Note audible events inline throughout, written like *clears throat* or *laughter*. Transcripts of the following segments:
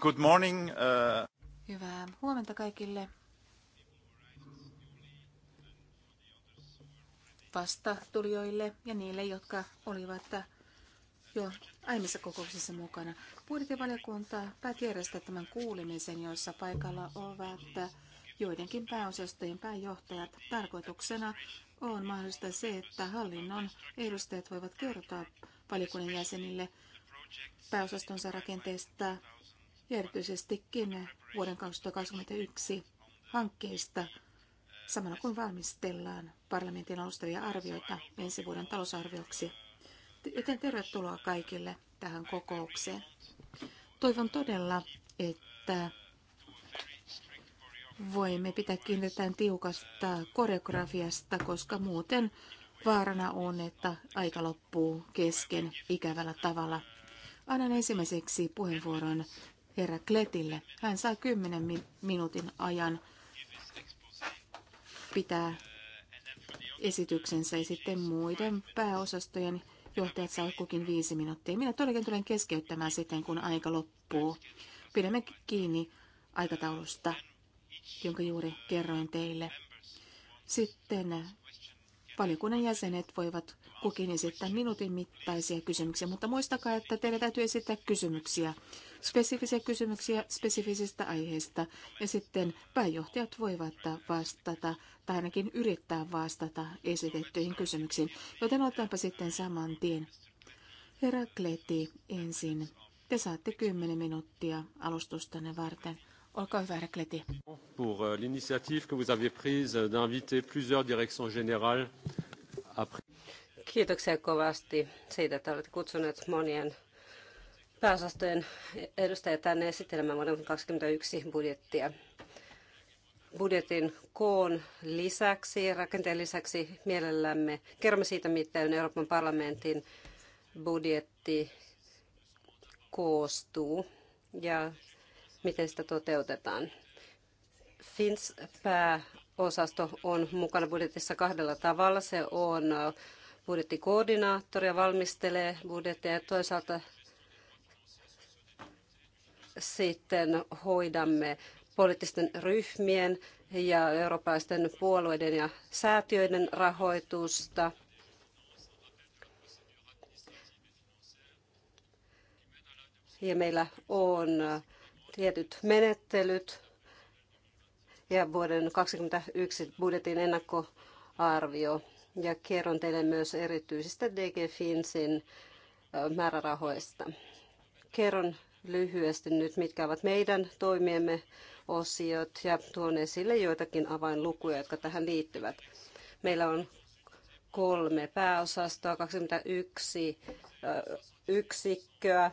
Good morning. Uh... Hyvää huomenta kaikille. Vasta tulijoille ja niille, jotka olivat jo aiemmissa kokouksissa mukana. Budjettivaliokunta päätti järjestää tämän kuulemisen, jossa paikalla ovat joidenkin pääosastojen pääjohtajat. Tarkoituksena on mahdollista se, että hallinnon edustajat voivat kertoa valiokunnan jäsenille pääosastonsa rakenteesta ja erityisestikin vuoden 2021 hankkeista samalla kun valmistellaan parlamentin alustavia arvioita ensi vuoden talousarvioksi. Joten tervetuloa kaikille tähän kokoukseen. Toivon todella, että voimme pitää kiinni tämän tiukasta koreografiasta, koska muuten vaarana on, että aika loppuu kesken ikävällä tavalla. Annan ensimmäiseksi puheenvuoron herra Kletille. Hän saa 10 minuutin ajan pitää esityksensä ja sitten muiden pääosastojen johtajat saa kukin viisi minuuttia. Minä todellakin tulen keskeyttämään sitten, kun aika loppuu. Pidämme kiinni aikataulusta, jonka juuri kerroin teille. Sitten Valiokunnan jäsenet voivat kukin esittää minuutin mittaisia kysymyksiä, mutta muistakaa, että teille täytyy esittää kysymyksiä, spesifisiä kysymyksiä spesifisistä aiheista, ja sitten pääjohtajat voivat vastata tai ainakin yrittää vastata esitettyihin kysymyksiin. Joten otetaanpa sitten saman tien. Herakleti ensin. Te saatte 10 minuuttia alustustanne varten. Olkaa hyvä, Rekleti. Pour euh, l'initiative que vous avez prise euh, d'inviter plusieurs directions générales après... Kiitoksia kovasti siitä, että olette kutsuneet monien pääosastojen edustajia tänne esittelemään vuoden 2021 budjettia. Budjetin koon lisäksi, rakenteen lisäksi mielellämme kerromme siitä, miten Euroopan parlamentin budjetti koostuu. Ja miten sitä toteutetaan. FINS pääosasto on mukana budjetissa kahdella tavalla. Se on budjettikoordinaattori ja valmistelee budjettia ja toisaalta sitten hoidamme poliittisten ryhmien ja eurooppalaisten puolueiden ja säätiöiden rahoitusta. Ja meillä on tietyt menettelyt ja vuoden 2021 budjetin ennakkoarvio. Ja kerron teille myös erityisistä DG Finsin määrärahoista. Kerron lyhyesti nyt, mitkä ovat meidän toimiemme osiot ja tuon esille joitakin avainlukuja, jotka tähän liittyvät. Meillä on kolme pääosastoa, 21 yksikköä,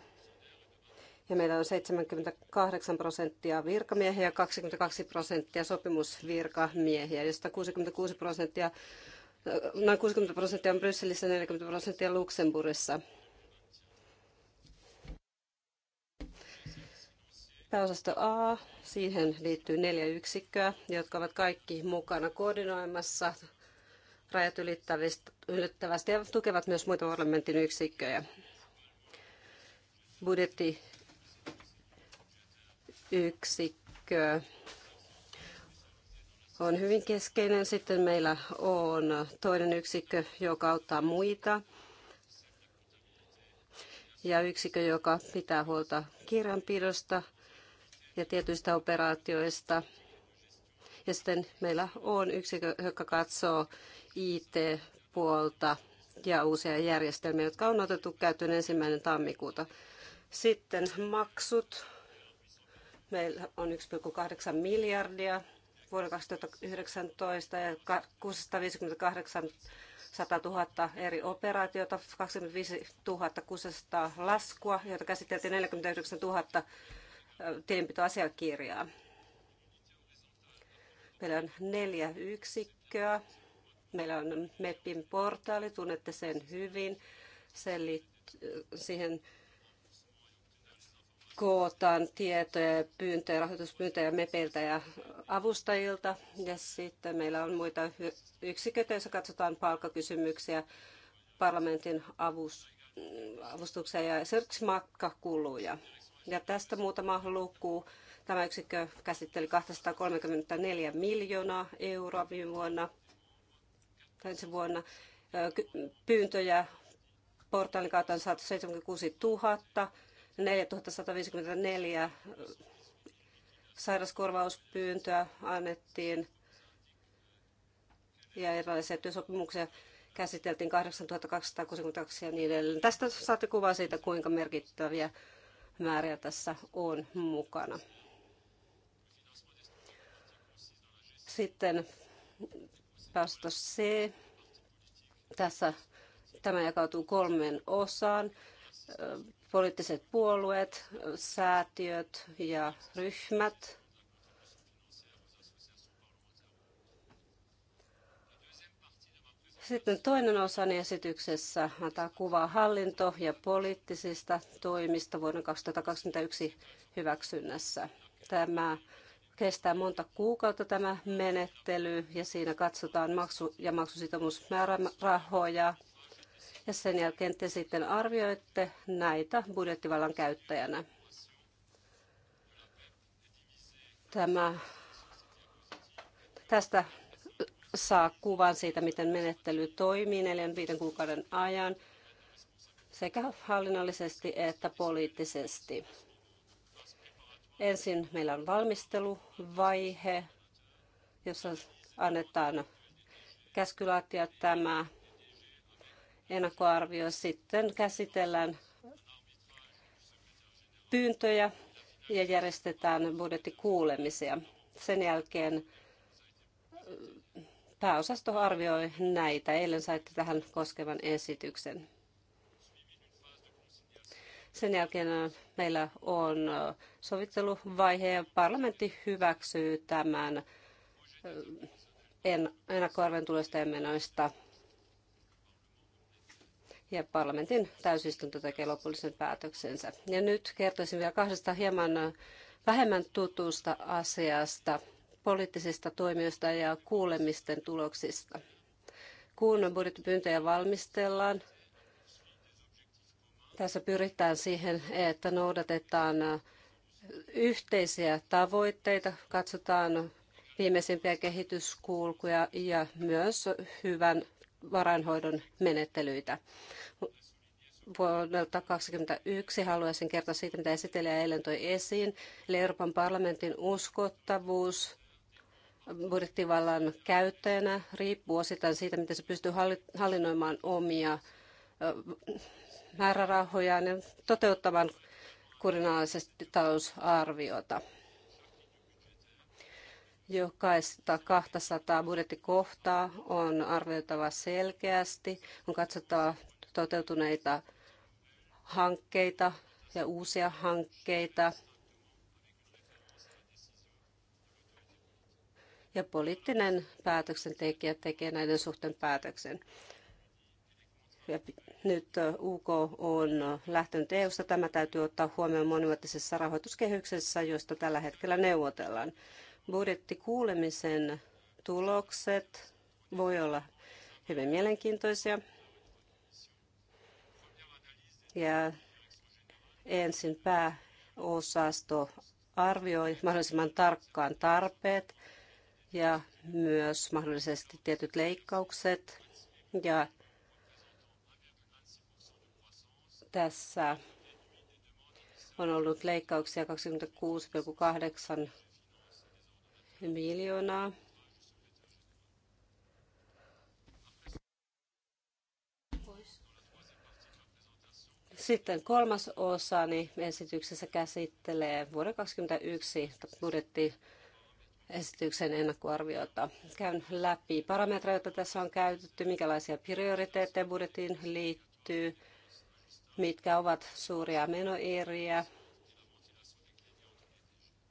ja meillä on 78 prosenttia virkamiehiä ja 22 prosenttia sopimusvirkamiehiä, josta 66 prosenttia, noin 60 prosenttia on Brysselissä, 40 prosenttia Luxemburgissa. Pääosasto A, siihen liittyy neljä yksikköä, jotka ovat kaikki mukana koordinoimassa rajat ylittävästi ja tukevat myös muita parlamentin yksikköjä budjetti yksikkö on hyvin keskeinen. Sitten meillä on toinen yksikkö, joka auttaa muita ja yksikkö, joka pitää huolta kirjanpidosta ja tietyistä operaatioista. Ja sitten meillä on yksikkö, joka katsoo IT-puolta ja uusia järjestelmiä, jotka on otettu käyttöön ensimmäinen tammikuuta. Sitten maksut Meillä on 1,8 miljardia vuonna 2019 ja 658 100 000 eri operaatiota, 25 600 laskua, joita käsiteltiin 49 000 tilinpitoasiakirjaa. Meillä on neljä yksikköä. Meillä on MEPin portaali, tunnette sen hyvin. Se liittyy, siihen kootaan tietoja ja pyyntöjä, rahoituspyyntöjä mepeiltä ja avustajilta. Ja sitten meillä on muita yksiköitä, joissa katsotaan palkkakysymyksiä, parlamentin avus, avustuksia ja esimerkiksi matkakuluja. Ja tästä muutama luku. Tämä yksikkö käsitteli 234 miljoonaa euroa viime vuonna, tai ensi vuonna. Pyyntöjä portaalin kautta on saatu 76 000 4154 sairauskorvauspyyntöä annettiin ja erilaisia työsopimuksia käsiteltiin 8262 ja niin edelleen. Tästä saatte kuvaa siitä, kuinka merkittäviä määriä tässä on mukana. Sitten päästö C. Tässä tämä jakautuu kolmeen osaan poliittiset puolueet, säätiöt ja ryhmät Sitten toinen osa esityksessä antaa kuvaa hallinto- ja poliittisista toimista vuoden 2021 hyväksynnässä. Tämä kestää monta kuukautta tämä menettely ja siinä katsotaan maksu- ja maksusitomusmäärärahoja, ja sen jälkeen te sitten arvioitte näitä budjettivallan käyttäjänä. Tämä, tästä saa kuvan siitä, miten menettely toimii neljän viiden kuukauden ajan sekä hallinnollisesti että poliittisesti. Ensin meillä on valmisteluvaihe, jossa annetaan käskylaatia tämä ennakkoarvio. Sitten käsitellään pyyntöjä ja järjestetään budjettikuulemisia. Sen jälkeen äh, pääosasto arvioi näitä. Eilen saitte tähän koskevan esityksen. Sen jälkeen äh, meillä on äh, sovitteluvaihe ja parlamentti hyväksyy tämän ennakkoarven tulosta ja menoista ja parlamentin täysistunto tekee lopullisen päätöksensä. Ja nyt kertoisin vielä kahdesta hieman vähemmän tutusta asiasta, poliittisista toimijoista ja kuulemisten tuloksista. Kun budjettipyyntöjä valmistellaan, tässä pyritään siihen, että noudatetaan yhteisiä tavoitteita, katsotaan viimeisimpiä kehityskulkuja ja myös hyvän varainhoidon menettelyitä. Vuodelta 2021 haluaisin kertoa siitä, mitä esittelijä eilen toi esiin, eli Euroopan parlamentin uskottavuus budjettivallan käyttäjänä riippuu osittain siitä, miten se pystyy hallinnoimaan omia määrärahojaan ja toteuttamaan kurinalaisesti talousarviota. Jokaista 200 budjettikohtaa on arvioitava selkeästi, on katsottava toteutuneita hankkeita ja uusia hankkeita. Ja poliittinen päätöksentekijä tekee näiden suhteen päätöksen. Ja nyt UK on lähtenyt eu Tämä täytyy ottaa huomioon monivuotisessa rahoituskehyksessä, josta tällä hetkellä neuvotellaan budjettikuulemisen tulokset voi olla hyvin mielenkiintoisia. Ja ensin pääosasto arvioi mahdollisimman tarkkaan tarpeet ja myös mahdollisesti tietyt leikkaukset. Ja tässä on ollut leikkauksia 26,8 miljoonaa. Sitten kolmas niin esityksessä käsittelee vuoden 2021 budjettiesityksen ennakkoarviota. Käyn läpi parametreja, joita tässä on käytetty, minkälaisia prioriteetteja budjettiin liittyy, mitkä ovat suuria menoeriä,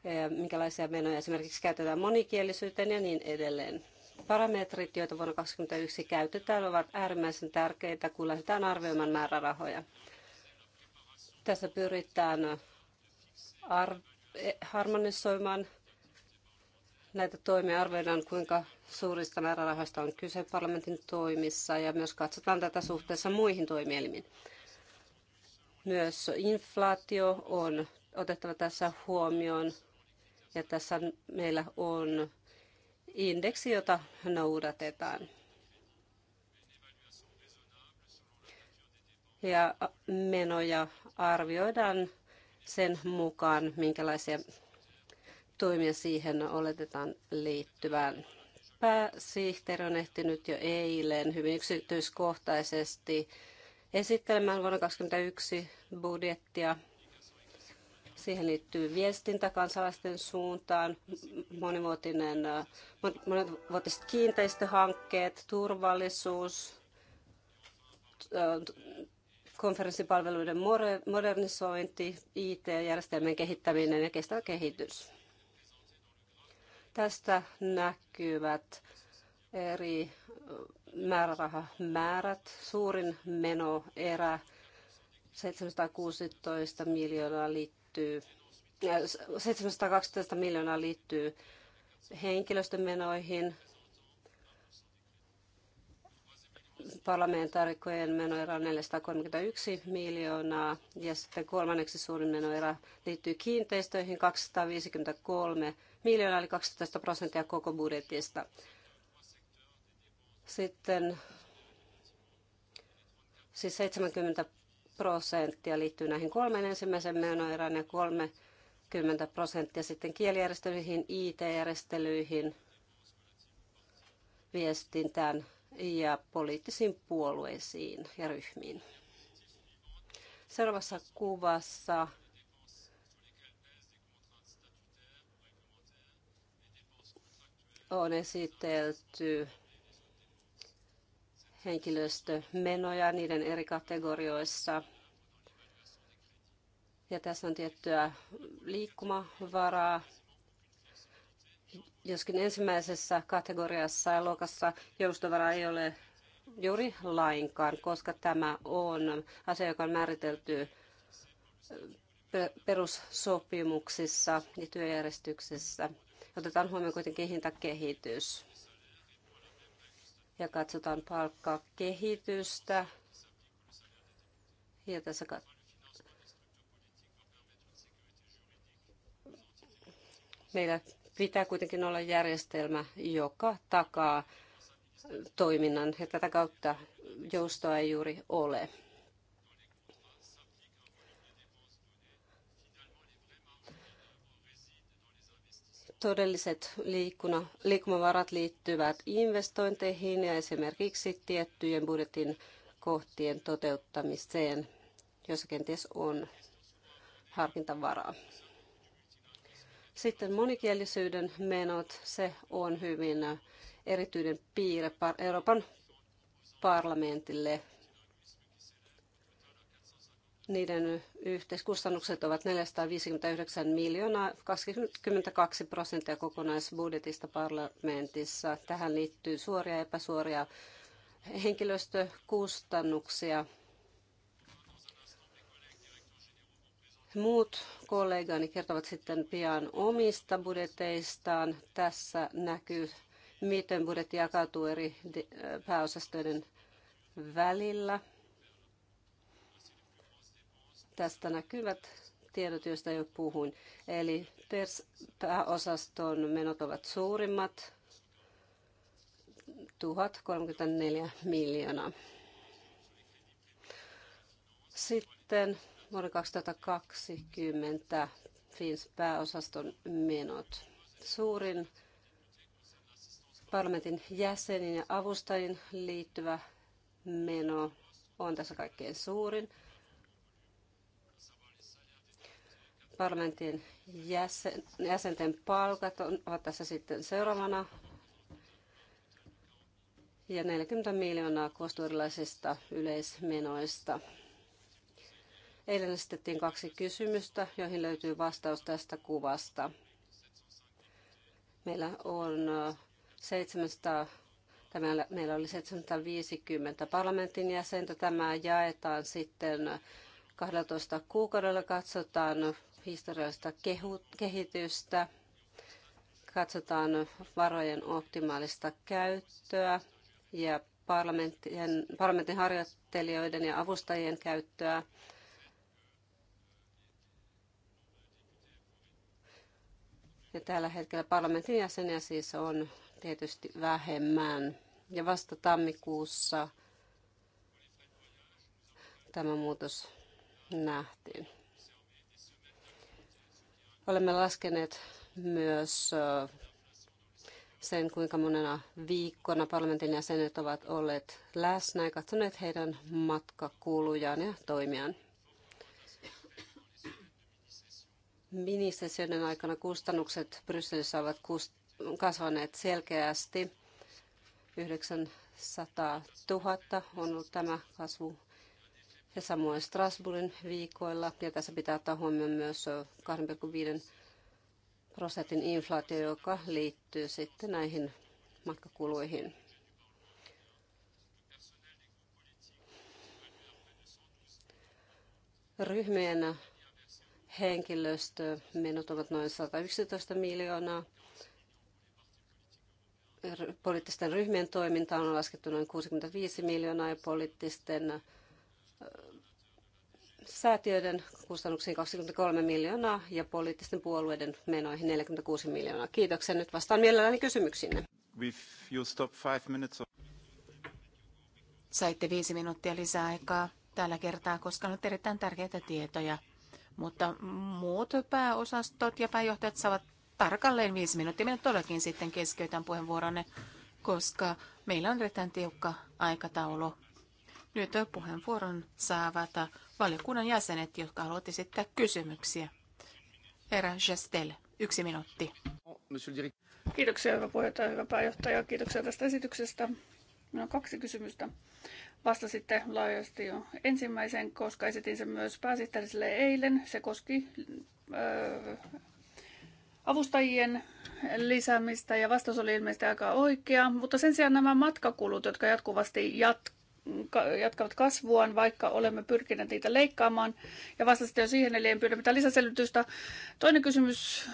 Eh, minkälaisia menoja esimerkiksi käytetään monikielisyyteen ja niin edelleen. Parametrit, joita vuonna 2021 käytetään, ovat äärimmäisen tärkeitä, kun lähdetään arvioimaan määrärahoja. Tässä pyritään ar- eh, harmonisoimaan näitä toimia, arvioidaan kuinka suurista määrärahoista on kyse parlamentin toimissa ja myös katsotaan tätä suhteessa muihin toimielimiin. Myös inflaatio on otettava tässä huomioon ja tässä meillä on indeksi, jota noudatetaan. Ja menoja arvioidaan sen mukaan, minkälaisia toimia siihen oletetaan liittyvän. Pääsihteeri on ehtinyt jo eilen hyvin yksityiskohtaisesti esittelemään vuonna 2021 budjettia Siihen liittyy viestintä kansalaisten suuntaan, monivuotinen, monivuotiset kiinteistöhankkeet, turvallisuus, konferenssipalveluiden modernisointi, IT-järjestelmien kehittäminen ja kestävä kehitys. Tästä näkyvät eri määrärahamäärät. Suurin menoerä 716 miljoonaa liittyy liittyy, 712 miljoonaa liittyy henkilöstömenoihin, parlamentaarikkojen menoerä on 431 miljoonaa ja sitten kolmanneksi suurin menoerä liittyy kiinteistöihin 253 miljoonaa eli 12 prosenttia koko budjetista. Sitten siis 70 prosenttia liittyy näihin kolmeen ensimmäisen menoerään ja 30 prosenttia sitten kielijärjestelyihin, IT-järjestelyihin, viestintään ja poliittisiin puolueisiin ja ryhmiin. Seuraavassa kuvassa on esitelty henkilöstömenoja niiden eri kategorioissa. Ja tässä on tiettyä liikkumavaraa. Joskin ensimmäisessä kategoriassa ja luokassa joustovaraa ei ole juuri lainkaan, koska tämä on asia, joka on määritelty perussopimuksissa ja työjärjestyksessä. Otetaan huomioon kuitenkin hintakehitys ja katsotaan kehitystä. Ja tässä meillä pitää kuitenkin olla järjestelmä, joka takaa toiminnan, ja tätä kautta joustoa ei juuri ole. todelliset liikkuna, liikkumavarat liittyvät investointeihin ja esimerkiksi tiettyjen budjetin kohtien toteuttamiseen, jossa kenties on harkintavaraa. Sitten monikielisyyden menot, se on hyvin erityinen piirre Euroopan parlamentille niiden yhteiskustannukset ovat 459 miljoonaa, 22 prosenttia kokonaisbudjetista parlamentissa. Tähän liittyy suoria ja epäsuoria henkilöstökustannuksia. Muut kollegani kertovat sitten pian omista budjeteistaan. Tässä näkyy, miten budjetti jakautuu eri pääosastojen välillä. Tästä näkyvät tiedot, joista jo puhuin. Eli PERS-pääosaston menot ovat suurimmat, 1034 miljoonaa. Sitten vuoden 2020 FINS pääosaston menot. Suurin parlamentin jäsenin ja avustajin liittyvä meno on tässä kaikkein suurin – parlamentin jäsen, jäsenten palkat ovat tässä sitten seuraavana. Ja 40 miljoonaa koostuu erilaisista yleismenoista. Eilen esitettiin kaksi kysymystä, joihin löytyy vastaus tästä kuvasta. Meillä on 700 Tämä, meillä oli 750 parlamentin jäsentä. Tämä jaetaan sitten 12 kuukaudella katsotaan, historiallista kehitystä, katsotaan varojen optimaalista käyttöä ja parlamentin, parlamentin harjoittelijoiden ja avustajien käyttöä. Ja tällä hetkellä parlamentin jäseniä siis on tietysti vähemmän. Ja vasta tammikuussa tämä muutos nähtiin. Olemme laskeneet myös sen, kuinka monena viikkona parlamentin jäsenet ovat olleet läsnä ja katsoneet heidän matkakulujaan ja toimiaan. Minisessioiden aikana kustannukset Brysselissä ovat kasvaneet selkeästi. 900 000 on ollut tämä kasvu ja samoin Strasbourgin viikoilla. Ja tässä pitää ottaa huomioon myös 2,5 prosentin inflaatio, joka liittyy sitten näihin matkakuluihin. Ryhmien henkilöstömenot ovat noin 111 miljoonaa. Poliittisten ryhmien toiminta on laskettu noin 65 miljoonaa ja poliittisten säätiöiden kustannuksiin 23 miljoonaa ja poliittisten puolueiden menoihin 46 miljoonaa. Kiitoksia. Nyt vastaan mielelläni kysymyksiinne. Saitte viisi minuuttia lisäaikaa tällä kertaa, koska on erittäin tärkeitä tietoja. Mutta muut pääosastot ja pääjohtajat saavat tarkalleen viisi minuuttia. Minä todellakin sitten keskeytän puheenvuoronne, koska meillä on erittäin tiukka aikataulu. Nyt puheenvuoron saavat valiokunnan jäsenet, jotka haluavat esittää kysymyksiä. Herra Gestel, yksi minuutti. Kiitoksia, hyvä puheenjohtaja, hyvä pääjohtaja. Kiitoksia tästä esityksestä. Minulla on kaksi kysymystä. Vastasitte laajasti jo ensimmäisen, koska esitin sen myös pääsihteeriselle eilen. Se koski öö, avustajien lisäämistä ja vastaus oli ilmeisesti aika oikea, mutta sen sijaan nämä matkakulut, jotka jatkuvasti jatkuvat, jatkavat kasvuaan, vaikka olemme pyrkineet niitä leikkaamaan. Ja vastasitte jo siihen, eli en pyydä mitään lisäselitystä. Toinen kysymys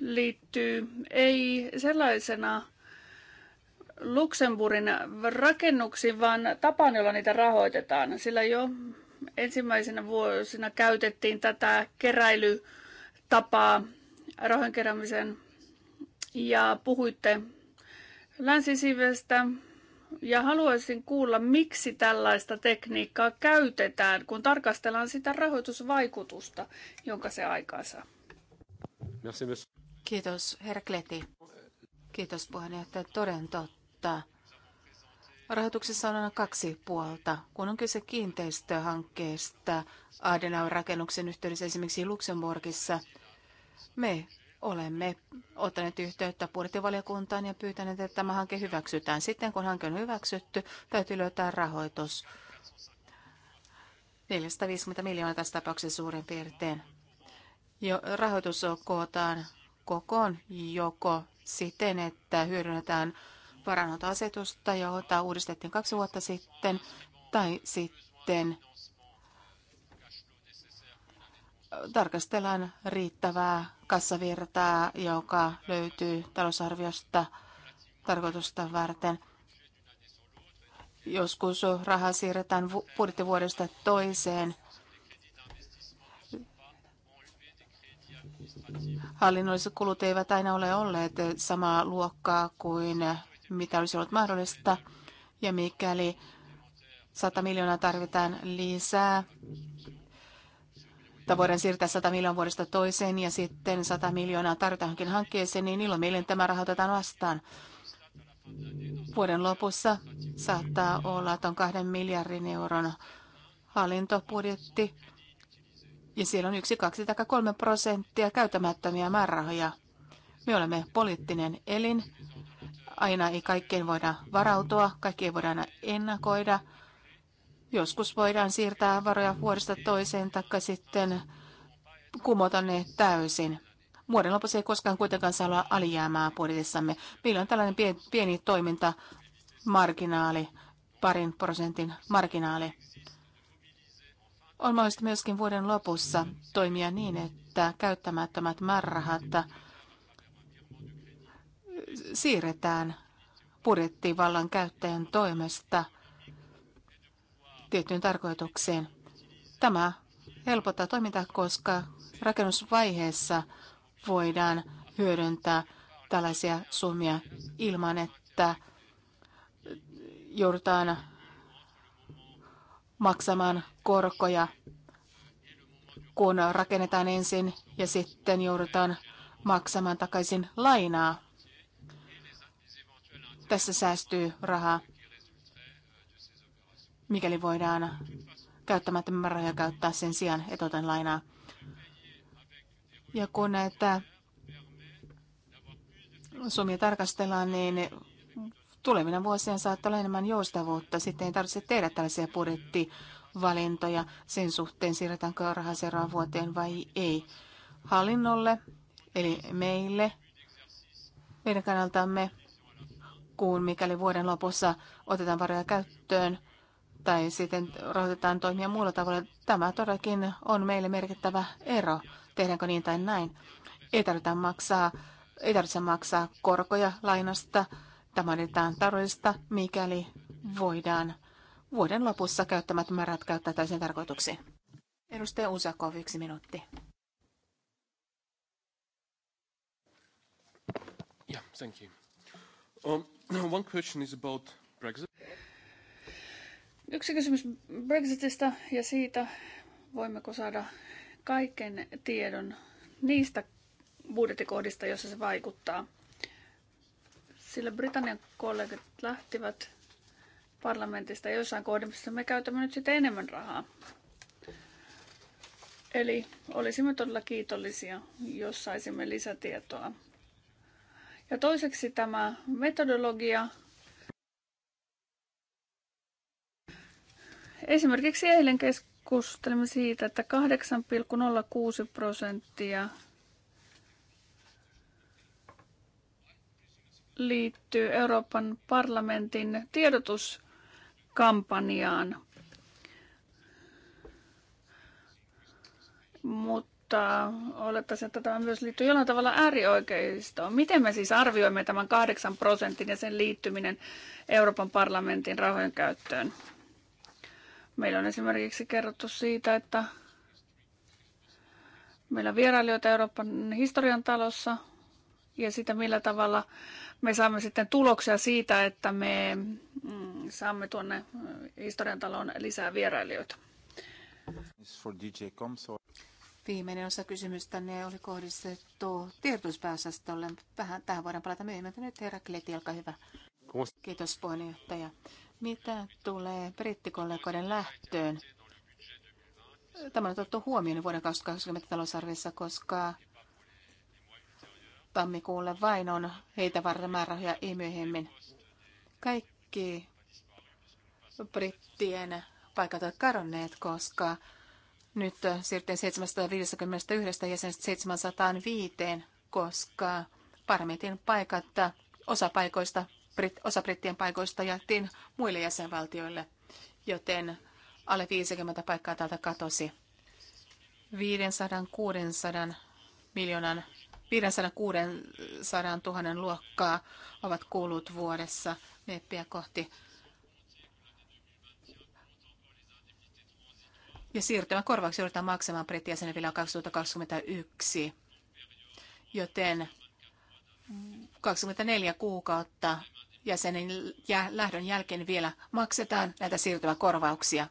liittyy ei sellaisena Luxemburgin rakennuksiin, vaan tapaan, jolla niitä rahoitetaan. Sillä jo ensimmäisenä vuosina käytettiin tätä keräilytapaa rahojen keräämisen ja puhuitte länsisivestä ja haluaisin kuulla, miksi tällaista tekniikkaa käytetään, kun tarkastellaan sitä rahoitusvaikutusta, jonka se aikaansaa. Kiitos, herra Kleti. Kiitos, puheenjohtaja. Toden totta. Rahoituksessa on aina kaksi puolta. Kun on kyse kiinteistöhankkeesta Adenauer-rakennuksen yhteydessä esimerkiksi Luxemburgissa, me Olemme ottaneet yhteyttä budjettivaliokuntaan ja pyytäneet, että tämä hanke hyväksytään. Sitten kun hanke on hyväksytty, täytyy löytää rahoitus. 450 miljoonaa tässä tapauksessa suurin piirtein. Jo, rahoitus kootaan kokoon joko siten, että hyödynnetään asetusta, jota uudistettiin kaksi vuotta sitten, tai sitten tarkastellaan riittävää kassavirtaa, joka löytyy talousarviosta tarkoitusta varten. Joskus rahaa siirretään budjettivuodesta toiseen. Hallinnolliset kulut eivät aina ole olleet samaa luokkaa kuin mitä olisi ollut mahdollista. Ja mikäli 100 miljoonaa tarvitaan lisää että voidaan siirtää 100 miljoonaa vuodesta toiseen ja sitten 100 miljoonaa tarvitaankin hankkeeseen, niin milloin meille tämä rahoitetaan vastaan? Vuoden lopussa saattaa olla, tuon on kahden miljardin euron hallintobudjetti ja siellä on yksi, kaksi tai kolme prosenttia käytämättömiä määrärahoja. Me olemme poliittinen elin. Aina ei kaikkeen voida varautua, kaikki ei voida aina ennakoida. Joskus voidaan siirtää varoja vuodesta toiseen tai sitten kumota ne täysin. Vuoden lopussa ei koskaan kuitenkaan saa olla alijäämää budjetissamme. Meillä on tällainen pieni, pieni toiminta marginaali, parin prosentin marginaali. On mahdollista myöskin vuoden lopussa toimia niin, että käyttämättömät määrärahat siirretään budjettivallan käyttäjän toimesta – tiettyyn tarkoitukseen. Tämä helpottaa toimintaa, koska rakennusvaiheessa voidaan hyödyntää tällaisia summia ilman, että joudutaan maksamaan korkoja, kun rakennetaan ensin ja sitten joudutaan maksamaan takaisin lainaa. Tässä säästyy rahaa mikäli voidaan käyttämättä rahoja käyttää sen sijaan, että otan lainaa. Ja kun näitä summia tarkastellaan, niin tulevina vuosina saattaa olla enemmän joustavuutta. Sitten ei tarvitse tehdä tällaisia budjettivalintoja sen suhteen, siirretäänkö rahaa seuraavaan vuoteen vai ei. Hallinnolle, eli meille, meidän kannaltamme, kun mikäli vuoden lopussa otetaan varoja käyttöön, tai sitten rahoitetaan toimia muulla tavalla. Tämä todellakin on meille merkittävä ero, tehdäänkö niin tai näin. Ei tarvitse maksaa, ei tarvitse maksaa korkoja lainasta. Tämä on taloudellista, mikäli voidaan vuoden lopussa käyttämät määrät käyttää täysin tarkoituksiin. Edustaja Usakov, yksi minuutti. Yeah, thank you. Um, *clears throat* one question is about Brexit. Yksi kysymys Brexitistä ja siitä, voimmeko saada kaiken tiedon niistä budjettikohdista, joissa se vaikuttaa. Sillä Britannian kollegat lähtivät parlamentista joissain kohdissa, me käytämme nyt sitten enemmän rahaa. Eli olisimme todella kiitollisia, jos saisimme lisätietoa. Ja toiseksi tämä metodologia, Esimerkiksi eilen keskustelimme siitä, että 8,06 prosenttia liittyy Euroopan parlamentin tiedotuskampanjaan. Mutta olettaisiin, että tämä myös liittyy jollain tavalla äärioikeistoon. Miten me siis arvioimme tämän 8 prosentin ja sen liittyminen Euroopan parlamentin rahojen käyttöön? Meillä on esimerkiksi kerrottu siitä, että meillä on vierailijoita Euroopan historian talossa ja sitä, millä tavalla me saamme sitten tuloksia siitä, että me mm, saamme tuonne mm, historian taloon lisää vierailijoita. Viimeinen osa kysymystä ne oli kohdistettu tiedotuspääosastolle. Vähän tähän voidaan palata myöhemmin, nyt herra Kleti, olkaa hyvä. Kiitos puheenjohtaja. Mitä tulee brittikollegoiden lähtöön? Tämä on otettu huomioon vuoden 2020 talousarviossa, koska tammikuulle vain on heitä varten määrärahoja, ei myöhemmin. Kaikki brittien paikat ovat kadonneet, koska nyt siirryttiin 751 jäsenestä 705, koska parlamentin paikat osa paikoista osa brittien paikoista jaettiin muille jäsenvaltioille, joten alle 50 paikkaa täältä katosi. 500-600 miljoonan 500 000 luokkaa ovat kuulut vuodessa meppiä kohti. Ja siirtymä korvauksia joudutaan maksamaan brittijäsenen vielä 2021, joten 24 kuukautta jäsenen ja lähdön jälkeen vielä maksetaan näitä siirtymäkorvauksia.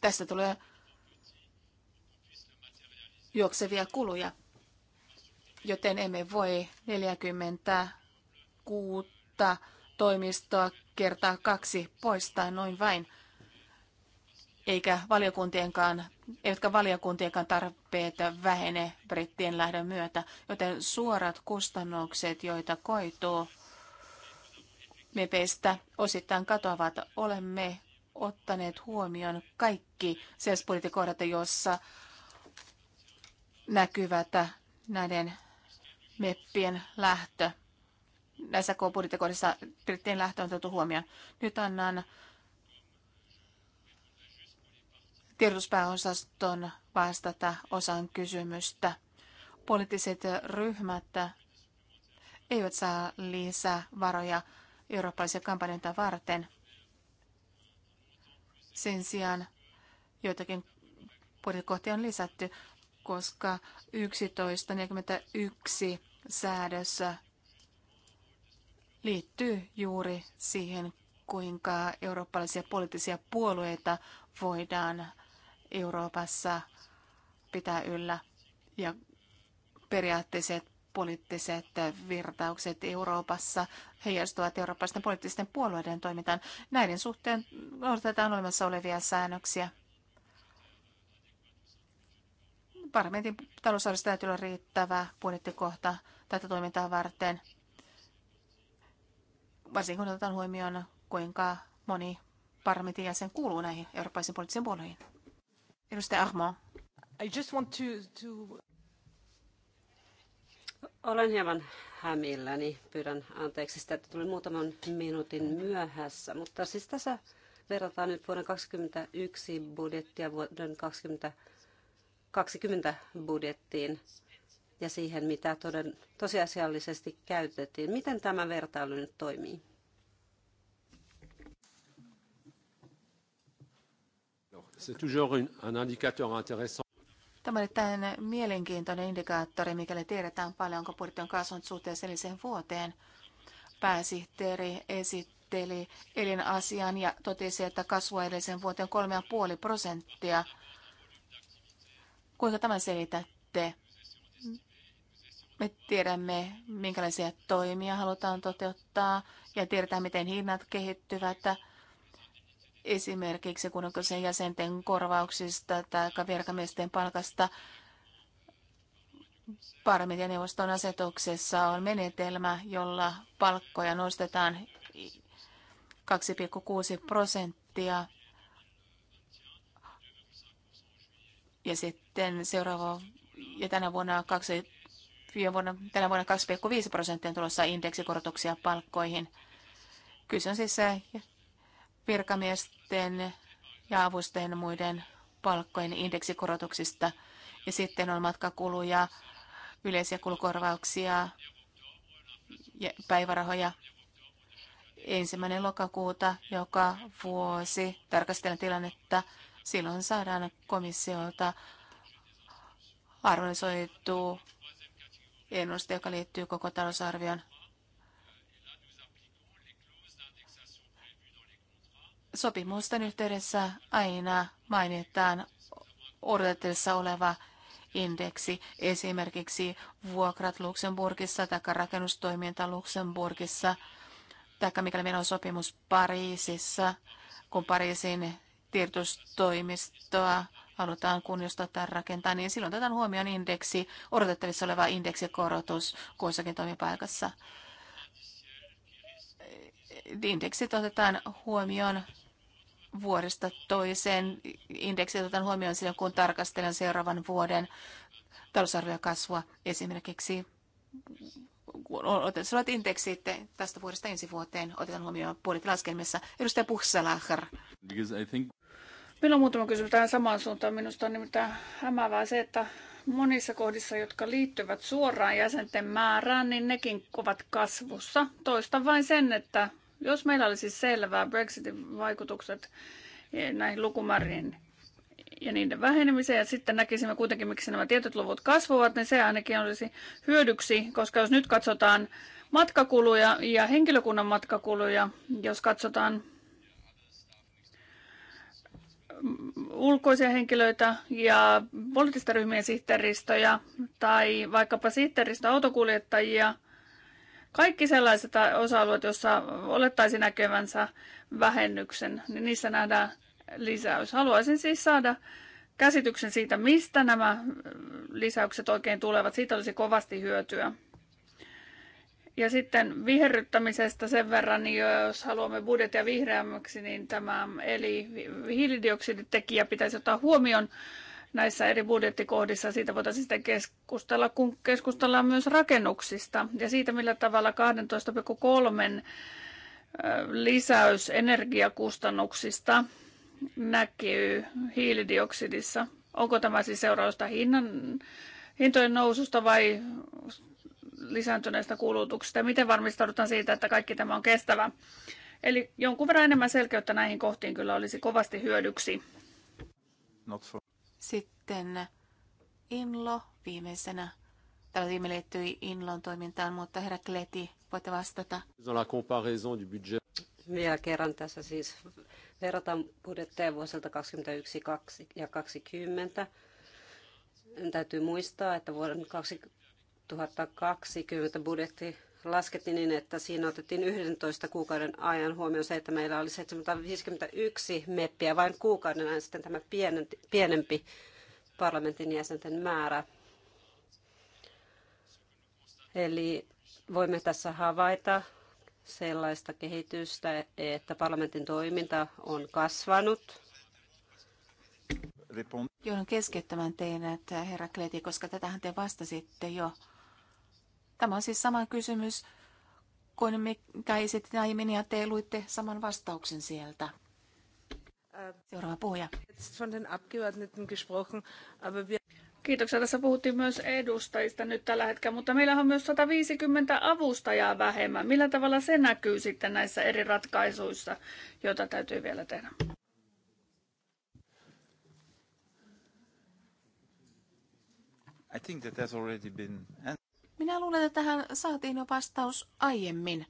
Tästä tulee juoksevia kuluja, joten emme voi 46 toimistoa kertaa kaksi poistaa noin vain, eikä valiokuntienkaan, eivätkä valiokuntienkaan tarpeet vähene brittien lähdön myötä, joten suorat kustannukset, joita koituu mepeistä osittain katoavat. Olemme ottaneet huomioon kaikki sellaiset joissa näkyvät näiden meppien lähtö. Näissä budjettikohdissa brittien lähtö on otettu huomioon. Nyt annan tiedotuspääosaston vastata osan kysymystä. Poliittiset ryhmät eivät saa lisää varoja eurooppalaisia kampanjoita varten. Sen sijaan joitakin budjettikohtia on lisätty, koska 11.41 säädössä liittyy juuri siihen, kuinka eurooppalaisia poliittisia puolueita voidaan Euroopassa pitää yllä ja periaatteiset poliittiset virtaukset Euroopassa heijastuvat eurooppalaisten poliittisten puolueiden toimintaan. Näiden suhteen noudatetaan olemassa olevia säännöksiä. Parlamentin talousarvossa täytyy olla riittävä budjettikohta tätä toimintaa varten, varsinkin kun otetaan huomioon, kuinka moni parlamentin jäsen kuuluu näihin eurooppalaisiin poliittisiin puolueihin. Edustaja Armo. I just want to, to... Olen hieman hämilläni. Pyydän anteeksi sitä, että tulin muutaman minuutin myöhässä. Mutta siis tässä verrataan nyt vuoden 2021 budjettia vuoden 2020, budjettiin ja siihen, mitä toden, tosiasiallisesti käytettiin. Miten tämä vertailu nyt toimii? C'est toujours un indicateur intéressant. Tämä oli tämän mielenkiintoinen indikaattori, mikäli tiedetään paljon, onko budjetti on kasvanut suhteessa edelliseen vuoteen. Pääsihteeri esitteli elinasian ja totesi, että kasvua edelliseen vuoteen 3,5 prosenttia. Kuinka tämän selitätte? Me tiedämme, minkälaisia toimia halutaan toteuttaa ja tiedetään, miten hinnat kehittyvät esimerkiksi kun on kyse jäsenten korvauksista tai virkamiesten palkasta, parlamentin asetuksessa on menetelmä, jolla palkkoja nostetaan 2,6 prosenttia. Ja sitten seuraava ja tänä vuonna 2, vuonna, tänä vuonna 2,5 prosenttia on tulossa indeksikorotuksia palkkoihin. Kyse on siis virkamiesten ja avustajien muiden palkkojen indeksikorotuksista. Ja sitten on matkakuluja, yleisiä kulukorvauksia, ja päivärahoja. Ensimmäinen lokakuuta joka vuosi tarkastellaan tilannetta. Silloin saadaan komissiolta harmonisoitu ennuste, joka liittyy koko talousarvion sopimusten yhteydessä aina mainitaan odotettavissa oleva indeksi, esimerkiksi vuokrat Luxemburgissa tai rakennustoiminta Luxemburgissa, tai mikäli meillä on sopimus Pariisissa, kun Pariisin tiedotustoimistoa halutaan kunnostaa tai rakentaa, niin silloin otetaan huomioon indeksi, odotettavissa oleva indeksikorotus kuussakin toimipaikassa. Indeksit otetaan huomioon vuodesta toiseen. Indeksi otetaan huomioon silloin, kun tarkastellaan seuraavan vuoden talousarviokasvua esimerkiksi otetaan indeksit tästä vuodesta ensi vuoteen, otetaan huomioon puolet laskelmissa. Edustaja Puhsalacher. Meillä on muutama kysymys tähän samaan suuntaan. Minusta on nimittäin hämäävää se, että monissa kohdissa, jotka liittyvät suoraan jäsenten määrään, niin nekin ovat kasvussa. Toista vain sen, että jos meillä olisi siis selvää Brexitin vaikutukset eh, näihin lukumäriin ja niiden vähenemiseen, ja sitten näkisimme kuitenkin, miksi nämä tietyt luvut kasvavat, niin se ainakin olisi hyödyksi, koska jos nyt katsotaan matkakuluja ja henkilökunnan matkakuluja, jos katsotaan ulkoisia henkilöitä ja poliittisten ryhmien sihteeristöjä tai vaikkapa sihteeristöautokuljettajia autokuljettajia – kaikki sellaiset osa-alueet, joissa olettaisi näkevänsä vähennyksen, niin niissä nähdään lisäys. Haluaisin siis saada käsityksen siitä, mistä nämä lisäykset oikein tulevat. Siitä olisi kovasti hyötyä. Ja sitten viherryttämisestä sen verran, niin jos haluamme budjetia vihreämmäksi, niin tämä eli hiilidioksiditekijä pitäisi ottaa huomioon näissä eri budjettikohdissa. Siitä voitaisiin sitten keskustella, kun keskustellaan myös rakennuksista ja siitä, millä tavalla 12,3 lisäys energiakustannuksista näkyy hiilidioksidissa. Onko tämä siis seurausta hinnan, hintojen noususta vai lisääntyneestä kulutuksesta miten varmistaudutaan siitä, että kaikki tämä on kestävä. Eli jonkun verran enemmän selkeyttä näihin kohtiin kyllä olisi kovasti hyödyksi. Not for... Sitten Inlo viimeisenä. Tällä viime liittyi Inlon toimintaan, mutta herra Kleti, voitte vastata. Vielä kerran tässä siis verrataan budjetteja vuosilta 2021 ja 2020. Täytyy muistaa, että vuoden 2020 budjetti laskettiin niin, että siinä otettiin 11 kuukauden ajan huomioon se, että meillä oli 751 meppiä vain kuukauden ajan sitten tämä pienempi parlamentin jäsenten määrä. Eli voimme tässä havaita sellaista kehitystä, että parlamentin toiminta on kasvanut. Joudun keskeyttämään teidät, herra Kleti, koska tätähän te vastasitte jo Tämä on siis sama kysymys kuin mikä esitin aiemmin ja te luitte saman vastauksen sieltä. Seuraava puhuja. Kiitoksia. Tässä puhuttiin myös edustajista nyt tällä hetkellä, mutta meillä on myös 150 avustajaa vähemmän. Millä tavalla se näkyy sitten näissä eri ratkaisuissa, joita täytyy vielä tehdä? I think that has already been minä luulen, että tähän saatiin jo vastaus aiemmin.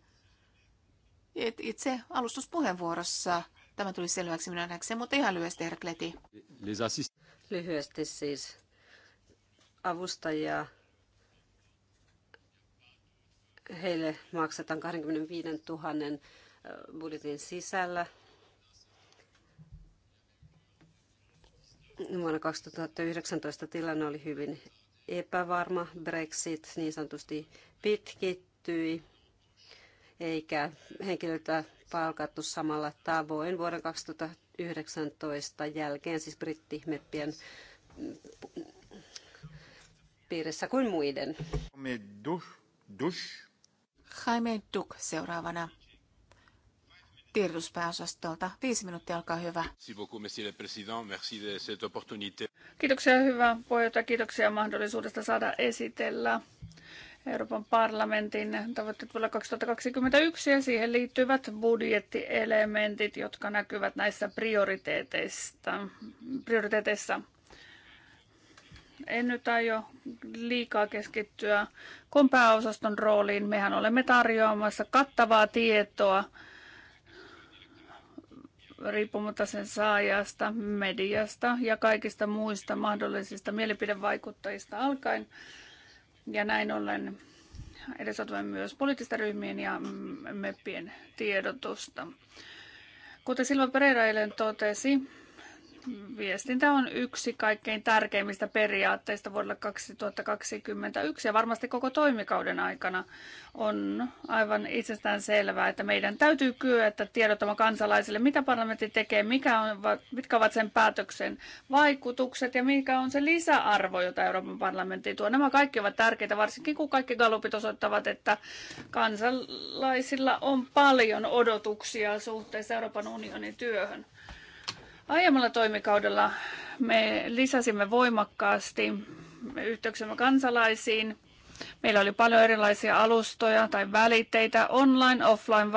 Itse alustuspuheenvuorossa tämä tuli selväksi minä näkseen, mutta ihan lyhyesti Herkleti. Lyhyesti siis avustajia heille maksetaan 25 000 budjetin sisällä. Vuonna 2019 tilanne oli hyvin epävarma Brexit niin sanotusti pitkittyi, eikä henkilöitä palkattu samalla tavoin vuoden 2019 jälkeen, siis brittimeppien piirissä kuin muiden. Jaime Duk seuraavana tiedotuspääosastolta. Viisi minuuttia, olkaa hyvä. Kiitoksia hyvä puheenjohtaja, kiitoksia mahdollisuudesta saada esitellä Euroopan parlamentin tavoitteet vuodelle 2021 ja siihen liittyvät budjettielementit, jotka näkyvät näissä prioriteeteista. prioriteeteissa. En nyt aio liikaa keskittyä kompääosaston rooliin. Mehän olemme tarjoamassa kattavaa tietoa riippumatta sen saajasta, mediasta ja kaikista muista mahdollisista mielipidevaikuttajista alkaen. Ja näin ollen edesautamme myös poliittista ryhmien ja meppien tiedotusta. Kuten Silva Pereira eilen totesi, viestintä on yksi kaikkein tärkeimmistä periaatteista vuodelle 2021 ja varmasti koko toimikauden aikana on aivan itsestään selvää, että meidän täytyy kyetä tiedottamaan kansalaisille, mitä parlamentti tekee, mikä on, mitkä ovat sen päätöksen vaikutukset ja mikä on se lisäarvo, jota Euroopan parlamentti tuo. Nämä kaikki ovat tärkeitä, varsinkin kun kaikki galupit osoittavat, että kansalaisilla on paljon odotuksia suhteessa Euroopan unionin työhön. Aiemmalla toimikaudella me lisäsimme voimakkaasti yhteyksemme kansalaisiin. Meillä oli paljon erilaisia alustoja tai välitteitä online, offline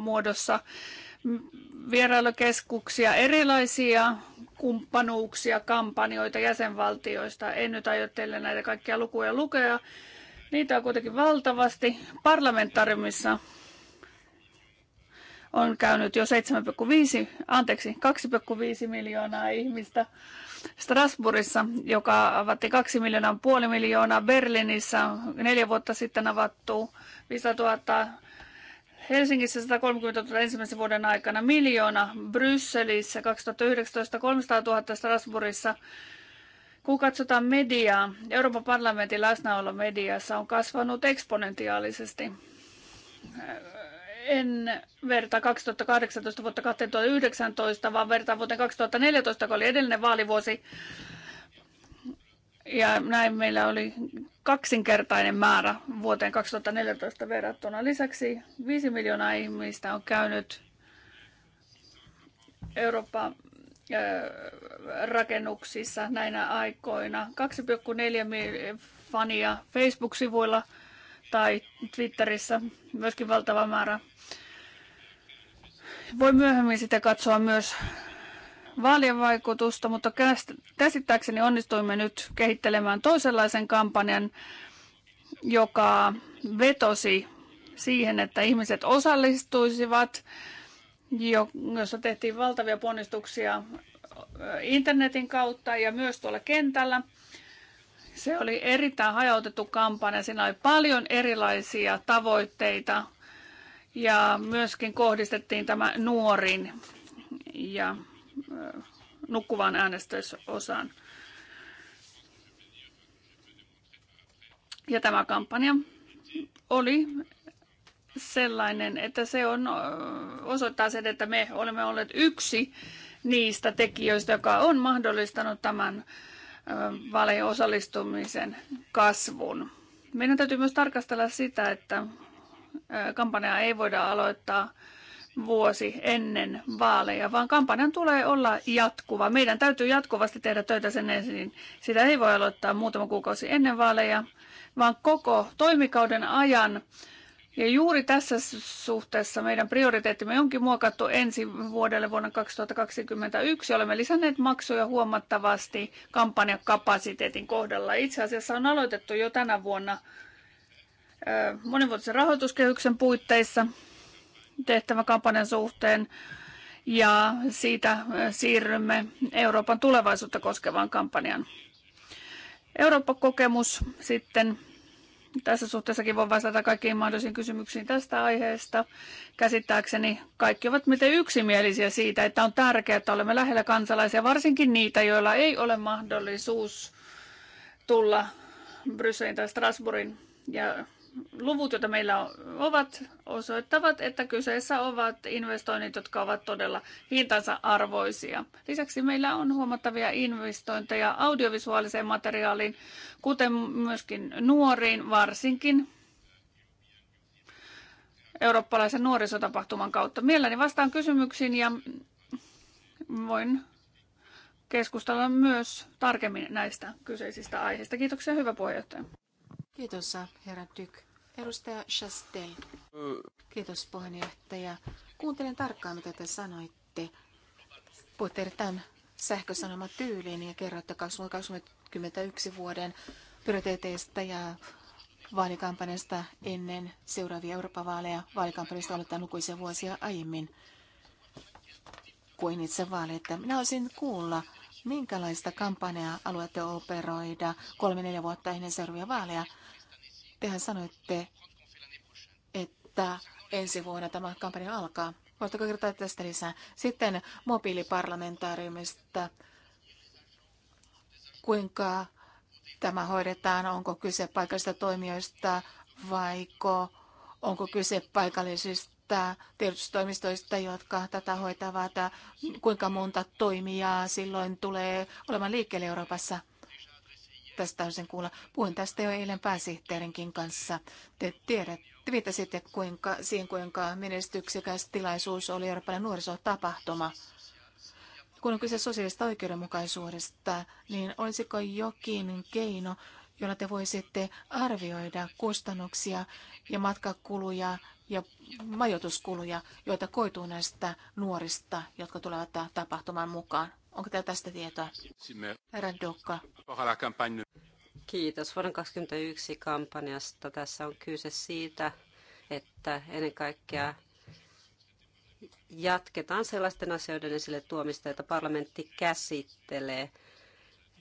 muodossa, vierailukeskuksia, erilaisia kumppanuuksia, kampanjoita jäsenvaltioista. En nyt aio teille näitä kaikkia lukuja lukea. Niitä on kuitenkin valtavasti parlamentarimissa on käynyt jo 7,5, anteeksi, 2,5 miljoonaa ihmistä. Strasbourgissa, joka avatti 2 miljoonaa, puoli miljoonaa. Berliinissä neljä vuotta sitten avattu 500 000. Helsingissä 130 000 ensimmäisen vuoden aikana, miljoona. Brysselissä 2019 300 000 Strasbourgissa kun katsotaan mediaa, Euroopan parlamentin läsnäolo mediassa on kasvanut eksponentiaalisesti en vertaa 2018 vuotta 2019, vaan vertaan vuoteen 2014, joka oli edellinen vaalivuosi. Ja näin meillä oli kaksinkertainen määrä vuoteen 2014 verrattuna. Lisäksi 5 miljoonaa ihmistä on käynyt Euroopan rakennuksissa näinä aikoina. 2,4 fania Facebook-sivuilla – tai Twitterissä myöskin valtava määrä. Voi myöhemmin sitä katsoa myös vaalien vaikutusta, mutta käsittääkseni onnistuimme nyt kehittelemään toisenlaisen kampanjan, joka vetosi siihen, että ihmiset osallistuisivat, jossa tehtiin valtavia ponnistuksia internetin kautta ja myös tuolla kentällä – se oli erittäin hajautettu kampanja. Siinä oli paljon erilaisia tavoitteita ja myöskin kohdistettiin tämä nuorin ja nukkuvan äänestysosan. Ja tämä kampanja oli sellainen, että se on, osoittaa sen, että me olemme olleet yksi niistä tekijöistä, joka on mahdollistanut tämän vaaleihin osallistumisen kasvun. Meidän täytyy myös tarkastella sitä, että kampanjaa ei voida aloittaa vuosi ennen vaaleja, vaan kampanjan tulee olla jatkuva. Meidän täytyy jatkuvasti tehdä töitä sen esiin. Sitä ei voi aloittaa muutama kuukausi ennen vaaleja, vaan koko toimikauden ajan ja juuri tässä suhteessa meidän prioriteettimme onkin muokattu ensi vuodelle vuonna 2021. Olemme lisänneet maksuja huomattavasti kampanjakapasiteetin kohdalla. Itse asiassa on aloitettu jo tänä vuonna monivuotisen rahoituskehyksen puitteissa tehtävä kampanjan suhteen ja siitä siirrymme Euroopan tulevaisuutta koskevaan kampanjaan. Eurooppa-kokemus sitten tässä suhteessakin voin vastata kaikkiin mahdollisiin kysymyksiin tästä aiheesta. Käsittääkseni kaikki ovat miten yksimielisiä siitä, että on tärkeää, että olemme lähellä kansalaisia, varsinkin niitä, joilla ei ole mahdollisuus tulla Brysselin tai Strasbourgin ja luvut, joita meillä ovat, osoittavat, että kyseessä ovat investoinnit, jotka ovat todella hintansa arvoisia. Lisäksi meillä on huomattavia investointeja audiovisuaaliseen materiaaliin, kuten myöskin nuoriin, varsinkin eurooppalaisen nuorisotapahtuman kautta. Mielelläni vastaan kysymyksiin ja voin keskustella myös tarkemmin näistä kyseisistä aiheista. Kiitoksia, hyvä puheenjohtaja. Kiitos, herra Tyk, Edustaja Chastel. Kiitos, puheenjohtaja. Kuuntelen tarkkaan, mitä te sanoitte. Puhutte erittäin sähkösanoma tyyliin ja kerroitte 2021 vuoden prioriteeteista ja vaalikampanjasta ennen seuraavia Euroopan vaaleja. Vaalikampanjasta aloittaa lukuisia vuosia aiemmin kuin itse vaaleita. Minä olisin kuulla, Minkälaista kampanjaa alueette operoida kolme-neljä vuotta ennen seuraavia vaaleja? Tehän sanoitte, että ensi vuonna tämä kampanja alkaa. Voitteko kertoa tästä lisää? Sitten mobiiliparlamentaariumista. Kuinka tämä hoidetaan? Onko kyse paikallisista toimijoista vaiko onko kyse paikallisista päättää tiedotustoimistoista, jotka tätä hoitavat, kuinka monta toimijaa silloin tulee olemaan liikkeelle Euroopassa. Tästä haluaisin kuulla. Puhuin tästä jo eilen pääsihteerinkin kanssa. Te tiedätte, viittasitte kuinka, siihen, kuinka menestyksekäs tilaisuus oli Euroopan nuorisotapahtuma. Kun on kyse sosiaalista oikeudenmukaisuudesta, niin olisiko jokin keino jolla te voisitte arvioida kustannuksia ja matkakuluja ja majoituskuluja, joita koituu näistä nuorista, jotka tulevat tapahtumaan mukaan. Onko teillä tästä tietoa? Herra Kiitos. Vuoden 2021 kampanjasta tässä on kyse siitä, että ennen kaikkea jatketaan sellaisten asioiden esille tuomista, joita parlamentti käsittelee –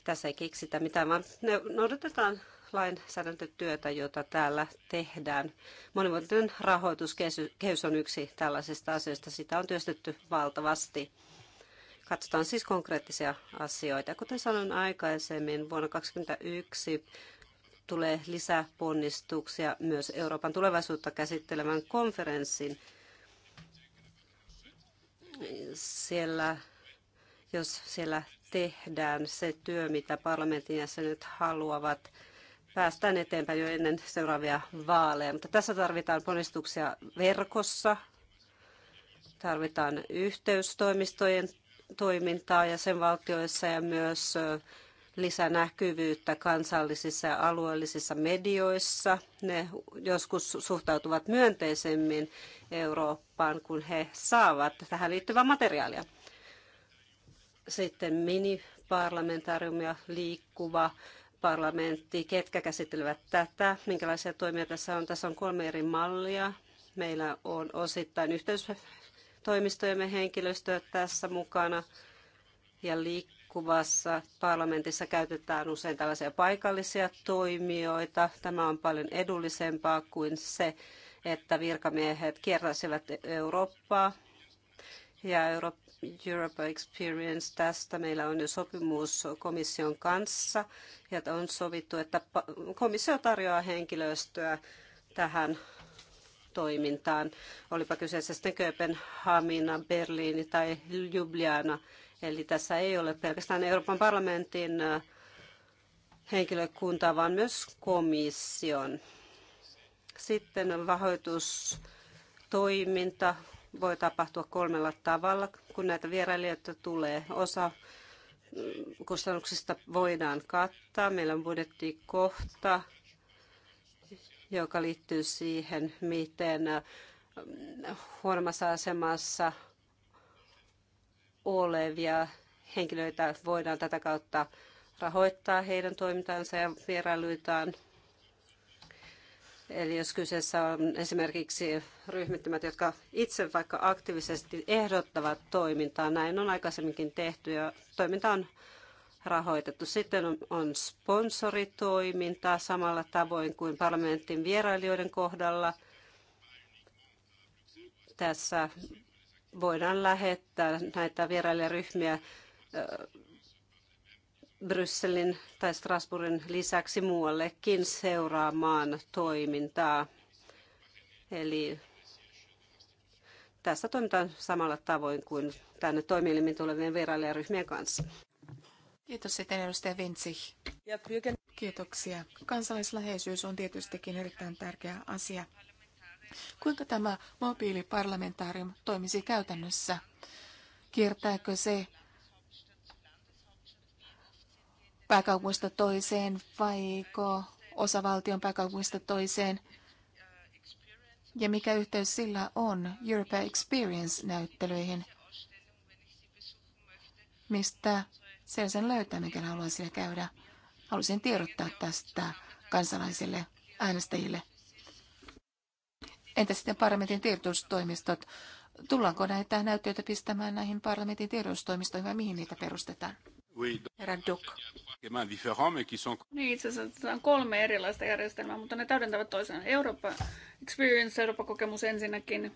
tässä ei keksitä mitään, vaan ne noudatetaan lainsäädäntötyötä, jota täällä tehdään. Monivuotinen rahoituskehys on yksi tällaisista asioista. Sitä on työstetty valtavasti. Katsotaan siis konkreettisia asioita. Kuten sanoin aikaisemmin, vuonna 2021 tulee lisäponnistuksia myös Euroopan tulevaisuutta käsittelevän konferenssin. Siellä, jos siellä tehdään se työ, mitä parlamentin jäsenet haluavat. Päästään eteenpäin jo ennen seuraavia vaaleja, mutta tässä tarvitaan ponnistuksia verkossa, tarvitaan yhteystoimistojen toimintaa valtioissa ja myös lisänäkyvyyttä kansallisissa ja alueellisissa medioissa. Ne joskus suhtautuvat myönteisemmin Eurooppaan, kun he saavat tähän liittyvää materiaalia. Sitten miniparlamentaariumia liikkuva parlamentti, ketkä käsittelevät tätä, minkälaisia toimia tässä on. Tässä on kolme eri mallia. Meillä on osittain yhteystoimistojemme henkilöstöä tässä mukana ja liikkuvassa parlamentissa käytetään usein tällaisia paikallisia toimijoita. Tämä on paljon edullisempaa kuin se, että virkamiehet kiertäisivät Eurooppaa ja Eurooppaa Europa Experience. Tästä meillä on jo sopimus komission kanssa ja on sovittu, että komissio tarjoaa henkilöstöä tähän toimintaan. Olipa kyseessä sitten Kööpenhamina, Berliini tai Ljubljana. Eli tässä ei ole pelkästään Euroopan parlamentin henkilökunta, vaan myös komission. Sitten rahoitustoiminta, voi tapahtua kolmella tavalla, kun näitä vierailijoita tulee. Osa mm, kustannuksista voidaan kattaa. Meillä on budjettikohta, joka liittyy siihen, miten mm, huonommassa asemassa olevia henkilöitä voidaan tätä kautta rahoittaa heidän toimintaansa ja vierailuitaan Eli jos kyseessä on esimerkiksi ryhmittymät, jotka itse vaikka aktiivisesti ehdottavat toimintaa, näin on aikaisemminkin tehty ja toiminta on rahoitettu. Sitten on sponsoritoimintaa samalla tavoin kuin parlamentin vierailijoiden kohdalla. Tässä voidaan lähettää näitä vierailijaryhmiä Brysselin tai Strasbourgin lisäksi muuallekin seuraamaan toimintaa. Eli tässä toimitaan samalla tavoin kuin tänne toimielimiin tulevien vierailijaryhmien kanssa. Kiitos sitten edustaja Vinci. Kiitoksia. Kansalaisläheisyys on tietystikin erittäin tärkeä asia. Kuinka tämä mobiiliparlamentaarium toimisi käytännössä? Kiertääkö se pääkaupungista toiseen vaiko osavaltion pääkaupungista toiseen. Ja mikä yhteys sillä on Europe Experience-näyttelyihin, mistä sen löytää, mikä haluan siellä käydä. Halusin tiedottaa tästä kansalaisille äänestäjille. Entä sitten parlamentin tiedotustoimistot? Tullaanko näitä näyttöitä pistämään näihin parlamentin tiedotustoimistoihin vai mihin niitä perustetaan? Herra Niin, itse asiassa on kolme erilaista järjestelmää, mutta ne täydentävät toisen Eurooppa Experience, Eurooppa-kokemus ensinnäkin,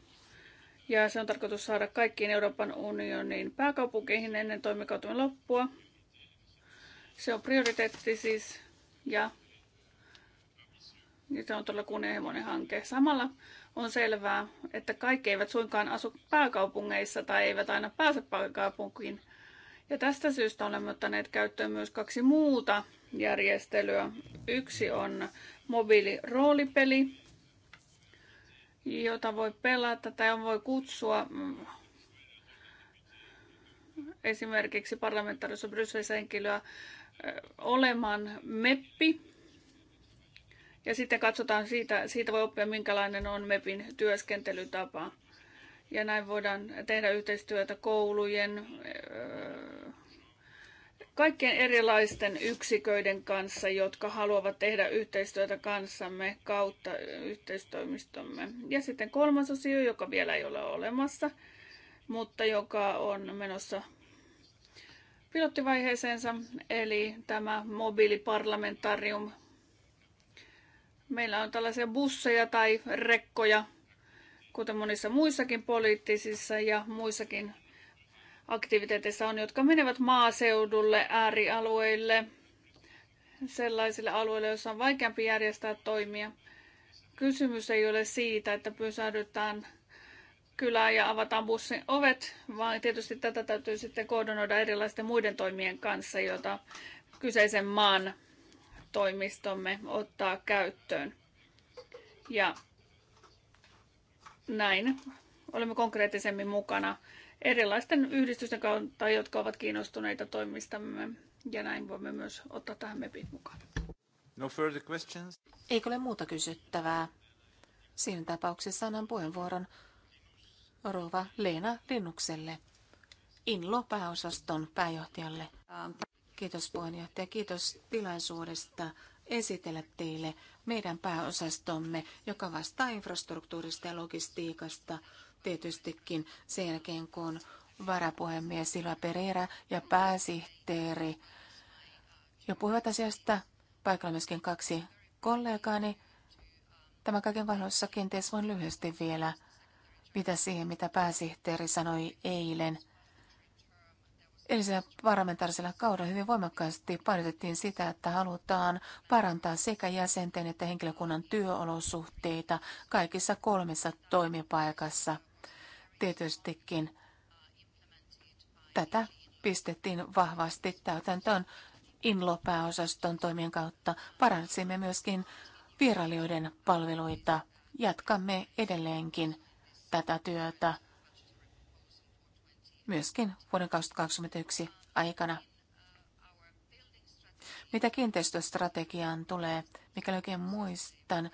ja se on tarkoitus saada kaikkiin Euroopan unionin pääkaupunkeihin ennen toimikautemme loppua. Se on prioriteetti siis ja, ja se on todella kunnianhimoinen hanke. Samalla on selvää, että kaikki eivät suinkaan asu pääkaupungeissa tai eivät aina pääse pääkaupunkiin. Ja tästä syystä olemme ottaneet käyttöön myös kaksi muuta järjestelyä. Yksi on mobiiliroolipeli, jota voi pelata tai on voi kutsua esimerkiksi parlamentaarissa Brysselissä henkilöä olemaan meppi. Ja sitten katsotaan, siitä, siitä voi oppia, minkälainen on MEPin työskentelytapa. Ja näin voidaan tehdä yhteistyötä koulujen, kaikkien erilaisten yksiköiden kanssa, jotka haluavat tehdä yhteistyötä kanssamme kautta yhteistoimistomme. Ja sitten kolmas osio, joka vielä ei ole olemassa, mutta joka on menossa pilottivaiheeseensa, eli tämä mobiiliparlamentarium. Meillä on tällaisia busseja tai rekkoja, kuten monissa muissakin poliittisissa ja muissakin aktiviteeteissa on, jotka menevät maaseudulle, äärialueille, sellaisille alueille, joissa on vaikeampi järjestää toimia. Kysymys ei ole siitä, että pysähdytään kylään ja avataan bussin ovet, vaan tietysti tätä täytyy sitten koordinoida erilaisten muiden toimien kanssa, joita kyseisen maan toimistomme ottaa käyttöön. Ja näin olemme konkreettisemmin mukana erilaisten yhdistysten kautta, jotka ovat kiinnostuneita toimistamme. Ja näin voimme myös ottaa tähän MEPit mukaan. No further questions? Eikö ole muuta kysyttävää? Siinä tapauksessa annan puheenvuoron Rova Leena Linnukselle, INLO-pääosaston pääjohtajalle. Kiitos puheenjohtaja, kiitos tilaisuudesta esitellä teille meidän pääosastomme, joka vastaa infrastruktuurista ja logistiikasta tietystikin sen jälkeen, kun varapuhemies Silva Pereira ja pääsihteeri jo puhuivat asiasta. Paikalla myöskin kaksi kollegaani. Tämä kaiken valossa kenties voin lyhyesti vielä mitä siihen, mitä pääsihteeri sanoi eilen. Eli se parlamentaarisella kaudella hyvin voimakkaasti painotettiin sitä, että halutaan parantaa sekä jäsenten että henkilökunnan työolosuhteita kaikissa kolmessa toimipaikassa – tietystikin tätä pistettiin vahvasti täytäntöön INLO-pääosaston toimien kautta. Paransimme myöskin vierailijoiden palveluita. Jatkamme edelleenkin tätä työtä myöskin vuoden 2021 aikana. Mitä kiinteistöstrategiaan tulee, mikä oikein muistan,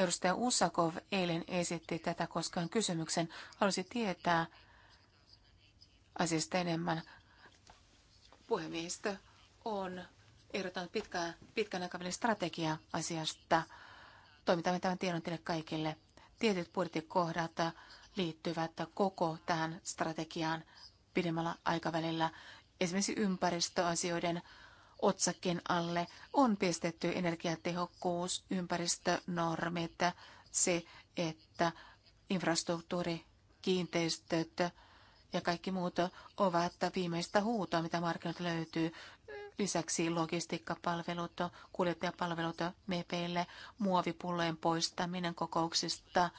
Edustaja Usakov eilen esitti tätä koskaan kysymyksen. Halusi tietää asiasta enemmän. Puhemiehistö on ehdottanut pitkä, pitkän aikavälin strategia asiasta. Toimitamme tämän tiedon teille kaikille. Tietyt budjettikohdat liittyvät koko tähän strategiaan pidemmällä aikavälillä. Esimerkiksi ympäristöasioiden otsakkeen alle on pistetty energiatehokkuus, ympäristönormit, se, että infrastruktuuri, kiinteistöt ja kaikki muut ovat viimeistä huutoa, mitä markkinoilta löytyy. Lisäksi logistiikkapalvelut, kuljettajapalvelut mepeille, muovipullojen poistaminen kokouksista.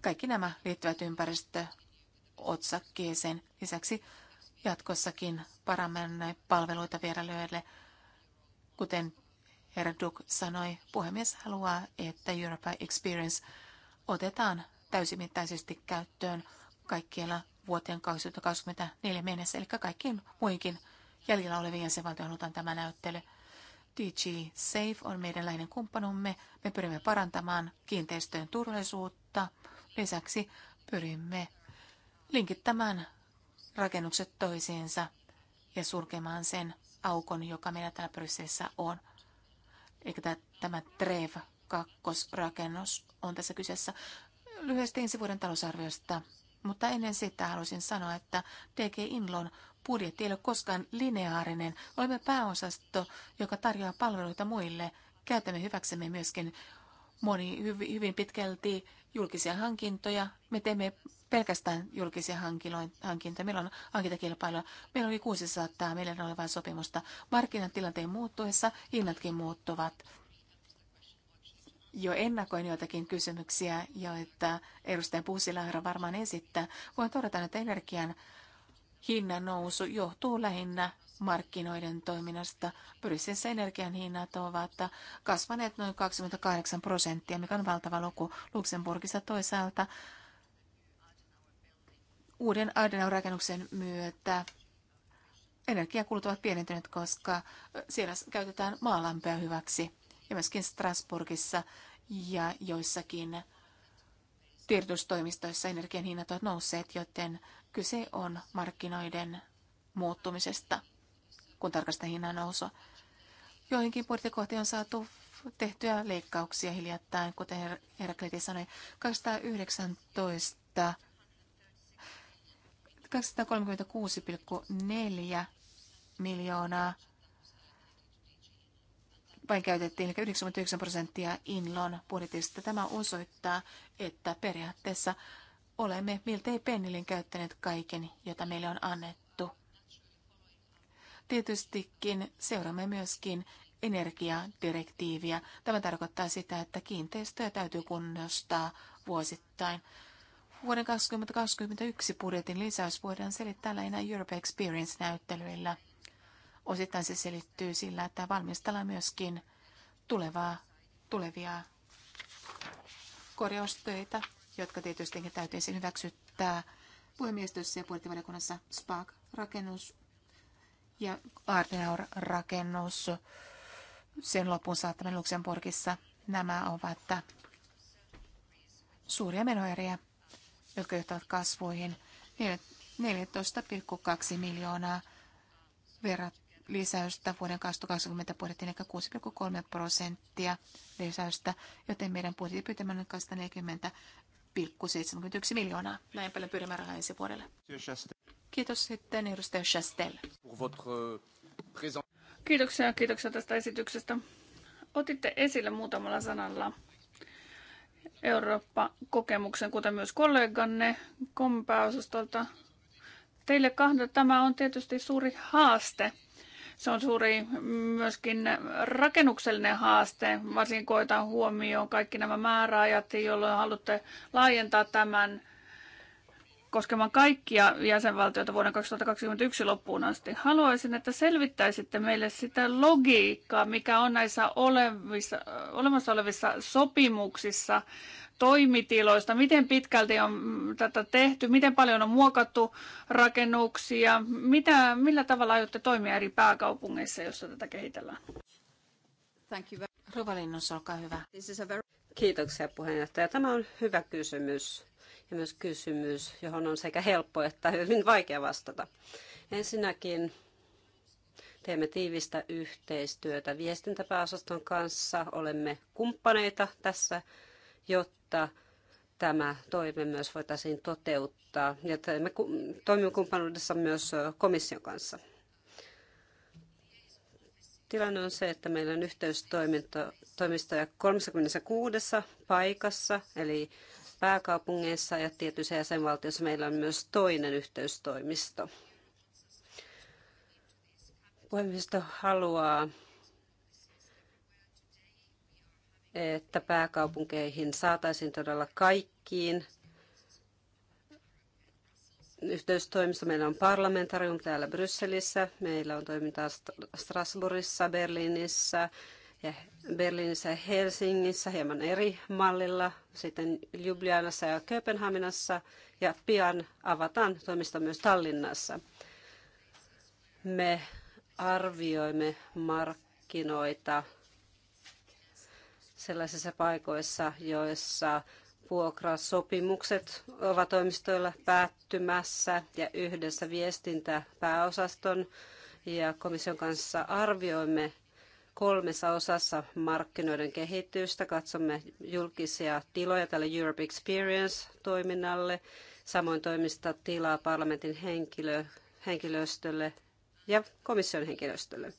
Kaikki nämä liittyvät ympäristöotsakkeeseen. Lisäksi jatkossakin parannamme palveluita vierailijoille. Kuten herra Duk sanoi, puhemies haluaa, että Europa Experience otetaan täysimittaisesti käyttöön kaikkialla vuoteen 2024 mennessä, eli kaikkiin muihinkin jäljellä oleviin jäsenvaltioihin halutaan tämä näyttely. DG Safe on meidän läheinen kumppanumme. Me pyrimme parantamaan kiinteistöjen turvallisuutta. Lisäksi pyrimme linkittämään rakennukset toisiinsa ja sulkemaan sen aukon, joka meillä täällä Brysselissä on. Eikä tämä TREV kakkosrakennus on tässä kyseessä. Lyhyesti ensi vuoden talousarviosta, mutta ennen sitä haluaisin sanoa, että DG Inlon budjetti ei ole koskaan lineaarinen. Olemme pääosasto, joka tarjoaa palveluita muille. Käytämme hyväksemme myöskin moni hyvin pitkälti julkisia hankintoja. Me teemme pelkästään julkisia hankintoja. Meillä on hankintakilpailuja. Meillä oli 600 miljoonaa olevaa sopimusta. Markkinatilanteen muuttuessa hinnatkin muuttuvat. Jo ennakoin joitakin kysymyksiä, joita edustaja puusilahra varmaan esittää. Voin todeta, että energian hinnan nousu johtuu lähinnä markkinoiden toiminnasta. Brysselissä energian hinnat ovat kasvaneet noin 28 prosenttia, mikä on valtava luku. Luxemburgissa toisaalta uuden Adenauer-rakennuksen myötä energiakulut ovat pienentyneet, koska siellä käytetään maalämpöä hyväksi. Ja myöskin Strasbourgissa ja joissakin tiedotustoimistoissa energian hinnat ovat nousseet, joten kyse on markkinoiden muuttumisesta kun tarkastetaan hinnan nousua. Joihinkin budjettikohtiin on saatu tehtyä leikkauksia hiljattain, kuten Herakleti sanoi, 219 236,4 miljoonaa vain käytettiin, eli 99 prosenttia Inlon budjetista. Tämä osoittaa, että periaatteessa olemme miltei pennilin käyttäneet kaiken, jota meille on annettu Tietystikin seuraamme myöskin energiadirektiiviä. Tämä tarkoittaa sitä, että kiinteistöjä täytyy kunnostaa vuosittain. Vuoden 2021 budjetin lisäys voidaan selittää lähinnä Europe Experience-näyttelyillä. Osittain se selittyy sillä, että valmistellaan myöskin tulevaa, tulevia korjaustöitä, jotka tietystikin täytyy hyväksyttää puhemiestössä ja budjettivaliokunnassa SPAC-rakennus ja on rakennus sen lopun saattaminen Luxemburgissa. Nämä ovat suuria menoeriä, jotka johtavat kasvuihin 14,2 miljoonaa verrat lisäystä vuoden 2020 budjettiin, eli 6,3 prosenttia lisäystä, joten meidän budjetti pyytämään on 40,71 miljoonaa. Näin paljon pyydämme rahaa ensi vuodelle. Kiitos sitten edustaja Chastel. Euh, kiitoksia, kiitoksia tästä esityksestä. Otitte esille muutamalla sanalla Eurooppa-kokemuksen, kuten myös kolleganne kompääosastolta. Teille kahdelle tämä on tietysti suuri haaste. Se on suuri myöskin rakennuksellinen haaste, varsinkin koetaan huomioon kaikki nämä määräajat, jolloin haluatte laajentaa tämän koskemaan kaikkia jäsenvaltioita vuoden 2021 loppuun asti. Haluaisin, että selvittäisitte meille sitä logiikkaa, mikä on näissä olevissa, olemassa olevissa sopimuksissa toimitiloista, miten pitkälti on tätä tehty, miten paljon on muokattu rakennuksia, mitä, millä tavalla aiotte toimia eri pääkaupungeissa, joissa tätä kehitellään? Thank you. Rovalinnus, olkaa hyvä. Kiitoksia puheenjohtaja. Tämä on hyvä kysymys ja myös kysymys, johon on sekä helppo että hyvin vaikea vastata. Ensinnäkin teemme tiivistä yhteistyötä viestintäpääosaston kanssa. Olemme kumppaneita tässä, jotta tämä toive myös voitaisiin toteuttaa. Ja teemme, toimimme kumppanuudessa myös komission kanssa. Tilanne on se, että meillä on yhteystoimistoja 36 paikassa, eli pääkaupungeissa ja tietyissä jäsenvaltioissa meillä on myös toinen yhteystoimisto. Puhemisto haluaa, että pääkaupunkeihin saataisiin todella kaikkiin yhteystoimisto. Meillä on parlamentarium täällä Brysselissä, meillä on toimintaa Strasbourgissa, Berliinissä ja Berliinissä ja Helsingissä hieman eri mallilla, sitten Ljubljanassa ja Kööpenhaminassa ja pian avataan toimista myös Tallinnassa. Me arvioimme markkinoita sellaisissa paikoissa, joissa vuokrasopimukset ovat toimistoilla päättymässä ja yhdessä viestintäpääosaston ja komission kanssa arvioimme kolmessa osassa markkinoiden kehitystä. Katsomme julkisia tiloja tälle Europe Experience-toiminnalle. Samoin toimista tilaa parlamentin henkilö, henkilöstölle ja komission henkilöstölle.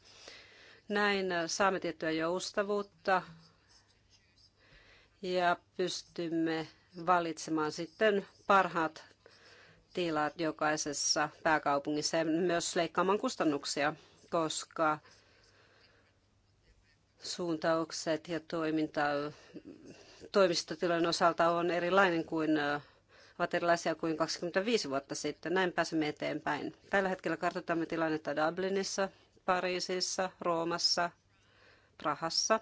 Näin saamme tiettyä joustavuutta ja pystymme valitsemaan sitten parhaat tilat jokaisessa pääkaupungissa ja myös leikkaamaan kustannuksia, koska suuntaukset ja toiminta toimistotilojen osalta on erilainen kuin ovat erilaisia kuin 25 vuotta sitten. Näin pääsemme eteenpäin. Tällä hetkellä kartoitamme tilannetta Dublinissa, Pariisissa, Roomassa, Prahassa,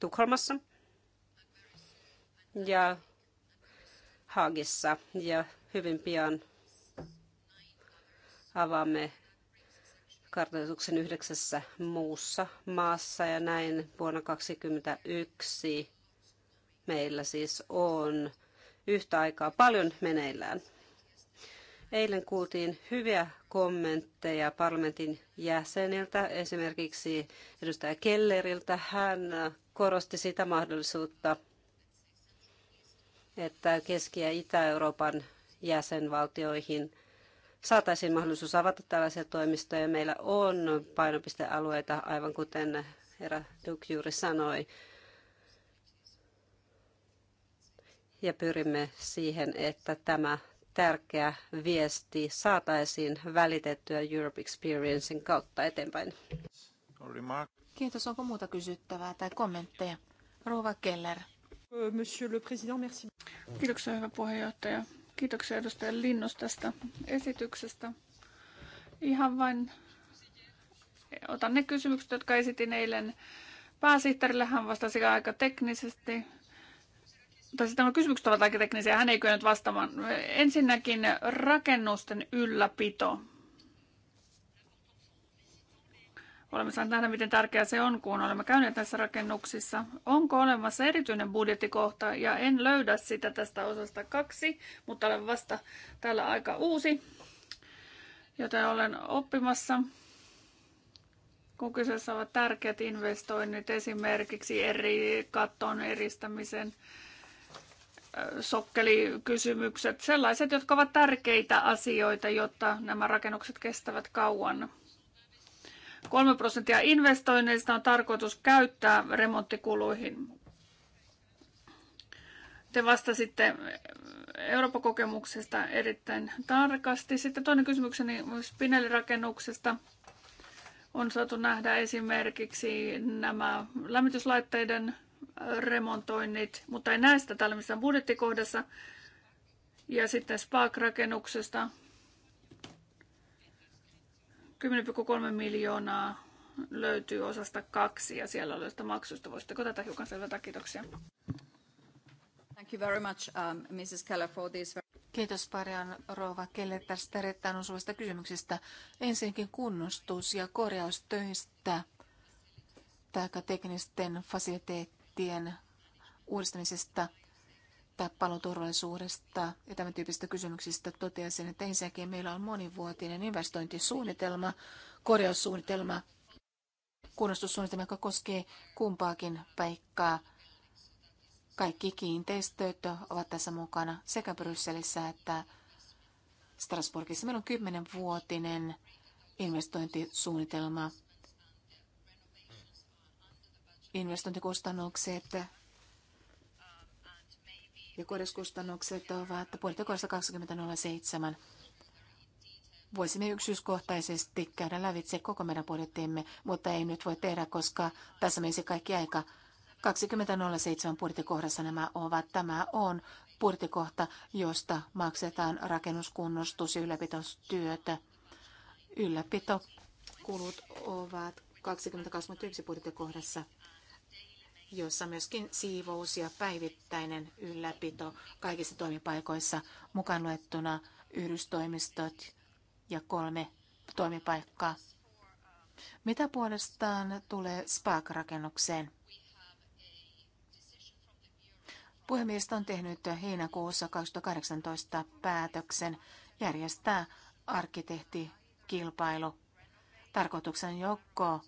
Tukholmassa ja Haagissa. Ja hyvin pian avaamme kartoituksen yhdeksässä muussa maassa ja näin vuonna 2021 meillä siis on yhtä aikaa paljon meneillään. Eilen kuultiin hyviä kommentteja parlamentin jäseniltä, esimerkiksi edustaja Kelleriltä. Hän korosti sitä mahdollisuutta, että Keski- ja Itä-Euroopan jäsenvaltioihin – saataisiin mahdollisuus avata tällaisia toimistoja. Meillä on painopistealueita, aivan kuten herra Duk juuri sanoi. Ja pyrimme siihen, että tämä tärkeä viesti saataisiin välitettyä Europe Experiencein kautta eteenpäin. Kiitos. Onko muuta kysyttävää tai kommentteja? Rouva Keller. Monsieur le Président, merci. Kiitoksia, hyvä puheenjohtaja. Kiitoksia edustaja Linnus tästä esityksestä. Ihan vain otan ne kysymykset, jotka esitin eilen pääsihteerille. Hän vastasi aika teknisesti. Tai sitten siis kysymykset ovat aika teknisiä. Hän ei kyennyt vastaamaan. Ensinnäkin rakennusten ylläpito. Olemme saaneet nähdä, miten tärkeää se on, kun olemme käyneet näissä rakennuksissa. Onko olemassa erityinen budjettikohta, ja en löydä sitä tästä osasta kaksi, mutta olen vasta täällä aika uusi, joten olen oppimassa. Kun kyseessä ovat tärkeät investoinnit, esimerkiksi eri katton eristämisen, sokkelikysymykset, sellaiset, jotka ovat tärkeitä asioita, jotta nämä rakennukset kestävät kauan 3 prosenttia investoinneista on tarkoitus käyttää remonttikuluihin. Te vastasitte Euroopan kokemuksesta erittäin tarkasti. Sitten toinen kysymykseni spinellirakennuksesta. On saatu nähdä esimerkiksi nämä lämmityslaitteiden remontoinnit, mutta ei näistä täällä missään budjettikohdassa. Ja sitten spark rakennuksesta 10,3 miljoonaa löytyy osasta kaksi ja siellä olevista maksusta. Voisitteko tätä hiukan selvätä? Kiitoksia. Thank you very much, um, Mrs. Keller, for this Kiitos paljon Rova Keller tästä erittäin osuvasta kysymyksestä. Ensinnäkin kunnostus- ja korjaustöistä tai teknisten fasiliteettien uudistamisesta että paloturvallisuudesta ja tämän tyyppisistä kysymyksistä toteaisin, että ensinnäkin meillä on monivuotinen investointisuunnitelma, korjaussuunnitelma, kunnostussuunnitelma, joka koskee kumpaakin paikkaa. Kaikki kiinteistöt ovat tässä mukana sekä Brysselissä että Strasbourgissa. Meillä on kymmenenvuotinen investointisuunnitelma. Investointikustannukset ja korjauskustannukset ovat puolta 20.07. Voisimme yksityiskohtaisesti käydä lävitse koko meidän budjettimme, mutta ei nyt voi tehdä, koska tässä menisi kaikki aika. 20.07 budjettikohdassa nämä ovat. Tämä on budjettikohta, josta maksetaan rakennuskunnostus- ja ylläpitostyötä. Ylläpitokulut ovat 2021 budjettikohdassa jossa myöskin siivous ja päivittäinen ylläpito kaikissa toimipaikoissa mukaan luettuna yhdystoimistot ja kolme toimipaikkaa. Mitä puolestaan tulee SPAC-rakennukseen? Puhemies on tehnyt heinäkuussa 2018 päätöksen järjestää arkkitehtikilpailu. Tarkoituksen joukko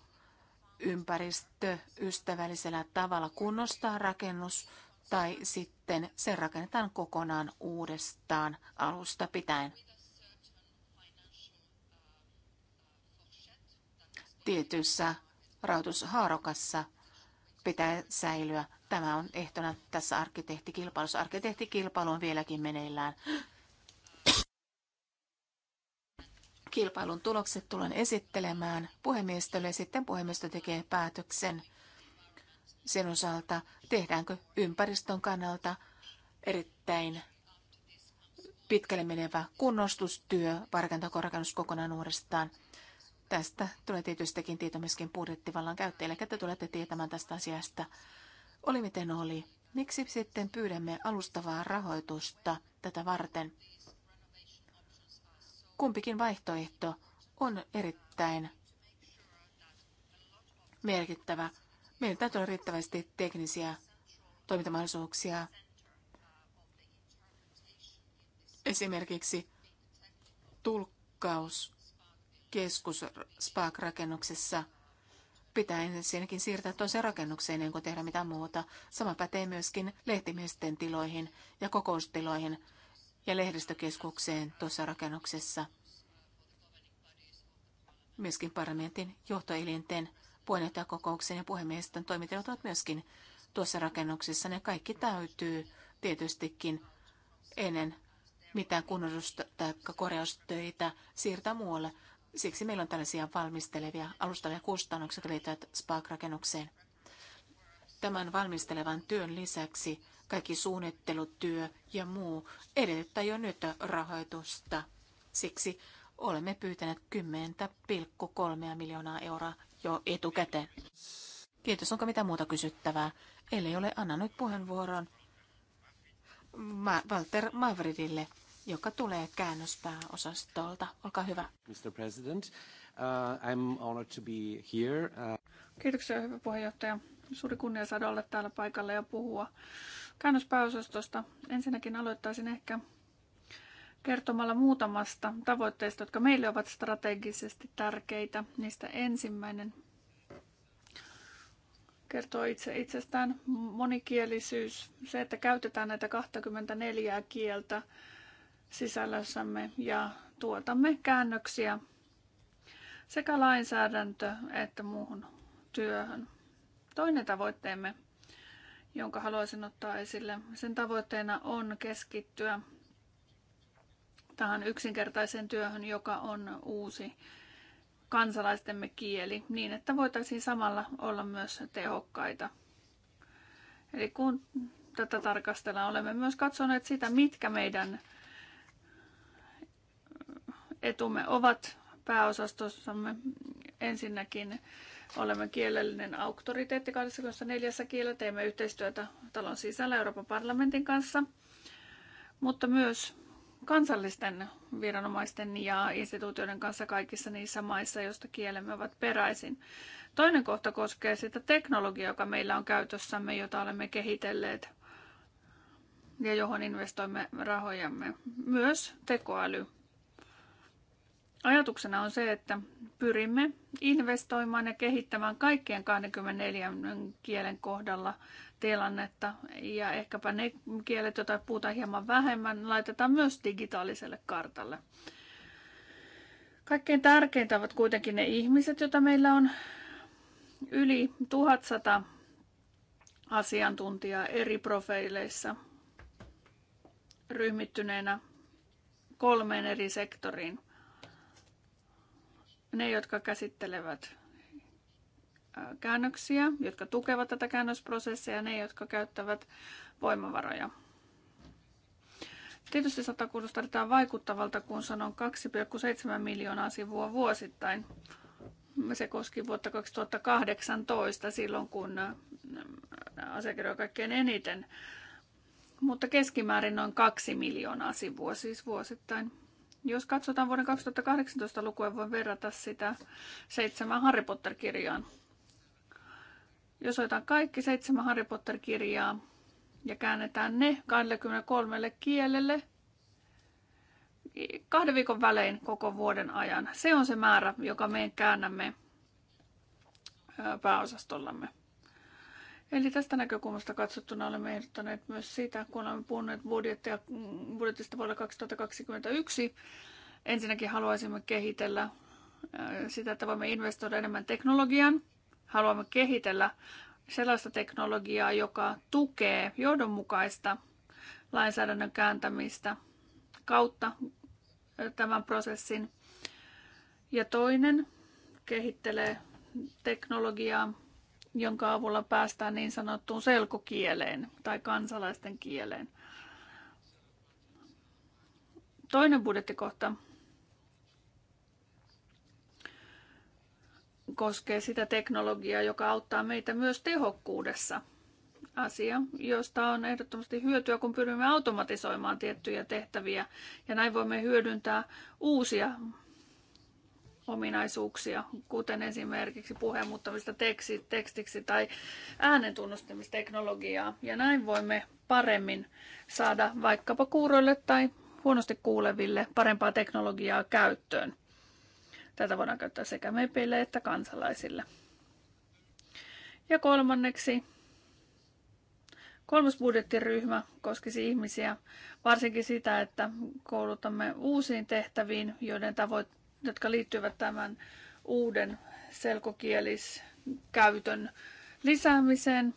ympäristöystävällisellä tavalla kunnostaa rakennus tai sitten se rakennetaan kokonaan uudestaan alusta pitäen. Tietyssä rahoitushaarokassa pitää säilyä. Tämä on ehtona tässä arkkitehtikilpailussa. Arkkitehtikilpailu on vieläkin meneillään. kilpailun tulokset tulen esittelemään puhemiestölle ja sitten puhemiestö tekee päätöksen sen osalta, tehdäänkö ympäristön kannalta erittäin pitkälle menevä kunnostustyö, varkantakorkannus kokonaan uudestaan. Tästä tulee tietystikin tieto myöskin budjettivallan käyttäjille, että tulette tietämään tästä asiasta. Oli miten oli. Miksi sitten pyydämme alustavaa rahoitusta tätä varten? Kumpikin vaihtoehto on erittäin merkittävä. Meillä täytyy olla riittävästi teknisiä toimintamahdollisuuksia. Esimerkiksi tulkkauskeskus Spark-rakennuksessa pitää ensinnäkin siirtää toiseen rakennukseen ennen kuin tehdä mitään muuta. Sama pätee myöskin lehtimiesten tiloihin ja kokoustiloihin ja lehdistökeskukseen tuossa rakennuksessa. Myöskin parlamentin johtoelinten puheenjohtajakokouksen ja puhemiehistön toimitilat ovat myöskin tuossa rakennuksessa. Ne kaikki täytyy tietystikin ennen mitään kunnostusta tai korjaustöitä siirtää muualle. Siksi meillä on tällaisia valmistelevia alustavia kustannuksia, jotka liittyvät SPAC-rakennukseen. Tämän valmistelevan työn lisäksi kaikki suunnittelutyö ja muu edellyttää jo nyt rahoitusta. Siksi olemme pyytäneet 10,3 miljoonaa euroa jo etukäteen. Kiitos, onko mitä muuta kysyttävää? Ellei ole, anna nyt puheenvuoron Ma- Walter Mavridille, joka tulee käännöspääosastolta. Olkaa hyvä. Mr. President, uh, I'm honored to be here. Uh... Kiitoksia, hyvä puheenjohtaja. Suuri kunnia saada olla täällä paikalla ja puhua käännöspääosastosta. Ensinnäkin aloittaisin ehkä kertomalla muutamasta tavoitteista, jotka meille ovat strategisesti tärkeitä. Niistä ensimmäinen kertoo itse itsestään monikielisyys, se, että käytetään näitä 24 kieltä sisällössämme ja tuotamme käännöksiä sekä lainsäädäntö että muuhun työhön. Toinen tavoitteemme jonka haluaisin ottaa esille. Sen tavoitteena on keskittyä tähän yksinkertaiseen työhön, joka on uusi kansalaistemme kieli, niin että voitaisiin samalla olla myös tehokkaita. Eli kun tätä tarkastellaan, olemme myös katsoneet sitä, mitkä meidän etumme ovat pääosastossamme. Ensinnäkin Olemme kielellinen auktoriteetti 24 kielellä, teemme yhteistyötä talon sisällä Euroopan parlamentin kanssa, mutta myös kansallisten viranomaisten ja instituutioiden kanssa kaikissa niissä maissa, joista kielemme ovat peräisin. Toinen kohta koskee sitä teknologiaa, joka meillä on käytössämme, jota olemme kehitelleet ja johon investoimme rahojamme. Myös tekoäly Ajatuksena on se, että pyrimme investoimaan ja kehittämään kaikkien 24 kielen kohdalla tilannetta ja ehkäpä ne kielet, joita puhutaan hieman vähemmän, laitetaan myös digitaaliselle kartalle. Kaikkein tärkeintä ovat kuitenkin ne ihmiset, joita meillä on yli 1100 asiantuntijaa eri profeileissa ryhmittyneenä kolmeen eri sektoriin – ne, jotka käsittelevät käännöksiä, jotka tukevat tätä käännösprosessia ja ne, jotka käyttävät voimavaroja. Tietysti sata tarvitaan vaikuttavalta, kun sanon 2,7 miljoonaa sivua vuosittain. Se koski vuotta 2018, silloin kun asiakirjoja kaikkein eniten, mutta keskimäärin noin 2 miljoonaa sivua siis vuosittain. Jos katsotaan vuoden 2018 lukua, voi verrata sitä seitsemän Harry Potter-kirjaan. Jos otetaan kaikki seitsemän Harry Potter-kirjaa ja käännetään ne 23 kielelle kahden viikon välein koko vuoden ajan. Se on se määrä, joka me käännämme pääosastollamme. Eli tästä näkökulmasta katsottuna olemme ehdottaneet myös sitä, kun olemme puhuneet budjettia, budjetista vuodelle 2021. Ensinnäkin haluaisimme kehitellä äh, sitä, että voimme investoida enemmän teknologiaan. Haluamme kehitellä sellaista teknologiaa, joka tukee johdonmukaista lainsäädännön kääntämistä kautta äh, tämän prosessin. Ja toinen kehittelee teknologiaa, jonka avulla päästään niin sanottuun selkokieleen tai kansalaisten kieleen. Toinen budjettikohta koskee sitä teknologiaa, joka auttaa meitä myös tehokkuudessa. Asia, josta on ehdottomasti hyötyä, kun pyrimme automatisoimaan tiettyjä tehtäviä ja näin voimme hyödyntää uusia ominaisuuksia, kuten esimerkiksi puheen muuttamista teksti, tekstiksi tai äänen tunnustamisteknologiaa. Ja näin voimme paremmin saada vaikkapa kuuroille tai huonosti kuuleville parempaa teknologiaa käyttöön. Tätä voidaan käyttää sekä mepille että kansalaisille. Ja kolmanneksi, kolmas budjettiryhmä koskisi ihmisiä, varsinkin sitä, että koulutamme uusiin tehtäviin, joiden tavoitteet jotka liittyvät tämän uuden selkokieliskäytön lisäämiseen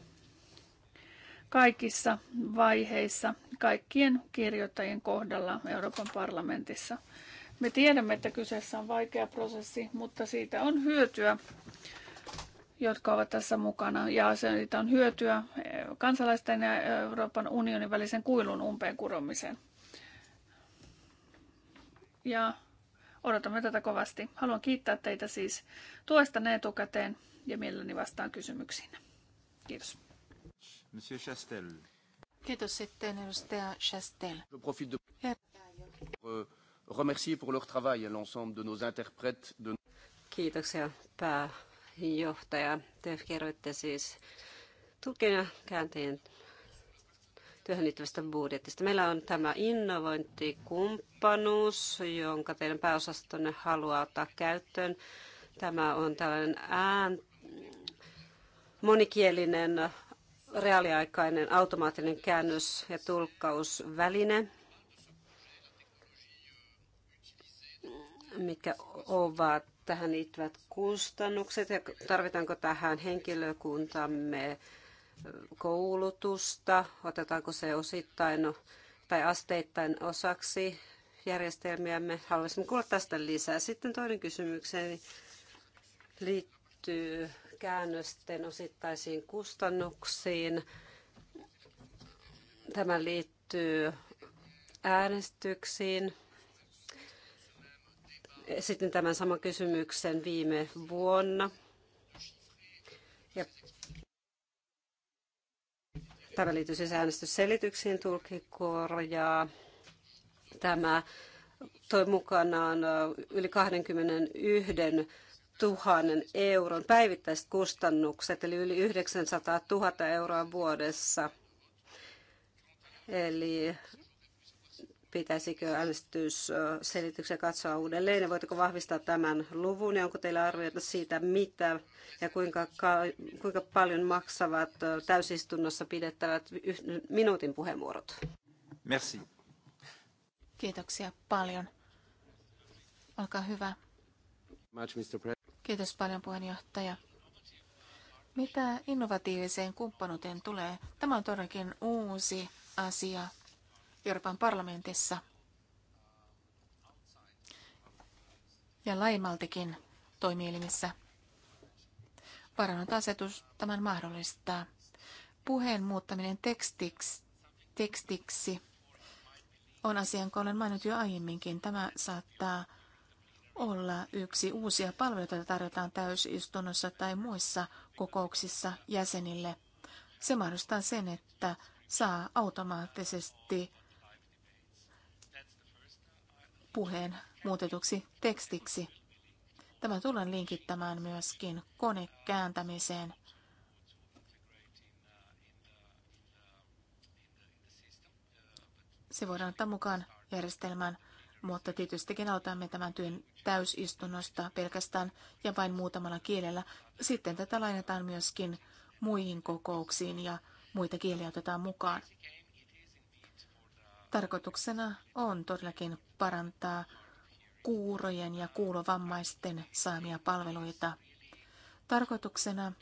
kaikissa vaiheissa, kaikkien kirjoittajien kohdalla Euroopan parlamentissa. Me tiedämme, että kyseessä on vaikea prosessi, mutta siitä on hyötyä, jotka ovat tässä mukana. Ja siitä on hyötyä kansalaisten ja Euroopan unionin välisen kuilun umpeen kuromiseen. Ja Odotamme tätä kovasti. Haluan kiittää teitä siis tuestanne etukäteen ja mielelläni vastaan kysymyksiin. Kiitos. Monsieur Chastel. Kiitos sitten edustaja Chastel. Euh, remercier pour leur travail à l'ensemble de nos interprètes. De... Kiitoksia pääjohtaja. Te kerroitte siis tulkien ja kääntäjien työhön liittyvästä budjetista. Meillä on tämä innovointikumppanuus, jonka teidän pääosastonne haluaa ottaa käyttöön. Tämä on tällainen ään, monikielinen reaaliaikainen automaattinen käännös- ja tulkkausväline, mikä ovat tähän liittyvät kustannukset ja tarvitaanko tähän henkilökuntamme koulutusta, otetaanko se osittain tai asteittain osaksi järjestelmiämme. Haluaisin kuulla tästä lisää. Sitten toinen kysymykseni liittyy käännösten osittaisiin kustannuksiin. Tämä liittyy äänestyksiin. Sitten tämän saman kysymyksen viime vuonna. Ja Tämä liittyy siis äänestysselityksiin, tulkki Tämä toi mukanaan yli 21 000 euron päivittäiset kustannukset, eli yli 900 000 euroa vuodessa. Eli Pitäisikö äänestysselityksen katsoa uudelleen ja voitteko vahvistaa tämän luvun ja onko teillä arvioita siitä, mitä ja kuinka, kuinka paljon maksavat täysistunnossa pidettävät minuutin puheenvuorot? Merci. Kiitoksia paljon. Olkaa hyvä. Kiitos paljon puheenjohtaja. Mitä innovatiiviseen kumppanuuteen tulee, tämä on todellakin uusi asia Euroopan parlamentissa ja laimaltikin toimielimissä. Parannusasetus tämän mahdollistaa. Puheen muuttaminen tekstiksi, tekstiksi on asian, jonka olen mainittu jo aiemminkin. Tämä saattaa olla yksi uusia palveluita, joita tarjotaan täysistunnossa tai muissa kokouksissa jäsenille. Se mahdollistaa sen, että saa automaattisesti puheen muutetuksi tekstiksi. Tämä tullaan linkittämään myöskin konekääntämiseen. Se voidaan ottaa mukaan järjestelmään, mutta tietystikin aloitamme tämän työn täysistunnosta pelkästään ja vain muutamalla kielellä. Sitten tätä lainataan myöskin muihin kokouksiin ja muita kieliä otetaan mukaan. Tarkoituksena on todellakin parantaa kuurojen ja kuulovammaisten saamia palveluita. Tarkoituksena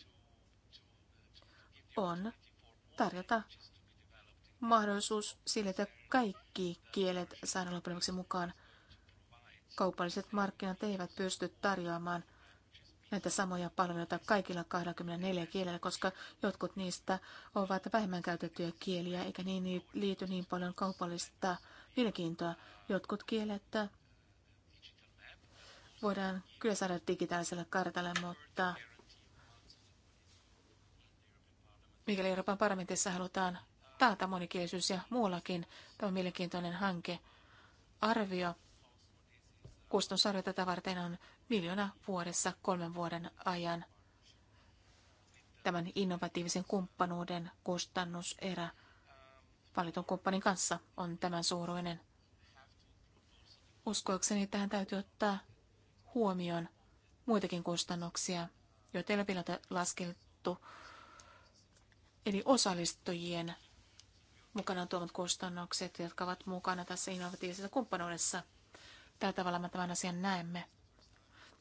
on tarjota mahdollisuus sille, että kaikki kielet saadaan mukaan. Kaupalliset markkinat eivät pysty tarjoamaan näitä samoja palveluita kaikilla 24 kielellä, koska jotkut niistä ovat vähemmän käytettyjä kieliä, eikä niin liity niin paljon kaupallista mielenkiintoa. Jotkut kielet voidaan kyllä saada digitaaliselle kartalle, mutta mikäli Euroopan parlamentissa halutaan taata monikielisyys ja muullakin, tämä on mielenkiintoinen hanke. Arvio kustannusarvio tätä varten on miljoona vuodessa kolmen vuoden ajan. Tämän innovatiivisen kumppanuuden kustannuserä valitun kumppanin kanssa on tämän suuruinen. Uskoakseni tähän täytyy ottaa huomioon muitakin kustannuksia, joita ei ole vielä laskettu, eli osallistujien mukana tuomat kustannukset, jotka ovat mukana tässä innovatiivisessa kumppanuudessa. Tällä tavalla me tämän asian näemme.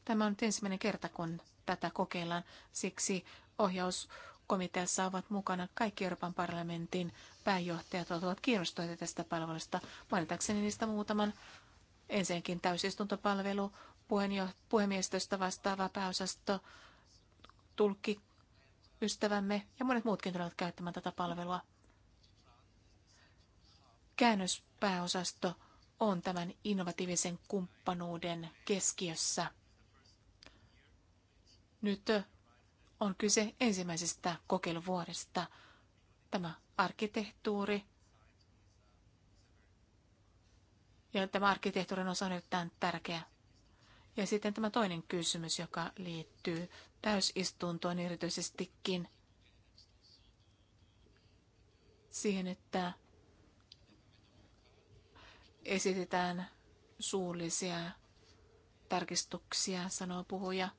Tämä on nyt ensimmäinen kerta, kun tätä kokeillaan. Siksi ohjauskomiteassa ovat mukana kaikki Euroopan parlamentin pääjohtajat jotka ovat kiinnostuneita tästä palvelusta. Mainitakseni niistä muutaman. Ensinnäkin täysistuntopalvelu, puhemiestöstä vastaava pääosasto, tulkki, ystävämme ja monet muutkin tulevat käyttämään tätä palvelua. Käännöspääosasto on tämän innovatiivisen kumppanuuden keskiössä. Nyt on kyse ensimmäisestä kokeiluvuodesta. Tämä arkkitehtuuri ja tämä arkkitehtuurin osa on erittäin tärkeä. Ja sitten tämä toinen kysymys, joka liittyy täysistuntoon erityisestikin siihen, että esitetään suullisia tarkistuksia, sanoo puhuja.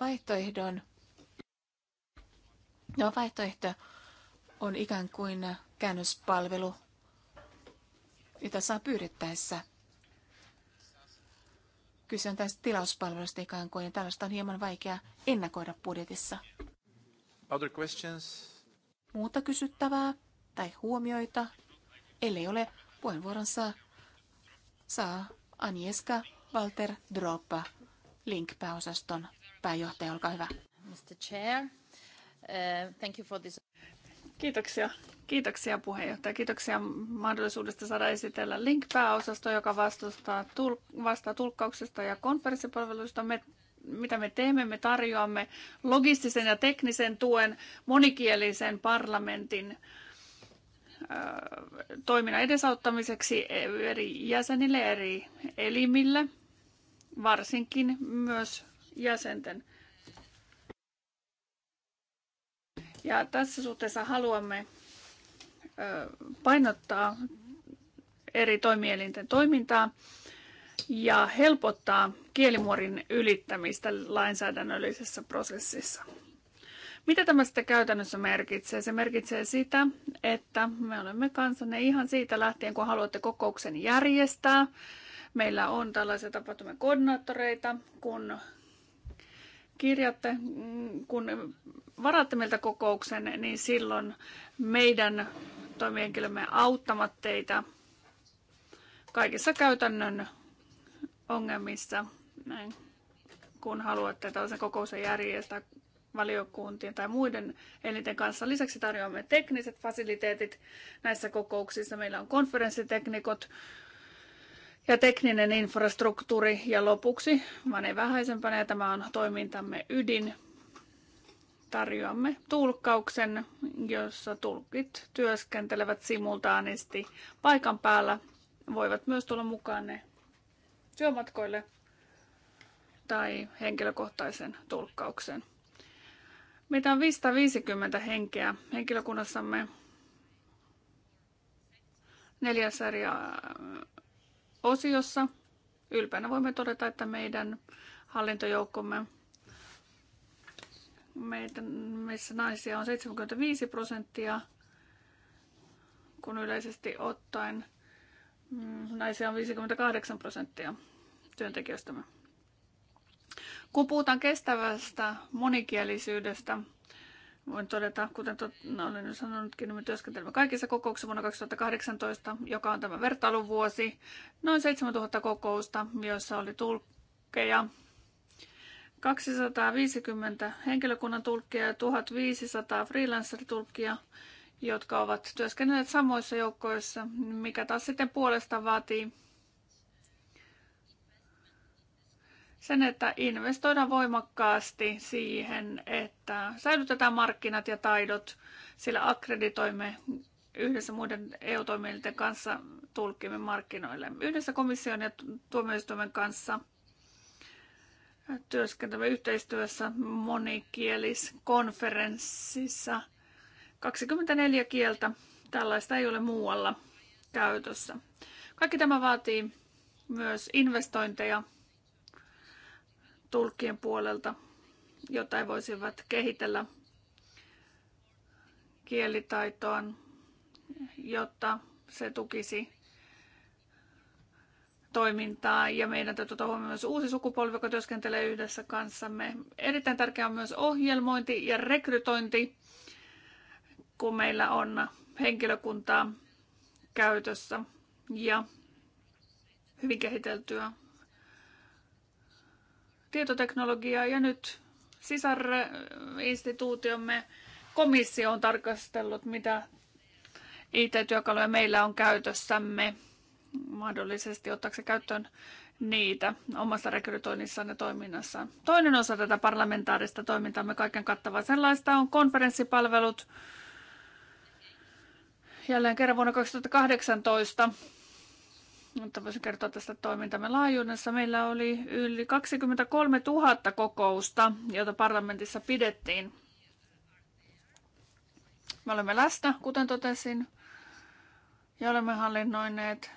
vaihtoehdon, no vaihtoehto on ikään kuin käännöspalvelu, jota saa pyydettäessä. Kyse on tästä tilauspalvelusta ikään kuin, ja tällaista on hieman vaikea ennakoida budjetissa. Other questions? Muuta kysyttävää tai huomioita? Ellei ole, puheenvuoron saa, saa Anieska Walter Droppa Link-pääosaston pääjohtaja, olkaa hyvä. Mr. Chair, uh, thank you for this. Kiitoksia. Kiitoksia puheenjohtaja. Kiitoksia mahdollisuudesta saada esitellä Link-pääosasto, joka vastustaa, tul- vastaa tulkkauksesta ja konferenssipalveluista. Me, mitä me teemme? Me tarjoamme logistisen ja teknisen tuen monikielisen parlamentin toiminnan edesauttamiseksi eri jäsenille, eri elimille, varsinkin myös jäsenten. Ja tässä suhteessa haluamme painottaa eri toimielinten toimintaa ja helpottaa kielimuorin ylittämistä lainsäädännöllisessä prosessissa. Mitä tämä sitten käytännössä merkitsee? Se merkitsee sitä, että me olemme kansanne ihan siitä lähtien, kun haluatte kokouksen järjestää. Meillä on tällaisia tapahtumien koordinaattoreita, kun kirjatte, mm, kun varaatte meiltä kokouksen, niin silloin meidän toimihenkilömme auttavat teitä kaikissa käytännön ongelmissa, näin, kun haluatte tällaisen kokouksen järjestää valiokuntien tai muiden elinten kanssa. Lisäksi tarjoamme tekniset fasiliteetit näissä kokouksissa. Meillä on konferenssiteknikot, ja tekninen infrastruktuuri ja lopuksi, vaan ei vähäisempänä, ja tämä on toimintamme ydin, tarjoamme tulkkauksen, jossa tulkit työskentelevät simultaanisti paikan päällä. Voivat myös tulla mukaan ne työmatkoille tai henkilökohtaisen tulkkauksen. Meitä on 550 henkeä henkilökunnassamme neljässä eri osiossa. Ylpeänä voimme todeta, että meidän hallintojoukkomme, meidän, missä naisia on 75 prosenttia, kun yleisesti ottaen mm, naisia on 58 prosenttia työntekijöistämme. Kun puhutaan kestävästä monikielisyydestä, Voin todeta, kuten tot, no, olen jo sanonutkin, niin me työskentelemme kaikissa kokouksissa vuonna 2018, joka on tämä vertailuvuosi. Noin 7000 kokousta, joissa oli tulkkeja, 250 henkilökunnan tulkkia ja 1500 freelancer-tulkkia, jotka ovat työskennelleet samoissa joukkoissa, mikä taas sitten puolesta vaatii sen, että investoidaan voimakkaasti siihen, että säilytetään markkinat ja taidot, sillä akkreditoimme yhdessä muiden EU-toimielinten kanssa tulkimme markkinoille. Yhdessä komission ja tuomioistuimen kanssa työskentelemme yhteistyössä monikieliskonferenssissa. 24 kieltä, tällaista ei ole muualla käytössä. Kaikki tämä vaatii myös investointeja tulkkien puolelta, jotain voisivat kehitellä kielitaitoon, jotta se tukisi toimintaa ja meidän täytyy ottaa huomioon myös uusi sukupolvi, joka työskentelee yhdessä kanssamme. Erittäin tärkeää on myös ohjelmointi ja rekrytointi, kun meillä on henkilökuntaa käytössä ja hyvin kehiteltyä tietoteknologiaa ja nyt sisarinstituutiomme komissio on tarkastellut, mitä IT-työkaluja meillä on käytössämme mahdollisesti se käyttöön niitä omassa rekrytoinnissaan ja toiminnassaan. Toinen osa tätä parlamentaarista toimintaamme kaiken kattavaa sellaista on konferenssipalvelut. Jälleen kerran vuonna 2018 mutta voisin kertoa tästä toimintamme laajuudessa. Meillä oli yli 23 000 kokousta, joita parlamentissa pidettiin. Me olemme läsnä, kuten totesin, ja olemme hallinnoineet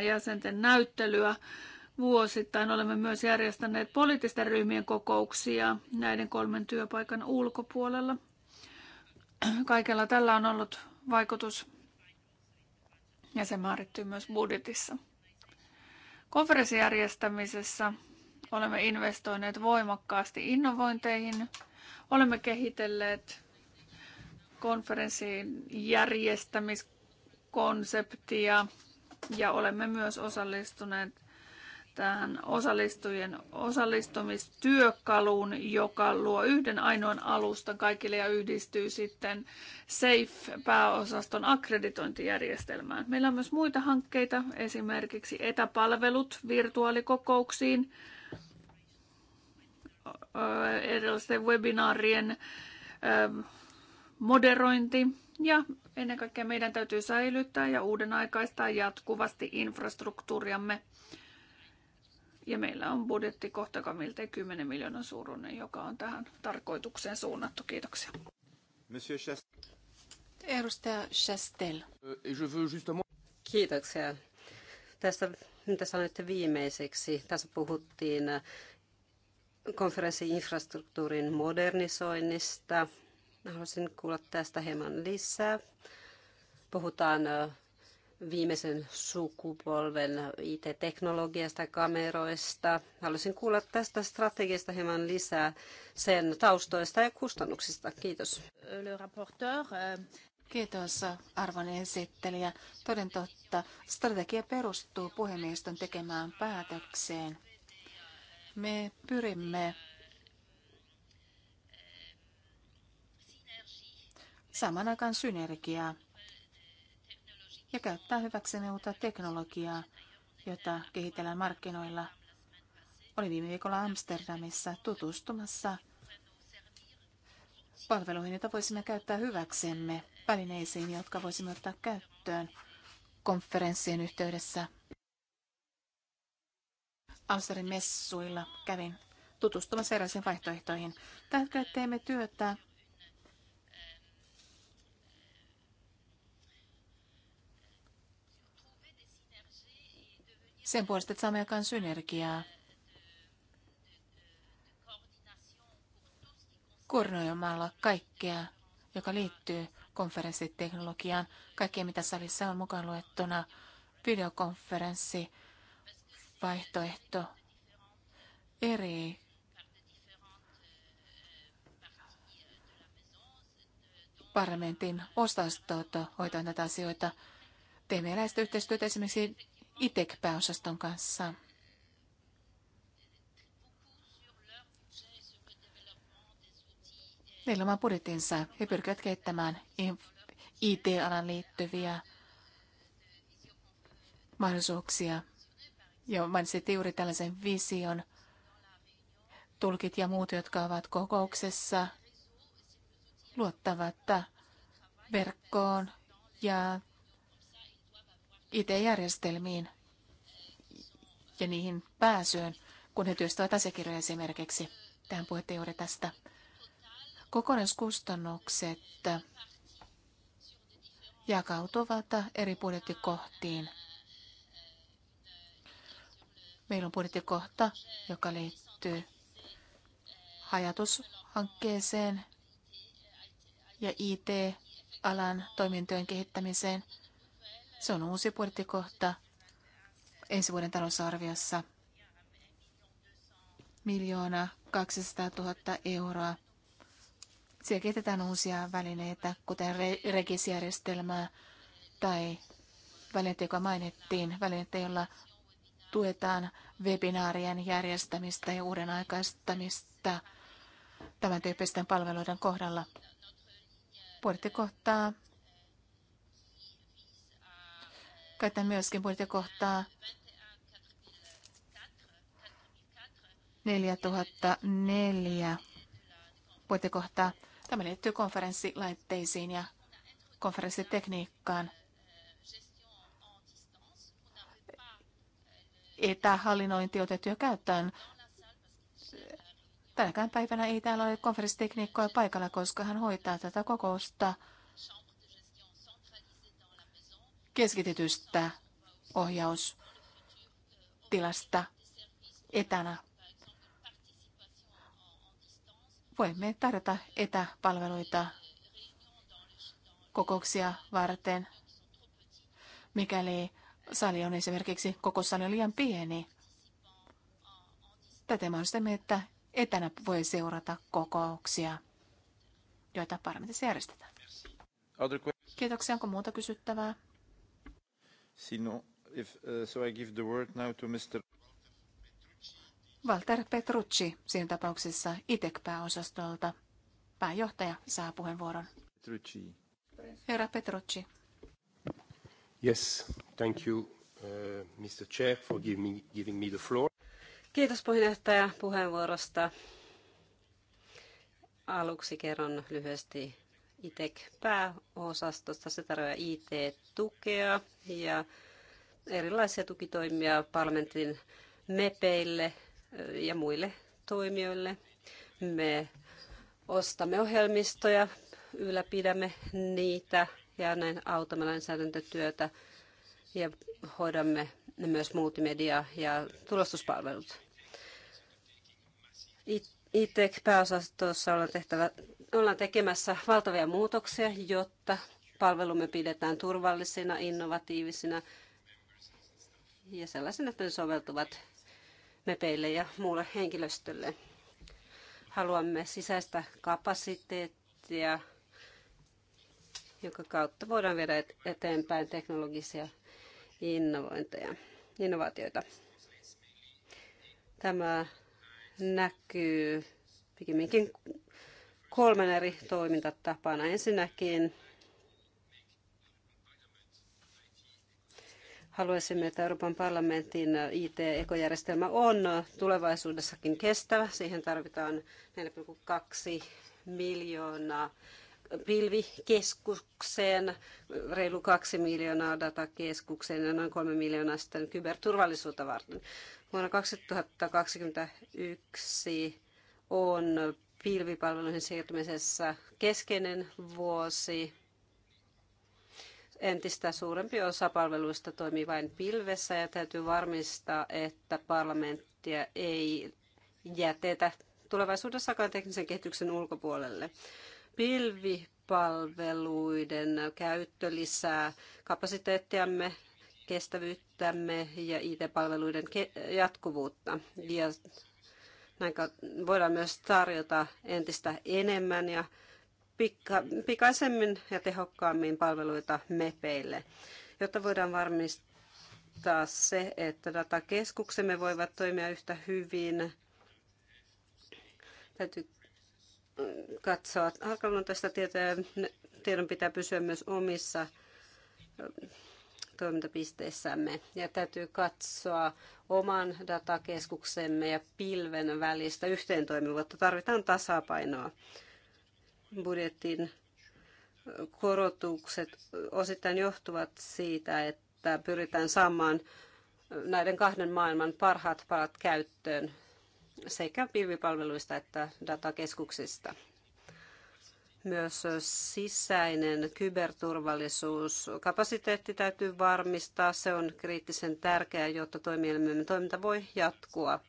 250-300 jäsenten näyttelyä vuosittain. Olemme myös järjestäneet poliittisten ryhmien kokouksia näiden kolmen työpaikan ulkopuolella. Kaikella tällä on ollut vaikutus ja se määrittyy myös budjetissa. Konferenssin järjestämisessä olemme investoineet voimakkaasti innovointeihin. Olemme kehitelleet konferenssin järjestämiskonseptia ja olemme myös osallistuneet tähän osallistujien osallistumistyökaluun, joka luo yhden ainoan alustan kaikille ja yhdistyy sitten SAFE-pääosaston akkreditointijärjestelmään. Meillä on myös muita hankkeita, esimerkiksi etäpalvelut virtuaalikokouksiin, erilaisten webinaarien ähm, moderointi ja ennen kaikkea meidän täytyy säilyttää ja uudenaikaistaa jatkuvasti infrastruktuuriamme ja meillä on budjetti kohta, miltei 10 miljoonan suuruinen, joka on tähän tarkoitukseen suunnattu. Kiitoksia. Monsieur Chastel. Edustaja Chastel. Euh, Kiitoksia. Tästä, mitä sanoitte viimeiseksi, tässä puhuttiin äh, konferenssin infrastruktuurin modernisoinnista. Haluaisin kuulla tästä hieman lisää. Puhutaan äh, viimeisen sukupolven IT-teknologiasta, kameroista. Haluaisin kuulla tästä strategiasta hieman lisää sen taustoista ja kustannuksista. Kiitos. Euh, Kiitos arvon esittelijä. Toden totta, strategia perustuu puhemiehistön tekemään päätökseen. Me pyrimme saman aikaan synergiaa ja käyttää hyväkseni uutta teknologiaa, jota kehitellään markkinoilla. Olin viime viikolla Amsterdamissa tutustumassa palveluihin, joita voisimme käyttää hyväksemme, välineisiin, jotka voisimme ottaa käyttöön konferenssien yhteydessä. Amsterdamin messuilla kävin tutustumassa erilaisiin vaihtoehtoihin. Tällä hetkellä teemme työtä sen puolesta, että saamme aikaan synergiaa. Koordinoimalla kaikkea, joka liittyy konferenssiteknologiaan, kaikkea mitä salissa on mukaan luettuna, videokonferenssi, vaihtoehto, eri parlamentin osastot hoitaa näitä asioita. Teemme eläistä yhteistyötä esimerkiksi ITEC-pääosaston kanssa. Meillä on budjetinsa. He pyrkivät kehittämään IT-alan liittyviä mahdollisuuksia. Ja mainitsitte juuri tällaisen vision. Tulkit ja muut, jotka ovat kokouksessa, luottavat verkkoon ja IT-järjestelmiin ja niihin pääsyyn, kun he työstävät asiakirjoja esimerkiksi. Tähän puhuttiin juuri tästä. Kokonaiskustannukset jakautuvat eri budjettikohtiin. Meillä on budjettikohta, joka liittyy hajatushankkeeseen ja IT-alan toimintojen kehittämiseen – se on uusi budjettikohta ensi vuoden talousarviossa. Miljoona 200 000 euroa. Siellä kehitetään uusia välineitä, kuten re- rekisjärjestelmää tai välineitä, joka mainittiin, välineitä, joilla tuetaan webinaarien järjestämistä ja uuden aikaistamista tämän tyyppisten palveluiden kohdalla. Puolittikohtaa Käytän myöskin kohtaa 4004 kohtaa. Tämä liittyy konferenssilaitteisiin ja konferenssitekniikkaan. Etähallinnointi otettu jo käyttöön. Tänäkään päivänä ei täällä ole konferenssitekniikkoja paikalla, koska hän hoitaa tätä kokousta keskitetystä ohjaustilasta etänä. Voimme tarjota etäpalveluita kokouksia varten, mikäli sali on esimerkiksi koko sali on liian pieni. Tätä mahdollistamme, että etänä voi seurata kokouksia, joita parlamentissa järjestetään. Kiitoksia. Onko muuta kysyttävää? Sino, if, uh, so I give the word now to Mr. Walter Petrucci siinä tapauksessa ITEC-pääosastolta. Pääjohtaja saa puheenvuoron. Petrucci. Herra Petrucci. Yes, thank you, uh, Mr. Chair, for giving me, giving me the floor. Kiitos puheenjohtaja puheenvuorosta. Aluksi kerron lyhyesti ITEC-pääosastosta. Se tarjoaa IT-tukea e ja erilaisia tukitoimia parlamentin mepeille ja muille toimijoille. Me ostamme ohjelmistoja, ylläpidämme niitä ja näin autamme lainsäädäntötyötä ja hoidamme myös multimedia- ja tulostuspalvelut. ITEC-pääosastossa on tehtävä ollaan tekemässä valtavia muutoksia, jotta palvelumme pidetään turvallisina, innovatiivisina ja sellaisina, että ne soveltuvat mepeille ja muulle henkilöstölle. Haluamme sisäistä kapasiteettia, jonka kautta voidaan viedä eteenpäin teknologisia innovointeja, innovaatioita. Tämä näkyy pikemminkin kolmen eri toimintatapana. Ensinnäkin haluaisimme, että Euroopan parlamentin IT-ekojärjestelmä on tulevaisuudessakin kestävä. Siihen tarvitaan 4,2 miljoonaa pilvikeskukseen, reilu 2 miljoonaa datakeskukseen ja noin 3 miljoonaa sitten kyberturvallisuutta varten. Vuonna 2021 on pilvipalveluihin siirtymisessä keskeinen vuosi. Entistä suurempi osa palveluista toimii vain pilvessä ja täytyy varmistaa, että parlamenttia ei jätetä tulevaisuudessakaan teknisen kehityksen ulkopuolelle. Pilvipalveluiden käyttö lisää kapasiteettiamme, kestävyyttämme ja IT-palveluiden jatkuvuutta. Ja näin voidaan myös tarjota entistä enemmän ja pika, pikaisemmin ja tehokkaammin palveluita MEPEille, jotta voidaan varmistaa se, että datakeskuksemme voivat toimia yhtä hyvin. Täytyy katsoa arkaluontoista tietoa ja tiedon pitää pysyä myös omissa toimintapisteissämme ja täytyy katsoa oman datakeskuksemme ja pilven välistä yhteentoimivuutta. Tarvitaan tasapainoa. Budjetin korotukset osittain johtuvat siitä, että pyritään saamaan näiden kahden maailman parhaat palat käyttöön sekä pilvipalveluista että datakeskuksista. Myös sisäinen kyberturvallisuus kapasiteetti täytyy varmistaa. Se on kriittisen tärkeää, jotta toimielimemme toiminta voi jatkua.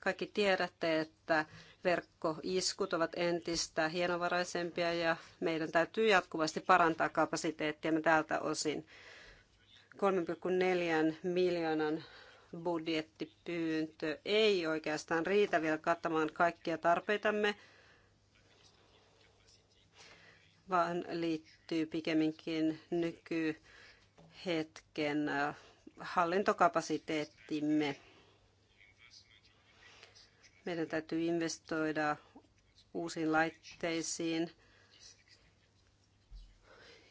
Kaikki tiedätte, että verkkoiskut ovat entistä hienovaraisempia ja meidän täytyy jatkuvasti parantaa Me tältä osin. 3,4 miljoonan budjettipyyntö ei oikeastaan riitä vielä kattamaan kaikkia tarpeitamme vaan liittyy pikemminkin nykyhetken äh, hallintokapasiteettimme. Meidän täytyy investoida uusiin laitteisiin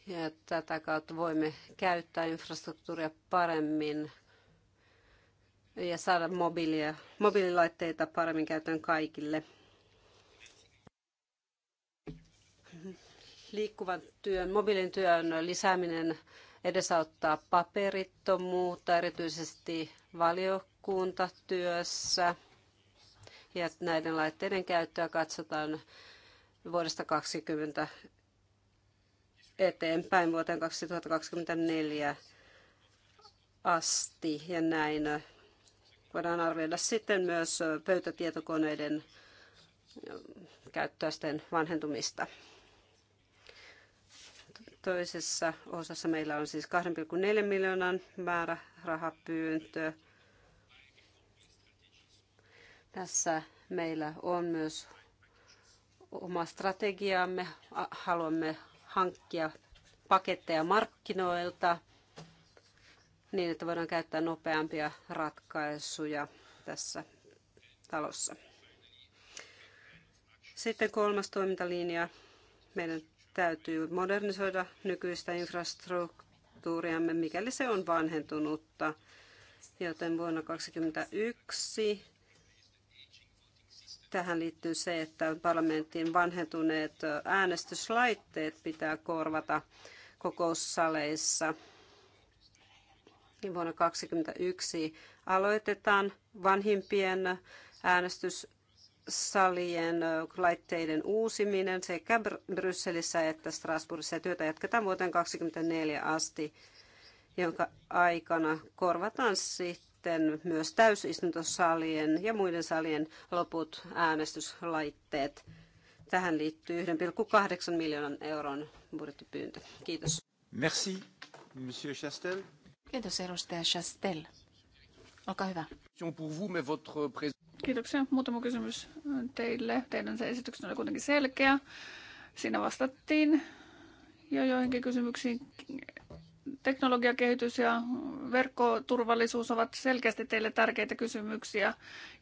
ja tätä kautta voimme käyttää infrastruktuuria paremmin ja saada mobiilia, mobiililaitteita paremmin käyttöön kaikille. Liikkuvan työn, mobiilin työn lisääminen edesauttaa paperittomuutta, erityisesti valiokuntatyössä. Ja näiden laitteiden käyttöä katsotaan vuodesta 2020 eteenpäin vuoteen 2024 asti. Ja näin voidaan arvioida sitten myös pöytätietokoneiden käyttöisten vanhentumista. Toisessa osassa meillä on siis 2,4 miljoonan määrä rahapyyntö. Tässä meillä on myös oma strategiamme. Haluamme hankkia paketteja markkinoilta niin, että voidaan käyttää nopeampia ratkaisuja tässä talossa. Sitten kolmas toimintalinja. Meidän Täytyy modernisoida nykyistä infrastruktuuriamme, mikäli se on vanhentunutta. Joten vuonna 2021 tähän liittyy se, että parlamentin vanhentuneet äänestyslaitteet pitää korvata kokoussaleissa. Vuonna 2021 aloitetaan vanhimpien äänestys salien laitteiden uusiminen sekä Brysselissä että Strasbourgissa. Työtä jatketaan vuoteen 2024 asti, jonka aikana korvataan sitten myös täysistuntosalien ja muiden salien loput äänestyslaitteet. Tähän liittyy 1,8 miljoonan euron budjettipyyntö. Kiitos. Merci, Monsieur Chastel. Kiitos, edustaja Chastel. Olkaa hyvä. Kiitoksia. Muutama kysymys teille. Teidän se esityksen oli kuitenkin selkeä. Siinä vastattiin jo joihinkin kysymyksiin. Teknologiakehitys ja verkkoturvallisuus ovat selkeästi teille tärkeitä kysymyksiä.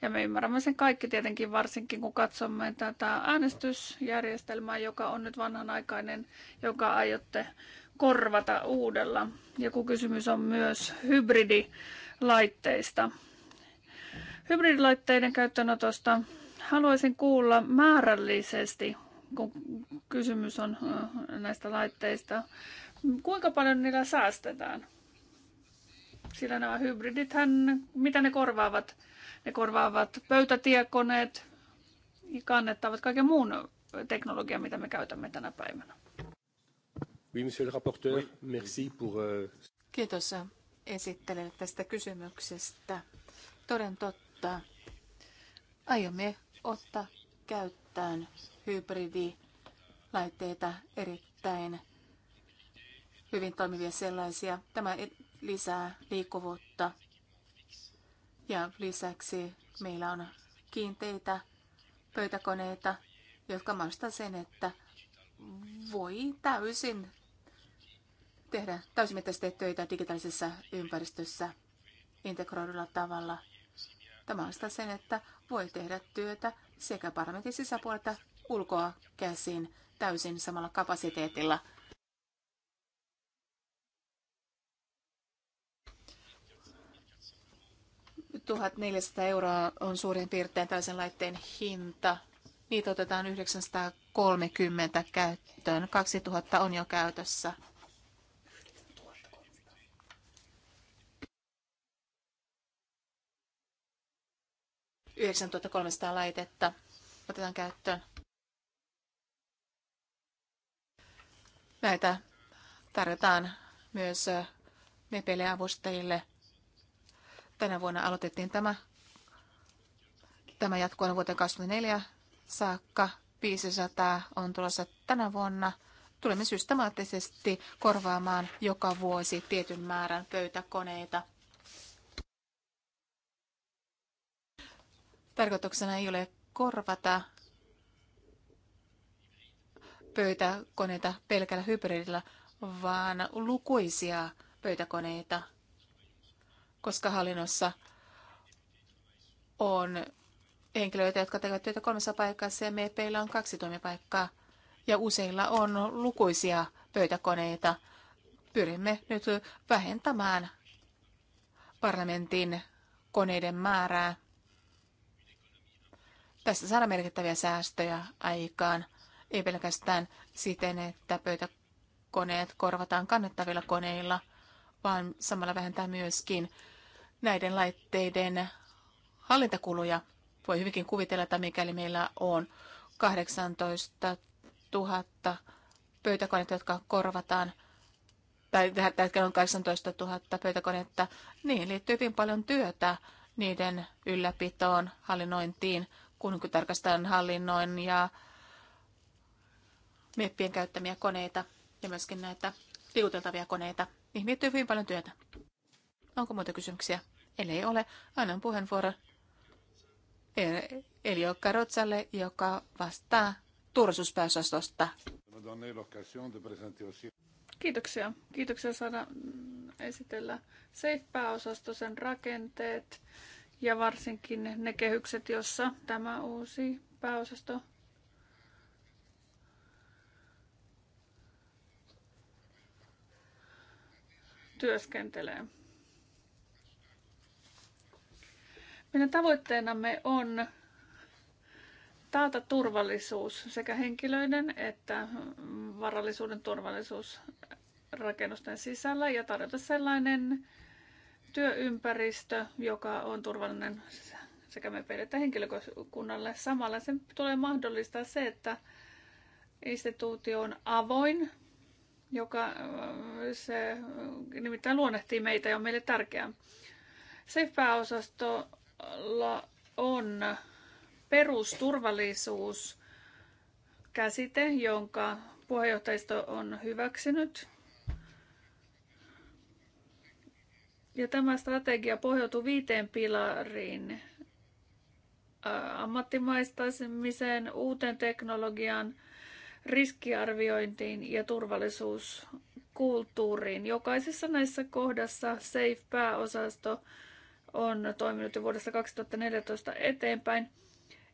Ja me ymmärrämme sen kaikki tietenkin, varsinkin kun katsomme tätä äänestysjärjestelmää, joka on nyt vanhanaikainen, joka aiotte korvata uudella. Ja kun kysymys on myös hybridilaitteista hybridilaitteiden käyttöönotosta. Haluaisin kuulla määrällisesti, kun kysymys on näistä laitteista, kuinka paljon niillä säästetään? Sillä nämä hybridithän, mitä ne korvaavat? Ne korvaavat pöytätiekoneet ja kannettavat kaiken muun teknologian, mitä me käytämme tänä päivänä. Oui, monsieur le rapporteur, merci pour... Euh, Kiitos esittelijälle tästä kysymyksestä. Toden totta mutta aiomme ottaa käyttöön hybridilaitteita erittäin hyvin toimivia sellaisia. Tämä lisää liikkuvuutta ja lisäksi meillä on kiinteitä pöytäkoneita, jotka mahdollistavat sen, että voi täysin tehdä täysimittaisesti töitä digitaalisessa ympäristössä integroidulla tavalla – Tämä on sitä sen, että voi tehdä työtä sekä parlamentin sisäpuolelta ulkoa käsin täysin samalla kapasiteetilla. Tuhat 1400 euroa on suurin piirtein täysin laitteen hinta. Niitä otetaan 930 käyttöön. 2000 on jo käytössä. 9300 laitetta otetaan käyttöön. Näitä tarjotaan myös mepele avustajille. Tänä vuonna aloitettiin tämä. Tämä jatkuu vuoteen 2024 saakka. 500 on tulossa tänä vuonna. Tulemme systemaattisesti korvaamaan joka vuosi tietyn määrän pöytäkoneita. Tarkoituksena ei ole korvata pöytäkoneita pelkällä hybridillä, vaan lukuisia pöytäkoneita, koska hallinnossa on henkilöitä, jotka tekevät työtä kolmessa paikassa ja MEPillä on kaksi toimipaikkaa ja useilla on lukuisia pöytäkoneita. Pyrimme nyt vähentämään parlamentin koneiden määrää tässä saada merkittäviä säästöjä aikaan, ei pelkästään siten, että pöytäkoneet korvataan kannettavilla koneilla, vaan samalla vähentää myöskin näiden laitteiden hallintakuluja. Voi hyvinkin kuvitella, että mikäli meillä on 18 000 pöytäkoneita, jotka korvataan, tai tällä on 18 000 pöytäkonetta, niin liittyy hyvin paljon työtä niiden ylläpitoon, hallinnointiin, kun tarkastetaan hallinnoin ja meppien käyttämiä koneita ja myöskin näitä liuteltavia koneita. Niihin miettii hyvin paljon työtä. Onko muita kysymyksiä? Ellei ole, annan puheenvuoron e- Elio Karotsalle, joka vastaa turvallisuuspääosastosta. Kiitoksia. Kiitoksia saada esitellä SAFE-pääosasto, sen rakenteet, ja varsinkin ne kehykset, jossa tämä uusi pääosasto työskentelee. Meidän tavoitteenamme on taata turvallisuus, sekä henkilöiden että varallisuuden turvallisuus rakennusten sisällä ja tarjota sellainen työympäristö, joka on turvallinen sekä me että henkilökunnalle. Samalla sen tulee mahdollistaa se, että instituutio on avoin, joka äh, se nimittäin luonnehtii meitä ja on meille tärkeää. SAFE-pääosastolla on perusturvallisuus käsite, jonka puheenjohtajisto on hyväksynyt – Ja tämä strategia pohjautuu viiteen pilariin. Ammattimaistaisemiseen, uuteen teknologiaan, riskiarviointiin ja turvallisuuskulttuuriin. Jokaisessa näissä kohdassa SAFE-pääosasto on toiminut jo vuodesta 2014 eteenpäin.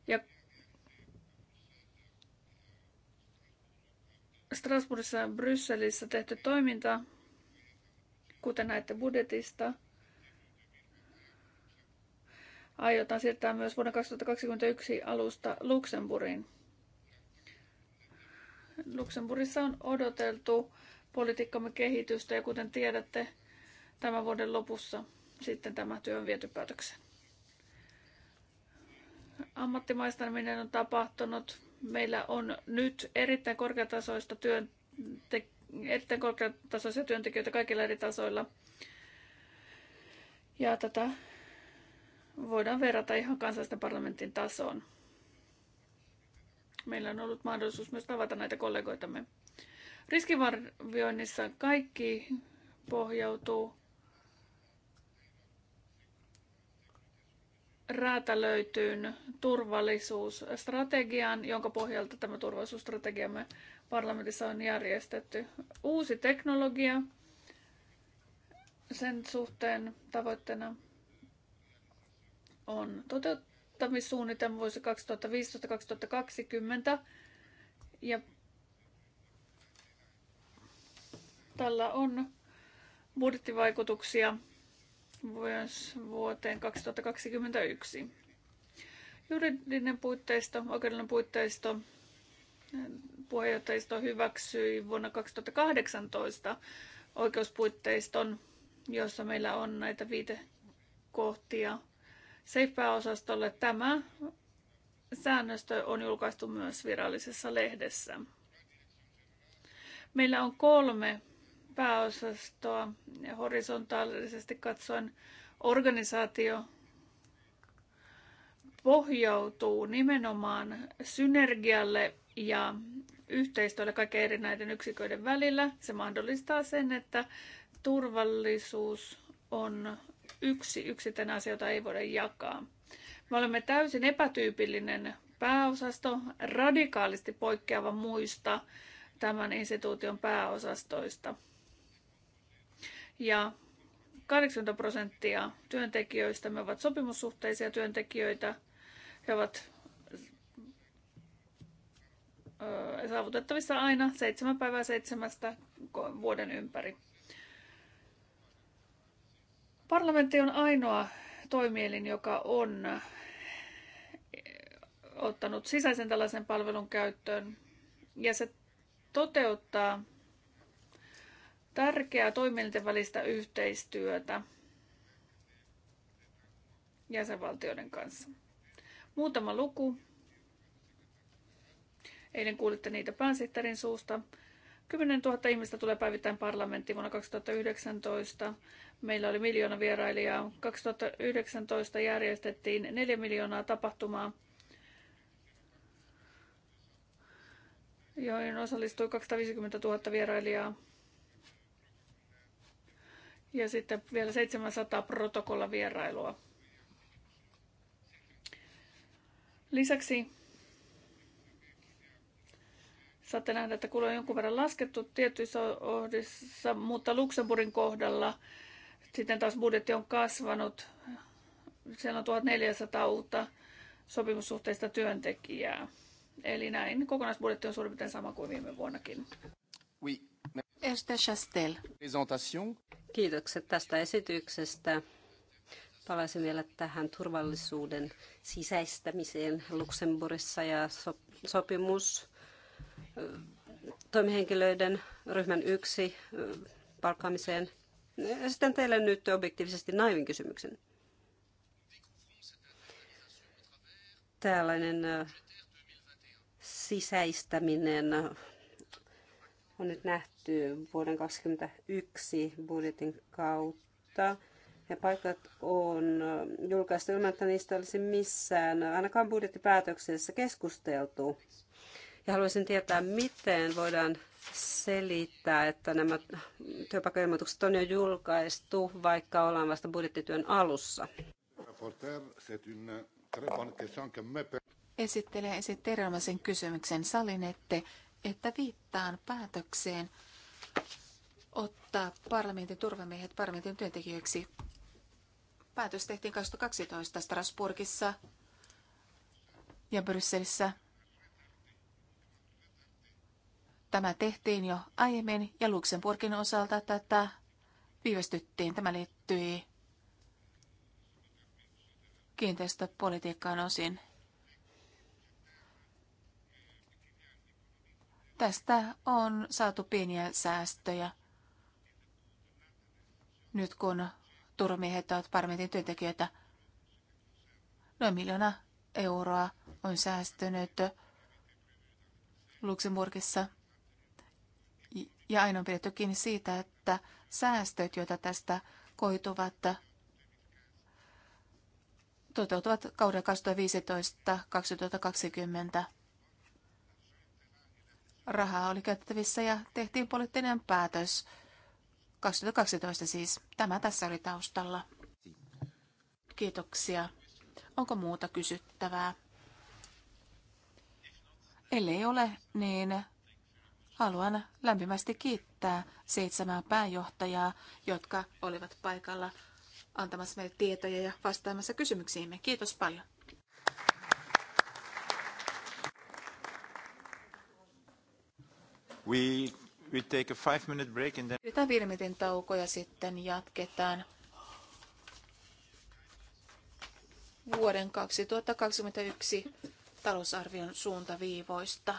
Ja Strasbourgissa ja Brysselissä tehty toiminta Kuten näette budjetista, aiotaan siirtää myös vuoden 2021 alusta Luxemburgiin. Luxemburgissa on odoteltu politiikkamme kehitystä ja kuten tiedätte, tämän vuoden lopussa sitten tämä työ on viety päätökseen. Ammattimaistaminen on tapahtunut. Meillä on nyt erittäin korkeatasoista työn erittäin korkeatasoisia työntekijöitä kaikilla eri tasoilla. Ja tätä voidaan verrata ihan kansallisten parlamentin tasoon. Meillä on ollut mahdollisuus myös tavata näitä kollegoitamme. Riskivarvioinnissa kaikki pohjautuu räätälöityyn turvallisuusstrategiaan, jonka pohjalta tämä turvallisuusstrategiamme parlamentissa on järjestetty. Uusi teknologia sen suhteen tavoitteena on toteuttamissuunnitelma vuosi 2015-2020 ja tällä on budjettivaikutuksia myös vuoteen 2021. Juridinen puitteisto, oikeudellinen puitteisto puheenjohtajisto hyväksyi vuonna 2018 oikeuspuitteiston, jossa meillä on näitä viitekohtia SafePää-osastolle. Tämä säännöstö on julkaistu myös virallisessa lehdessä. Meillä on kolme pääosastoa horisontaalisesti katsoen organisaatio pohjautuu nimenomaan synergialle ja yhteistyöllä kaikkien eri näiden yksiköiden välillä. Se mahdollistaa sen, että turvallisuus on yksi yksittäinen asia, jota ei voida jakaa. Me olemme täysin epätyypillinen pääosasto, radikaalisti poikkeava muista tämän instituution pääosastoista. Ja 80 prosenttia työntekijöistä me ovat sopimussuhteisia työntekijöitä. He ovat saavutettavissa aina 7 päivää seitsemästä vuoden ympäri. Parlamentti on ainoa toimielin, joka on ottanut sisäisen tällaisen palvelun käyttöön ja se toteuttaa tärkeää toimielinten välistä yhteistyötä jäsenvaltioiden kanssa. Muutama luku Eilen kuulitte niitä pääsihteerin suusta. 10 000 ihmistä tulee päivittäin parlamenttiin vuonna 2019. Meillä oli miljoona vierailijaa. 2019 järjestettiin 4 miljoonaa tapahtumaa, joihin osallistui 250 000 vierailijaa. Ja sitten vielä 700 protokollavierailua. Lisäksi Saatte nähdä, että kulu on jonkun verran laskettu tietyissä ohdissa, mutta Luxemburgin kohdalla sitten taas budjetti on kasvanut. Siellä on 1400 uutta sopimussuhteista työntekijää. Eli näin kokonaisbudjetti on suurin piirtein sama kuin viime vuonnakin. Oui. Esther Chastel. Kiitokset tästä esityksestä. Palaisin vielä tähän turvallisuuden sisäistämiseen Luxemburgissa ja sopimus toimihenkilöiden ryhmän yksi palkkaamiseen. Sitten teille nyt objektiivisesti naivin kysymyksen. Tällainen sisäistäminen on nyt nähty vuoden 2021 budjetin kautta. Ja paikat on julkaistu ilman, että niistä olisi missään, ainakaan budjettipäätöksessä keskusteltu ja haluaisin tietää, miten voidaan selittää, että nämä työpaikkailmoitukset on jo julkaistu, vaikka ollaan vasta budjettityön alussa. Esittelee esittelemisen kysymyksen. Salin, että, että viittaan päätökseen ottaa parlamentin turvamiehet parlamentin työntekijöiksi. Päätös tehtiin 2012 Strasbourgissa ja Brysselissä Tämä tehtiin jo aiemmin ja Luxemburgin osalta tätä viivästyttiin. Tämä liittyi kiinteistöpolitiikkaan osin. Tästä on saatu pieniä säästöjä. Nyt kun turmiehet ovat parlamentin työntekijöitä, noin miljoona euroa on säästynyt Luxemburgissa ja aina on pidetty kiinni siitä, että säästöt, joita tästä koituvat, toteutuvat kauden 2015-2020. Rahaa oli käytettävissä ja tehtiin poliittinen päätös. 2012 siis. Tämä tässä oli taustalla. Kiitoksia. Onko muuta kysyttävää? Ellei ole, niin Haluan lämpimästi kiittää seitsemää pääjohtajaa, jotka olivat paikalla antamassa meille tietoja ja vastaamassa kysymyksiimme. Kiitos paljon. We, we take a five minute break and then... Pidetään viiden minuutin tauko ja sitten jatketaan. Vuoden 2021 talousarvion suuntaviivoista.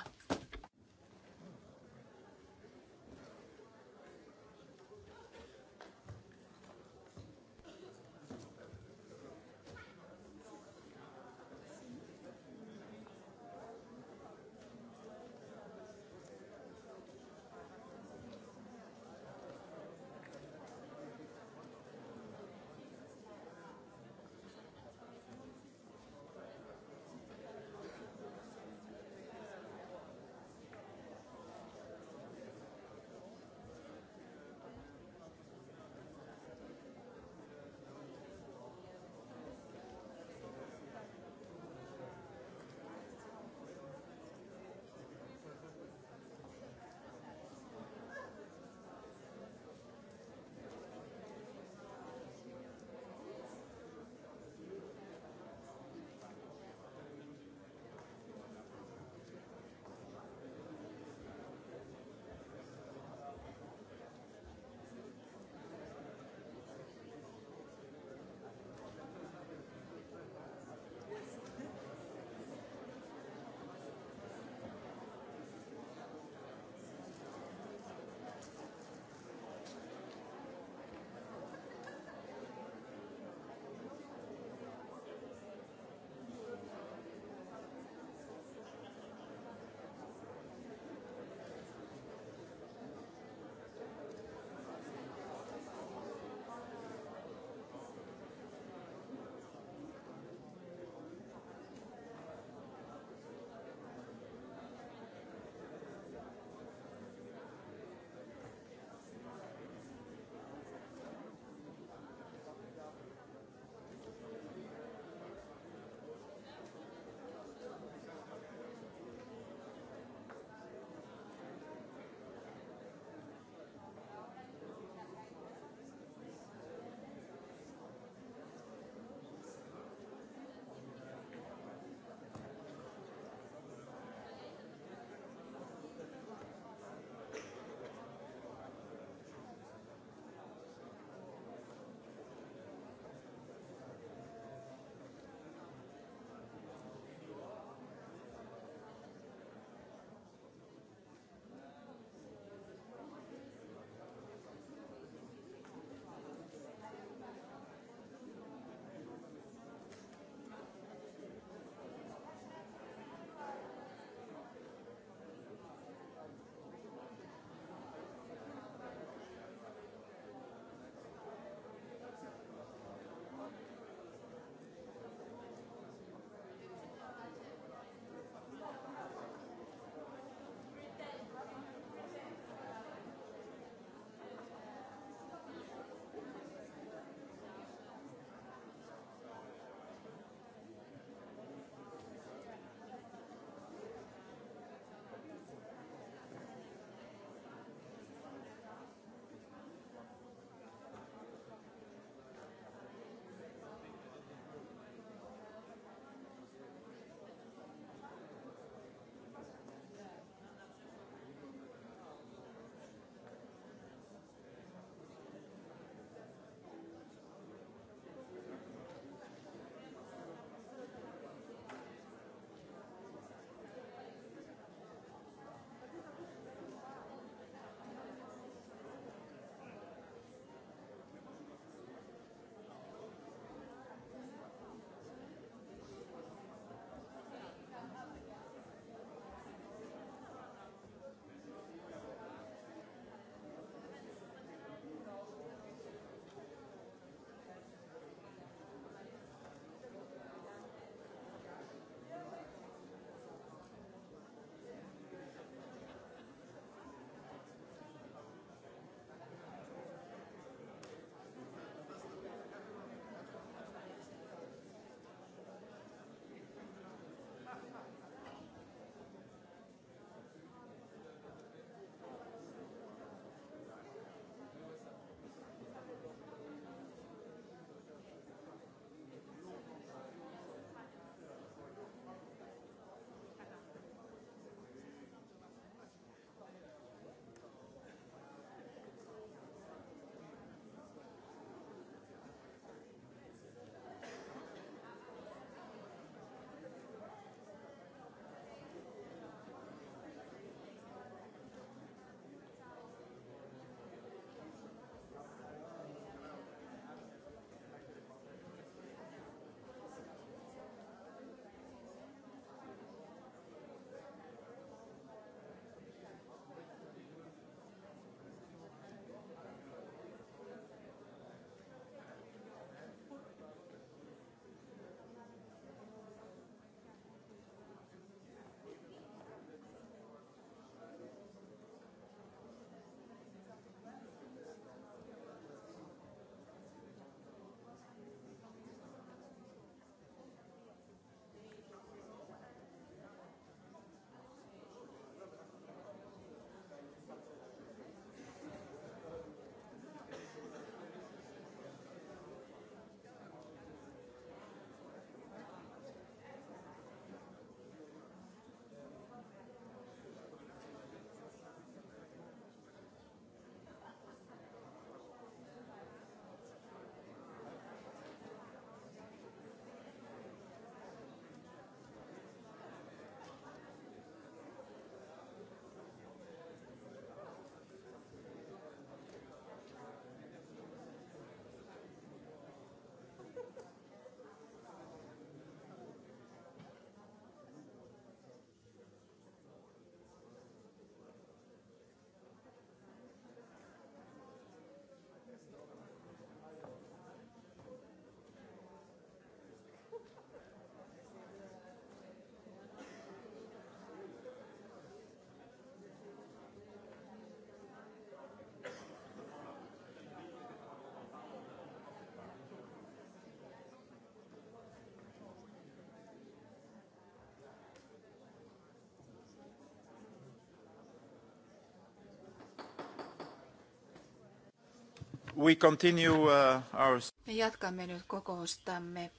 We continue, uh, our... Me jatkamme nyt kokoustamme,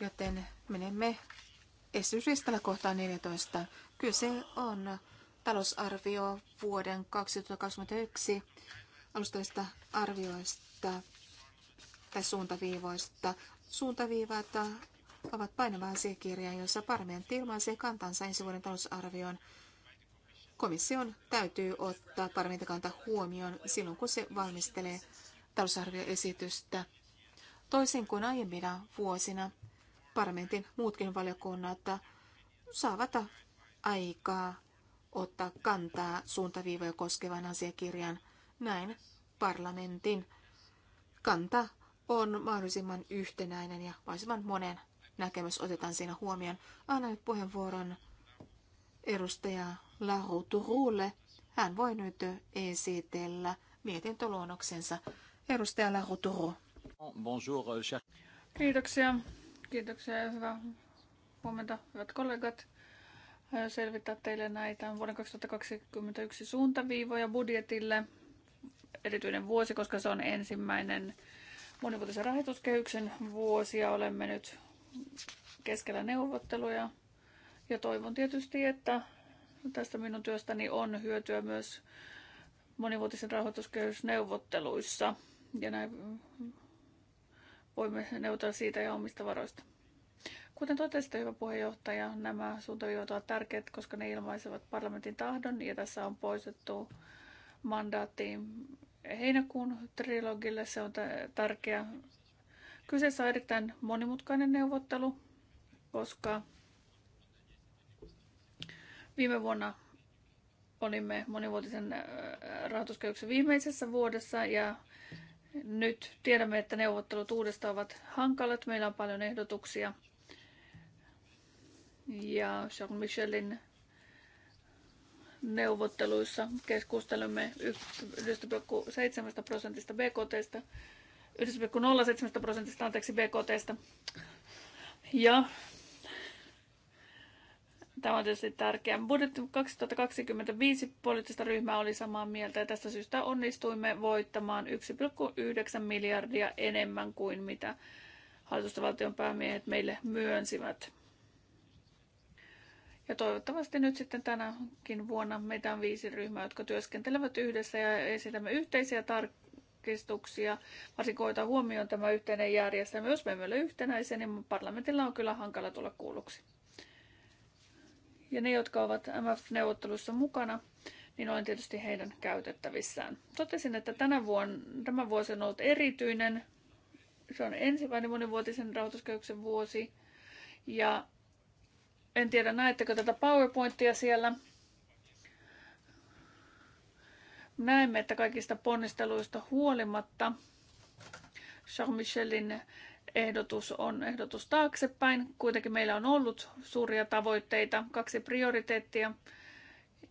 joten menemme esityslistalla kohtaan 14. Kyse on talousarvio vuoden 2021 alustavista arvioista tai suuntaviivoista. Suuntaviivat ovat painava asiakirja, jossa parlamentti ilmaisee kantansa ensi vuoden talousarvioon – komission täytyy ottaa paremmin kanta huomioon silloin, kun se valmistelee talousarvioesitystä. Toisin kuin aiemmina vuosina, parlamentin muutkin valiokunnat saavat aikaa ottaa kantaa suuntaviivoja koskevan asiakirjan. Näin parlamentin kanta on mahdollisimman yhtenäinen ja mahdollisimman monen näkemys otetaan siinä huomioon. Annan nyt puheenvuoron edustaja Lahuturuulle. Hän voi nyt esitellä mietintöluonnoksensa. Edustaja Lahuturu. Bonjour, euh, cher. Kiitoksia. Kiitoksia ja hyvää huomenta, hyvät kollegat. selvittää teille näitä vuoden 2021 suuntaviivoja budjetille. Erityinen vuosi, koska se on ensimmäinen monivuotisen rahoituskehyksen vuosi ja olemme nyt keskellä neuvotteluja. Ja toivon tietysti, että tästä minun työstäni on hyötyä myös monivuotisen rahoituskehysneuvotteluissa. Ja näin voimme neuvotella siitä ja omista varoista. Kuten totesitte, hyvä puheenjohtaja, nämä suuntaviivat ovat tärkeät, koska ne ilmaisevat parlamentin tahdon ja tässä on poistettu mandaatti heinäkuun trilogille. Se on tärkeä. Kyseessä on erittäin monimutkainen neuvottelu, koska Viime vuonna olimme monivuotisen rahoituskehyksen viimeisessä vuodessa ja nyt tiedämme, että neuvottelut uudesta ovat hankalat. Meillä on paljon ehdotuksia. Ja Jean Michelin neuvotteluissa keskustelemme 1,7 prosentista BKT, 1,07 prosentista anteeksi BKT. Ja Tämä on tietysti tärkeää. Budjetti 2025 poliittista ryhmää oli samaa mieltä ja tästä syystä onnistuimme voittamaan 1,9 miljardia enemmän kuin mitä hallitustavaltion päämiehet meille myönsivät. Ja toivottavasti nyt sitten tänäkin vuonna meitä on viisi ryhmää, jotka työskentelevät yhdessä ja esitämme yhteisiä tarkistuksia. Varsinkin otetaan huomioon tämä yhteinen järjestelmä. Jos me emme ole yhtenäisiä, niin parlamentilla on kyllä hankala tulla kuulluksi. Ja ne, jotka ovat mf neuvottelussa mukana, niin olen tietysti heidän käytettävissään. Totesin, että tänä vuonna, tämä vuosi on ollut erityinen. Se on ensimmäinen monivuotisen rahoituskehyksen vuosi. Ja en tiedä, näettekö tätä PowerPointia siellä. Näemme, että kaikista ponnisteluista huolimatta jean Michelin ehdotus on ehdotus taaksepäin. Kuitenkin meillä on ollut suuria tavoitteita, kaksi prioriteettia,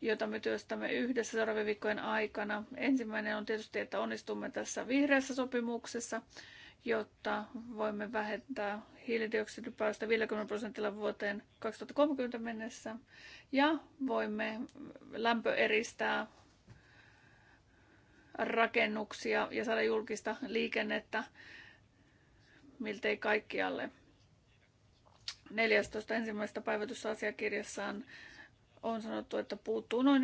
joita me työstämme yhdessä seuraavien viikkojen aikana. Ensimmäinen on tietysti, että onnistumme tässä vihreässä sopimuksessa, jotta voimme vähentää hiilidioksidipäästä 50 prosentilla vuoteen 2030 mennessä ja voimme lämpöeristää rakennuksia ja saada julkista liikennettä miltei kaikkialle. 14. ensimmäistä päivätyssä asiakirjassaan on sanottu, että puuttuu noin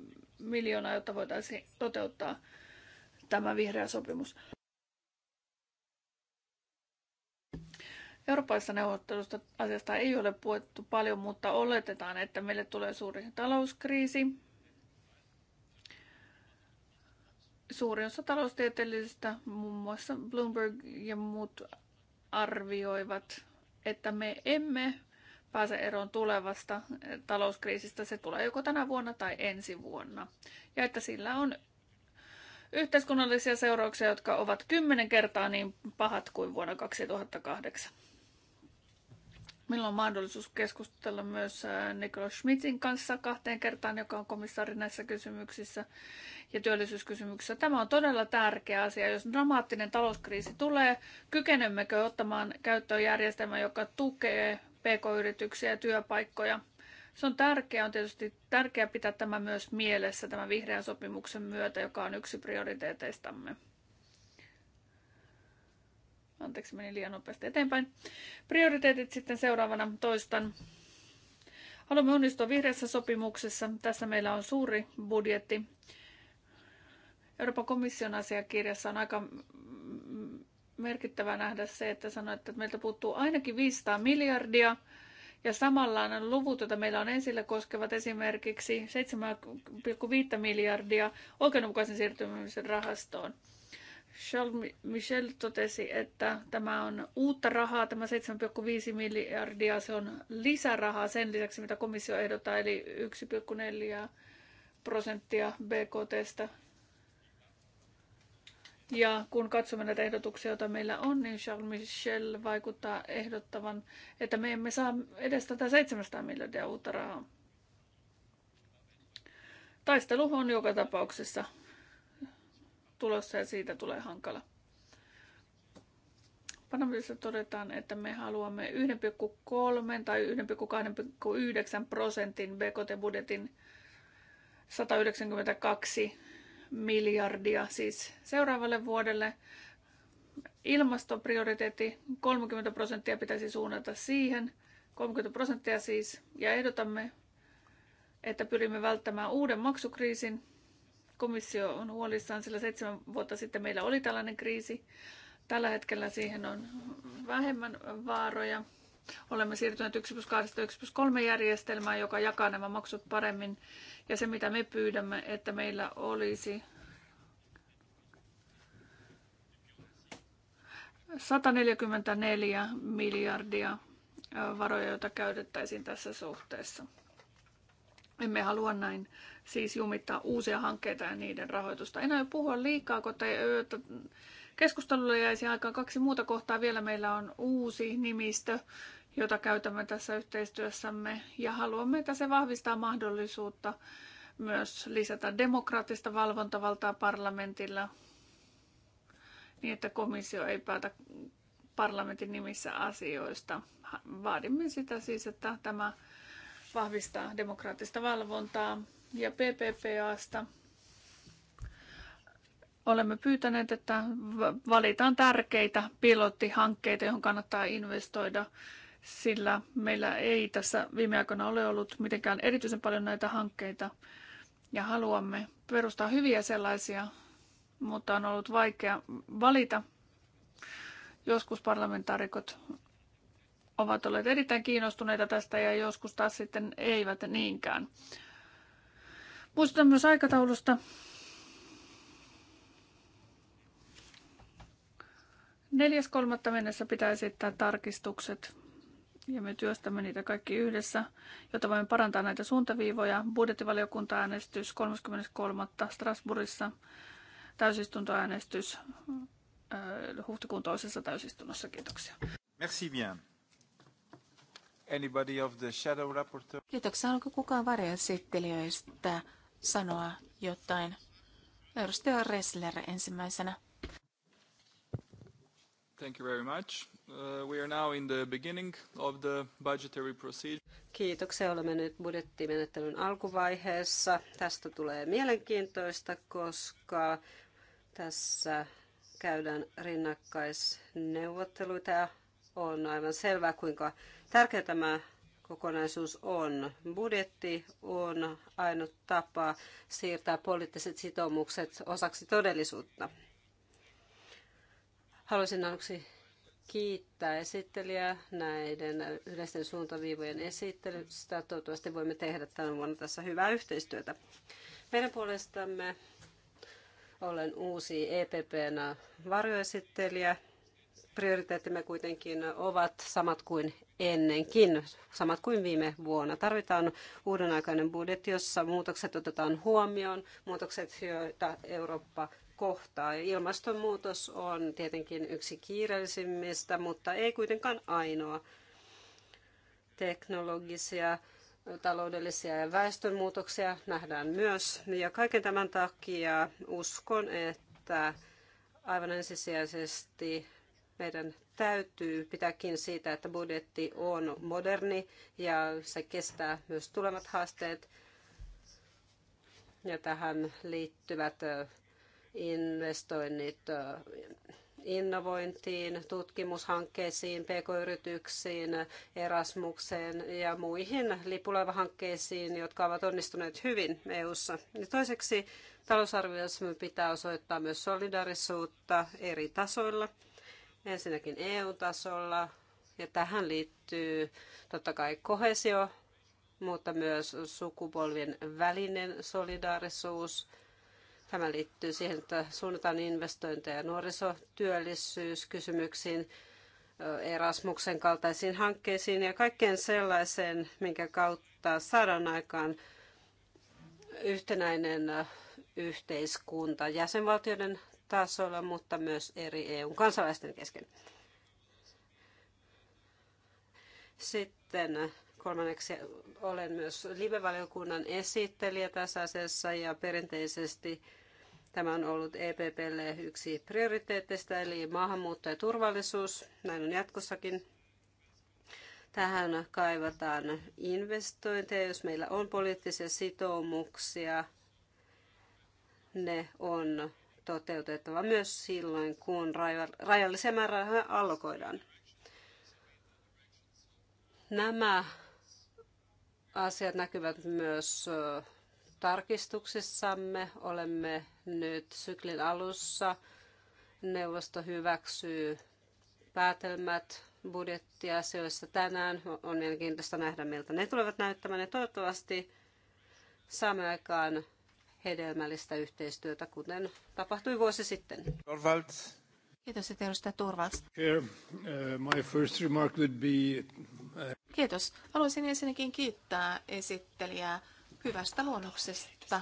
400-600 miljoonaa, jotta voitaisiin toteuttaa tämä vihreä sopimus. Euroopassa neuvottelusta asiasta ei ole puettu paljon, mutta oletetaan, että meille tulee suuri talouskriisi. Suuri osa taloustieteellisistä, muun muassa Bloomberg ja muut arvioivat, että me emme pääse eroon tulevasta talouskriisistä. Se tulee joko tänä vuonna tai ensi vuonna. Ja että sillä on yhteiskunnallisia seurauksia, jotka ovat kymmenen kertaa niin pahat kuin vuonna 2008. Meillä on mahdollisuus keskustella myös äh, Nikola Schmidtin kanssa kahteen kertaan, joka on komissaari näissä kysymyksissä ja työllisyyskysymyksissä. Tämä on todella tärkeä asia. Jos dramaattinen talouskriisi tulee, kykenemmekö ottamaan käyttöön järjestelmä, joka tukee pk-yrityksiä ja työpaikkoja? Se on tärkeää, on tietysti tärkeää pitää tämä myös mielessä tämän vihreän sopimuksen myötä, joka on yksi prioriteeteistamme. Anteeksi, meni liian nopeasti eteenpäin. Prioriteetit sitten seuraavana toistan. Haluamme onnistua vihreässä sopimuksessa. Tässä meillä on suuri budjetti. Euroopan komission asiakirjassa on aika merkittävää nähdä se, että sanoit, että meiltä puuttuu ainakin 500 miljardia. Ja samalla nämä luvut, joita meillä on esillä, koskevat esimerkiksi 7,5 miljardia oikeudenmukaisen siirtymisen rahastoon. Charles Michel totesi, että tämä on uutta rahaa, tämä 7,5 miljardia, se on lisärahaa sen lisäksi, mitä komissio ehdottaa, eli 1,4 prosenttia BKTstä. Ja kun katsomme näitä ehdotuksia, joita meillä on, niin Charles Michel vaikuttaa ehdottavan, että me emme saa edes tätä 700 miljardia uutta rahaa. Taistelu on joka tapauksessa tulossa ja siitä tulee hankala. Panavissa todetaan, että me haluamme 1,3 tai 1,2,9 prosentin BKT-budjetin 192 miljardia siis seuraavalle vuodelle. Ilmastoprioriteetti 30 prosenttia pitäisi suunnata siihen, 30 prosenttia siis, ja ehdotamme, että pyrimme välttämään uuden maksukriisin komissio on huolissaan, sillä seitsemän vuotta sitten meillä oli tällainen kriisi. Tällä hetkellä siihen on vähemmän vaaroja. Olemme siirtyneet 1 plus 2 1 plus 3 järjestelmään, joka jakaa nämä maksut paremmin. Ja se, mitä me pyydämme, että meillä olisi 144 miljardia äh, varoja, joita käytettäisiin tässä suhteessa. Emme halua näin siis jumittaa uusia hankkeita ja niiden rahoitusta. En aio puhua liikaa, koska keskustelulla jäisi aikaan kaksi muuta kohtaa. Vielä meillä on uusi nimistö, jota käytämme tässä yhteistyössämme ja haluamme, että se vahvistaa mahdollisuutta myös lisätä demokraattista valvontavaltaa parlamentilla niin, että komissio ei päätä parlamentin nimissä asioista. Vaadimme sitä siis, että tämä vahvistaa demokraattista valvontaa ja PPPAsta olemme pyytäneet, että valitaan tärkeitä pilottihankkeita, johon kannattaa investoida, sillä meillä ei tässä viime aikoina ole ollut mitenkään erityisen paljon näitä hankkeita ja haluamme perustaa hyviä sellaisia, mutta on ollut vaikea valita. Joskus parlamentaarikot ovat olleet erittäin kiinnostuneita tästä ja joskus taas sitten eivät niinkään. Muistutan myös aikataulusta. Neljäs kolmatta mennessä pitää esittää tarkistukset ja me työstämme niitä kaikki yhdessä, jotta voimme parantaa näitä suuntaviivoja. Budjettivaliokunta-äänestys 33. Strasbourgissa, täysistuntoäänestys äh, huhtikuun toisessa täysistunnossa. Kiitoksia. Merci bien. Anybody of the shadow rapporteur? Kiitoksia. Onko kukaan varjoesittelijöistä sanoa jotain. Edustaja Ressler ensimmäisenä. Thank you very much. Uh, we are now in the beginning of the budgetary procedure. Kiitoksia. Olemme nyt budjettimenettelyn alkuvaiheessa. Tästä tulee mielenkiintoista, koska tässä käydään rinnakkaisneuvotteluita ja on aivan selvää, kuinka tärkeä tämä kokonaisuus on. Budjetti on ainut tapa siirtää poliittiset sitoumukset osaksi todellisuutta. Haluaisin aluksi kiittää esittelijää näiden yleisten suuntaviivojen esittelystä. Toivottavasti voimme tehdä tänä vuonna tässä hyvää yhteistyötä. Meidän puolestamme olen uusi EPPn varjoesittelijä. Prioriteettimme kuitenkin ovat samat kuin ennenkin, samat kuin viime vuonna. Tarvitaan uuden aikainen budjetti, jossa muutokset otetaan huomioon, muutokset, joita Eurooppa kohtaa. Ilmastonmuutos on tietenkin yksi kiireellisimmistä, mutta ei kuitenkaan ainoa. Teknologisia, taloudellisia ja väestönmuutoksia nähdään myös. Ja kaiken tämän takia uskon, että aivan ensisijaisesti meidän täytyy pitääkin siitä, että budjetti on moderni ja se kestää myös tulevat haasteet. Ja tähän liittyvät investoinnit innovointiin, tutkimushankkeisiin, pk-yrityksiin, Erasmukseen ja muihin lipulaivahankkeisiin, jotka ovat onnistuneet hyvin EU-ssa. Ja toiseksi talousarviossa pitää osoittaa myös solidarisuutta eri tasoilla – Ensinnäkin EU-tasolla, ja tähän liittyy totta kai kohesio, mutta myös sukupolvien välinen solidaarisuus. Tämä liittyy siihen, että suunnataan investointeja nuorisotyöllisyyskysymyksiin, Erasmuksen kaltaisiin hankkeisiin ja kaikkeen sellaiseen, minkä kautta saadaan aikaan yhtenäinen yhteiskunta jäsenvaltioiden tasolla, mutta myös eri EUn kansalaisten kesken. Sitten kolmanneksi olen myös live-valiokunnan esittelijä tässä asiassa ja perinteisesti Tämä on ollut EPPlle yksi prioriteetteista, eli maahanmuutto ja turvallisuus. Näin on jatkossakin. Tähän kaivataan investointeja, jos meillä on poliittisia sitoumuksia. Ne on toteutettava myös silloin, kun rajallisia määrärahoja allokoidaan. Nämä asiat näkyvät myös tarkistuksissamme. Olemme nyt syklin alussa. Neuvosto hyväksyy päätelmät budjettiasioissa tänään. On mielenkiintoista nähdä, miltä ne tulevat näyttämään. Ja toivottavasti saamme aikaan hedelmällistä yhteistyötä, kuten tapahtui vuosi sitten. Torvalds. Kiitos, että edustaja Turvals. Uh, my first remark would be... Uh, Kiitos. Haluaisin ensinnäkin kiittää esittelijää hyvästä luonnoksesta.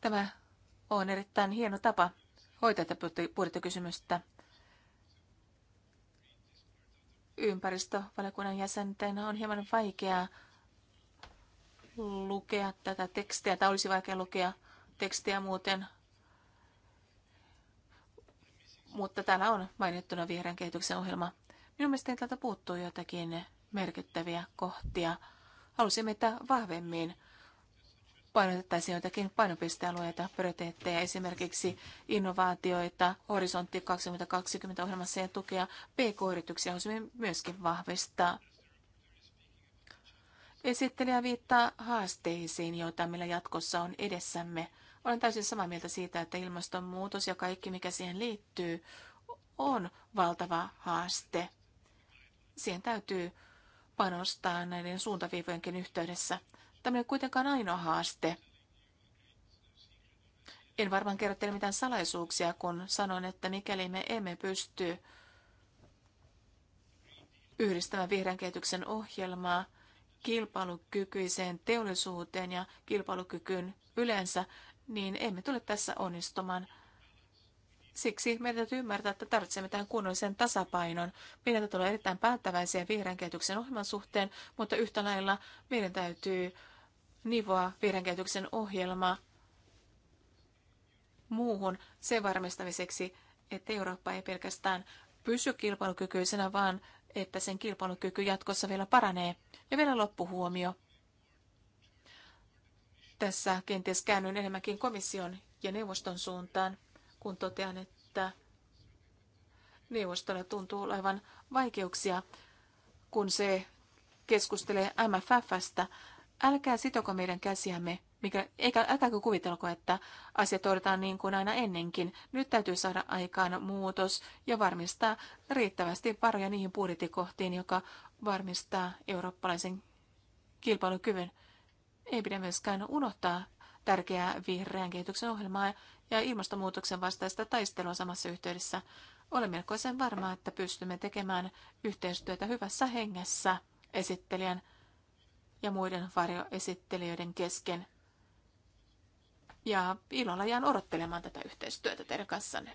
Tämä on erittäin hieno tapa hoitaa tätä budjettikysymystä ympäristövaliokunnan jäsenten on hieman vaikeaa lukea tätä tekstiä, tai olisi vaikea lukea tekstiä muuten. Mutta täällä on mainittuna vihreän kehityksen ohjelma. Minun mielestäni täältä puuttuu jotakin merkittäviä kohtia. Halusimme, että vahvemmin painotettaisiin joitakin painopistealueita, prioriteetteja, esimerkiksi innovaatioita, horisontti 2020 ohjelmassa ja tukea PK-yrityksiä haluaisimme myöskin vahvistaa. Esittelijä viittaa haasteisiin, joita meillä jatkossa on edessämme. Olen täysin samaa mieltä siitä, että ilmastonmuutos ja kaikki, mikä siihen liittyy, on valtava haaste. Siihen täytyy panostaa näiden suuntaviivojenkin yhteydessä. Tämä kuitenkaan ainoa haaste. En varmaan kerro teille mitään salaisuuksia, kun sanon, että mikäli me emme pysty yhdistämään vihreän kehityksen ohjelmaa kilpailukykyiseen teollisuuteen ja kilpailukykyyn yleensä, niin emme tule tässä onnistumaan. Siksi meidän täytyy ymmärtää, että tarvitsemme tämän kunnollisen tasapainon. Meidän täytyy olla erittäin päättäväisiä vihreän kehityksen ohjelman suhteen, mutta yhtä lailla meidän täytyy nivoa vihreän kehityksen ohjelma muuhun sen varmistamiseksi, että Eurooppa ei pelkästään pysy kilpailukykyisenä, vaan että sen kilpailukyky jatkossa vielä paranee. Ja vielä loppuhuomio. Tässä kenties käännyn enemmänkin komission ja neuvoston suuntaan kun totean, että neuvostolla tuntuu olevan vaikeuksia, kun se keskustelee MFFstä. Älkää sitoko meidän käsiämme, mikä, eikä, älkääkö kuvitelko, että asiat hoidetaan niin kuin aina ennenkin. Nyt täytyy saada aikaan muutos ja varmistaa riittävästi varoja niihin budjettikohtiin, joka varmistaa eurooppalaisen kilpailukyvyn. Ei pidä myöskään unohtaa tärkeää vihreän kehityksen ohjelmaa ja ilmastonmuutoksen vastaista taistelua samassa yhteydessä. Olen melkoisen varma, että pystymme tekemään yhteistyötä hyvässä hengessä esittelijän ja muiden varjoesittelijöiden kesken. Ja ilolla jään odottelemaan tätä yhteistyötä teidän kanssanne.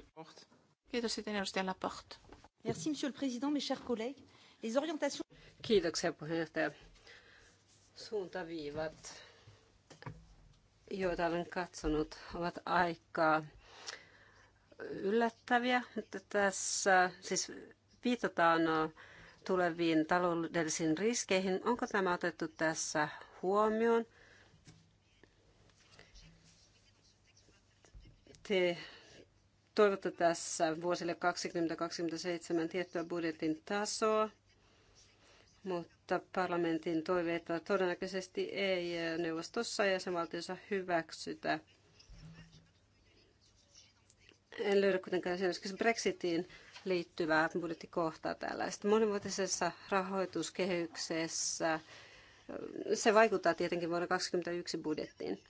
Kiitos sitten edustaja Laporte. Merci, monsieur le président, mes chers collègues. Les orientations... Kiitoksia puheenjohtaja. Suuntaviivat joita olen katsonut, ovat aika yllättäviä. Että tässä siis viitataan tuleviin taloudellisiin riskeihin. Onko tämä otettu tässä huomioon? Te toivotte tässä vuosille 2027 tiettyä budjetin tasoa mutta parlamentin toiveita todennäköisesti ei eh, neuvostossa ja jäsenvaltiossa hyväksytä. En löydä kuitenkaan esimerkiksi Brexitiin liittyvää budjettikohtaa tällaista. Monivuotisessa rahoituskehyksessä eh, se vaikuttaa tietenkin vuoden 2021 budjettiin.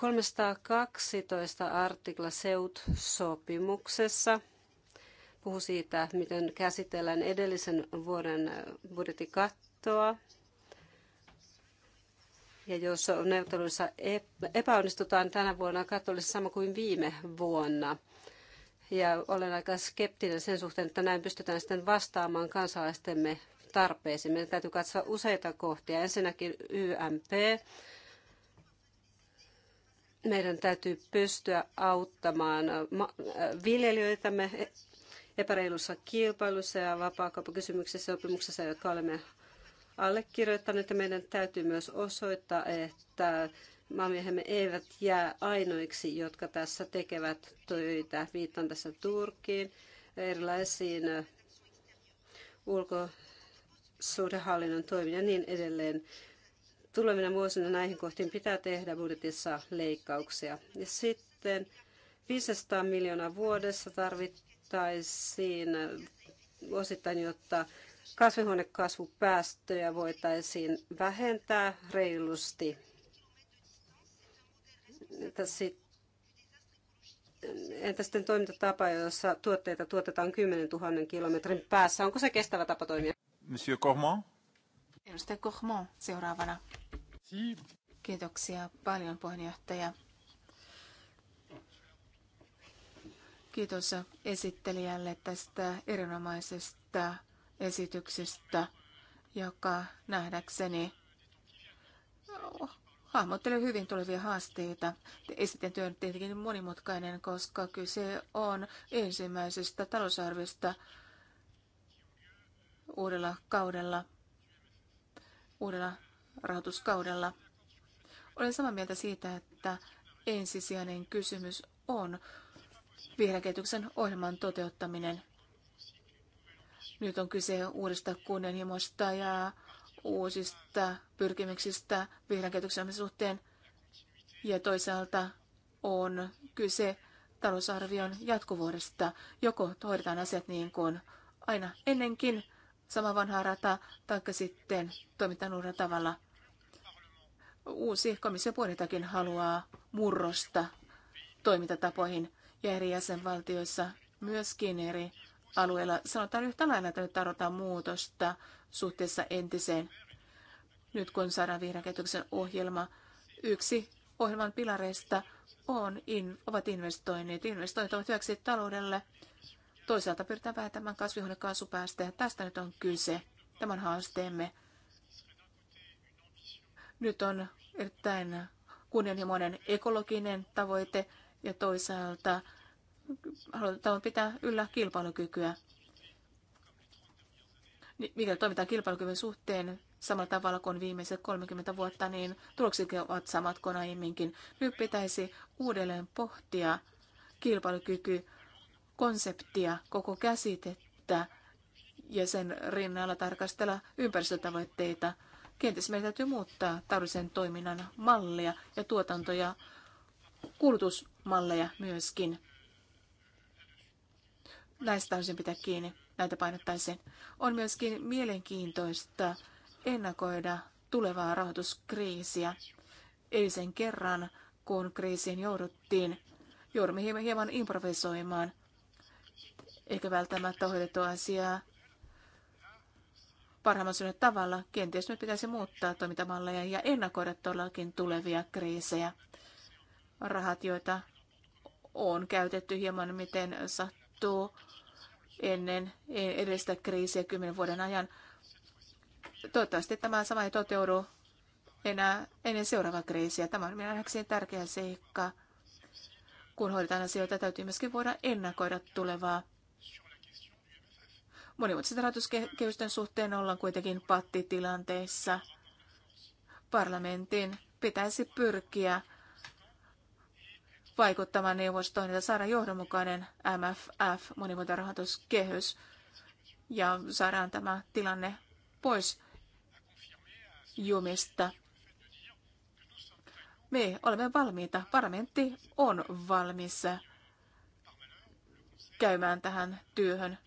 312 artikla SEUT-sopimuksessa puhuu siitä, miten käsitellään edellisen vuoden budjettikattoa. Ja jos neuvotteluissa epäonnistutaan tänä vuonna, katto olisi sama kuin viime vuonna. Ja olen aika skeptinen sen suhteen, että näin pystytään sitten vastaamaan kansalaistemme tarpeisiin. Meidän täytyy katsoa useita kohtia. Ensinnäkin YMP, meidän täytyy pystyä auttamaan äh, äh, viljelijöitämme epäreilussa kilpailussa ja vapaakauppakysymyksissä sopimuksessa, jotka olemme allekirjoittaneet. Ja meidän täytyy myös osoittaa, että maamiehemme eivät jää ainoiksi, jotka tässä tekevät töitä. Viittaan tässä Turkkiin, erilaisiin äh, ulkosuhdehallinnon toimiin ja niin edelleen. Tulevina vuosina näihin kohtiin pitää tehdä budjetissa leikkauksia. Ja sitten 500 miljoonaa vuodessa tarvittaisiin osittain jotta kasvihuonekasvupäästöjä voitaisiin vähentää reilusti. Entä sitten entä sitten toimintatapa, jossa tuotteita tuotetaan 10 000 kilometrin päässä? Onko se kestävä tapa toimia? Monsieur Cormand? Edustaja seuraavana. Kiitoksia paljon puheenjohtaja. Kiitos esittelijälle tästä erinomaisesta esityksestä, joka nähdäkseni hahmottelee hyvin tulevia haasteita. Esitän työn tietenkin monimutkainen, koska kyse on ensimmäisestä talousarviosta uudella kaudella uudella rahoituskaudella. Olen samaa mieltä siitä, että ensisijainen kysymys on vihreän ohjelman toteuttaminen. Nyt on kyse uudesta kunnianhimoista ja uusista pyrkimyksistä vihreän kehityksen suhteen. Ja toisaalta on kyse talousarvion jatkuvuudesta. Joko hoidetaan asiat niin kuin aina ennenkin – sama vanha rata, taikka sitten toimitaan uudella tavalla. Uusi komission puolitakin haluaa murrosta toimintatapoihin ja eri jäsenvaltioissa myöskin eri alueilla. Sanotaan yhtä lailla, että nyt tarvitaan muutosta suhteessa entiseen. Nyt kun saadaan vihreän ohjelma, yksi ohjelman pilareista on, in, ovat investoinnit. Investoinnit ovat hyväksi taloudelle Toisaalta pyritään vähentämään kasvihuonekaasupäästöjä. Tästä nyt on kyse. Tämän haasteemme. Nyt on erittäin kunnianhimoinen ekologinen tavoite ja toisaalta halutaan pitää yllä kilpailukykyä. Mikä toimitaan kilpailukyvyn suhteen samalla tavalla kuin viimeiset 30 vuotta, niin tuloksetkin ovat samat kuin aiemminkin. Nyt pitäisi uudelleen pohtia kilpailukyky konseptia, koko käsitettä ja sen rinnalla tarkastella ympäristötavoitteita. Kenties meidän täytyy muuttaa taloudellisen toiminnan mallia ja tuotantoja, kulutusmalleja myöskin. Näistä sen pitää kiinni, näitä painottaisin. On myöskin mielenkiintoista ennakoida tulevaa rahoituskriisiä. Eilisen kerran, kun kriisiin jouduttiin, joudumme hieman improvisoimaan eikä välttämättä hoidettu asiaa parhaimmassa tavalla. Kenties nyt pitäisi muuttaa toimintamalleja ja ennakoida todellakin tulevia kriisejä. Rahat, joita on käytetty hieman miten sattuu ennen edellistä kriisiä kymmenen vuoden ajan. Toivottavasti tämä sama ei toteudu enää ennen seuraavaa kriisiä. Tämä on minä nähdäkseni tärkeä seikka. Kun hoidetaan asioita, täytyy myöskin voida ennakoida tulevaa Monimutkaisten rahoituskehysten suhteen ollaan kuitenkin pattitilanteessa. Parlamentin pitäisi pyrkiä vaikuttamaan neuvostoon ja saada johdonmukainen MFF, monimuotoinen rahoituskehys, ja saadaan tämä tilanne pois jumista. Me olemme valmiita. Parlamentti on valmis käymään tähän työhön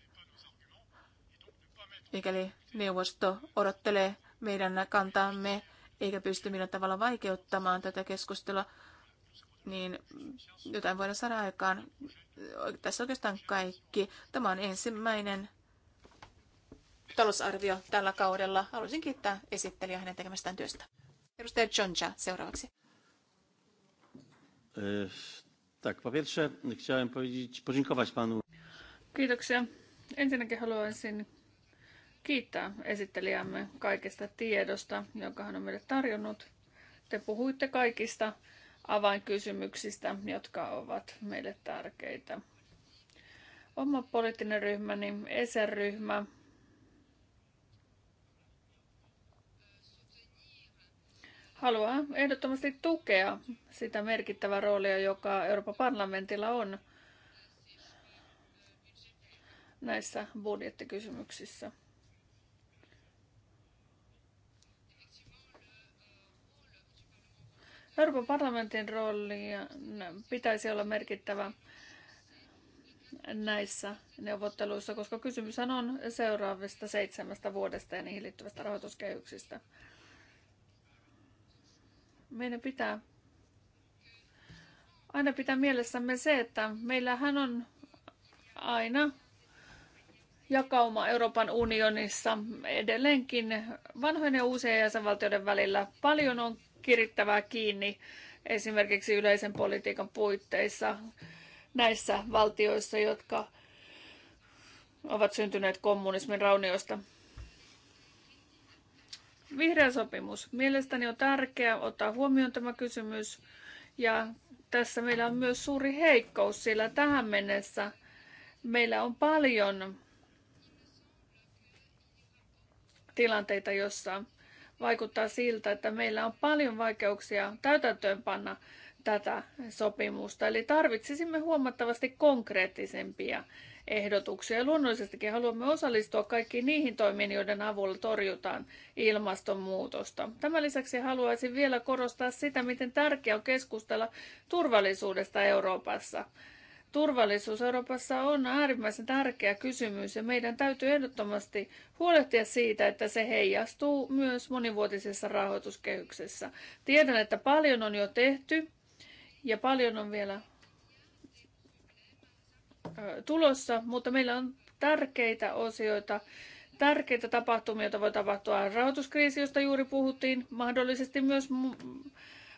mikäli neuvosto odottelee meidän kantaamme eikä pysty millään tavalla vaikeuttamaan tätä keskustelua, niin jotain voidaan saada aikaan. Tässä oikeastaan kaikki. Tämä on ensimmäinen talousarvio tällä kaudella. Haluaisin kiittää esittelijää hänen tekemästään työstä. Edustaja Jonja seuraavaksi. E, tak, po pierwsze chciałem powiedzieć, podziękować panu. Kiitoksia. Ensinnäkin haluaisin kiittää esittelijämme kaikesta tiedosta, jonka hän on meille tarjonnut. Te puhuitte kaikista avainkysymyksistä, jotka ovat meille tärkeitä. Oma poliittinen ryhmäni, ESER-ryhmä, haluaa ehdottomasti tukea sitä merkittävää roolia, joka Euroopan parlamentilla on näissä budjettikysymyksissä. Euroopan parlamentin rooli pitäisi olla merkittävä näissä neuvotteluissa, koska kysymys on seuraavista seitsemästä vuodesta ja niihin liittyvästä rahoituskehyksistä. Meidän pitää aina pitää mielessämme se, että meillähän on aina jakauma Euroopan unionissa edelleenkin vanhojen ja uusien jäsenvaltioiden välillä. Paljon on kirittävää kiinni esimerkiksi yleisen politiikan puitteissa näissä valtioissa, jotka ovat syntyneet kommunismin raunioista. Vihreä sopimus. Mielestäni on tärkeää ottaa huomioon tämä kysymys. Ja tässä meillä on myös suuri heikkous, sillä tähän mennessä meillä on paljon tilanteita, jossa vaikuttaa siltä, että meillä on paljon vaikeuksia täytäntöönpanna tätä sopimusta. Eli tarvitsisimme huomattavasti konkreettisempia ehdotuksia. luonnollisestikin haluamme osallistua kaikkiin niihin toimiin, joiden avulla torjutaan ilmastonmuutosta. Tämän lisäksi haluaisin vielä korostaa sitä, miten tärkeää on keskustella turvallisuudesta Euroopassa. Turvallisuus Euroopassa on äärimmäisen tärkeä kysymys ja meidän täytyy ehdottomasti huolehtia siitä, että se heijastuu myös monivuotisessa rahoituskehyksessä. Tiedän, että paljon on jo tehty ja paljon on vielä tulossa, mutta meillä on tärkeitä osioita, tärkeitä tapahtumia, joita voi tapahtua rahoituskriisi, josta juuri puhuttiin, mahdollisesti myös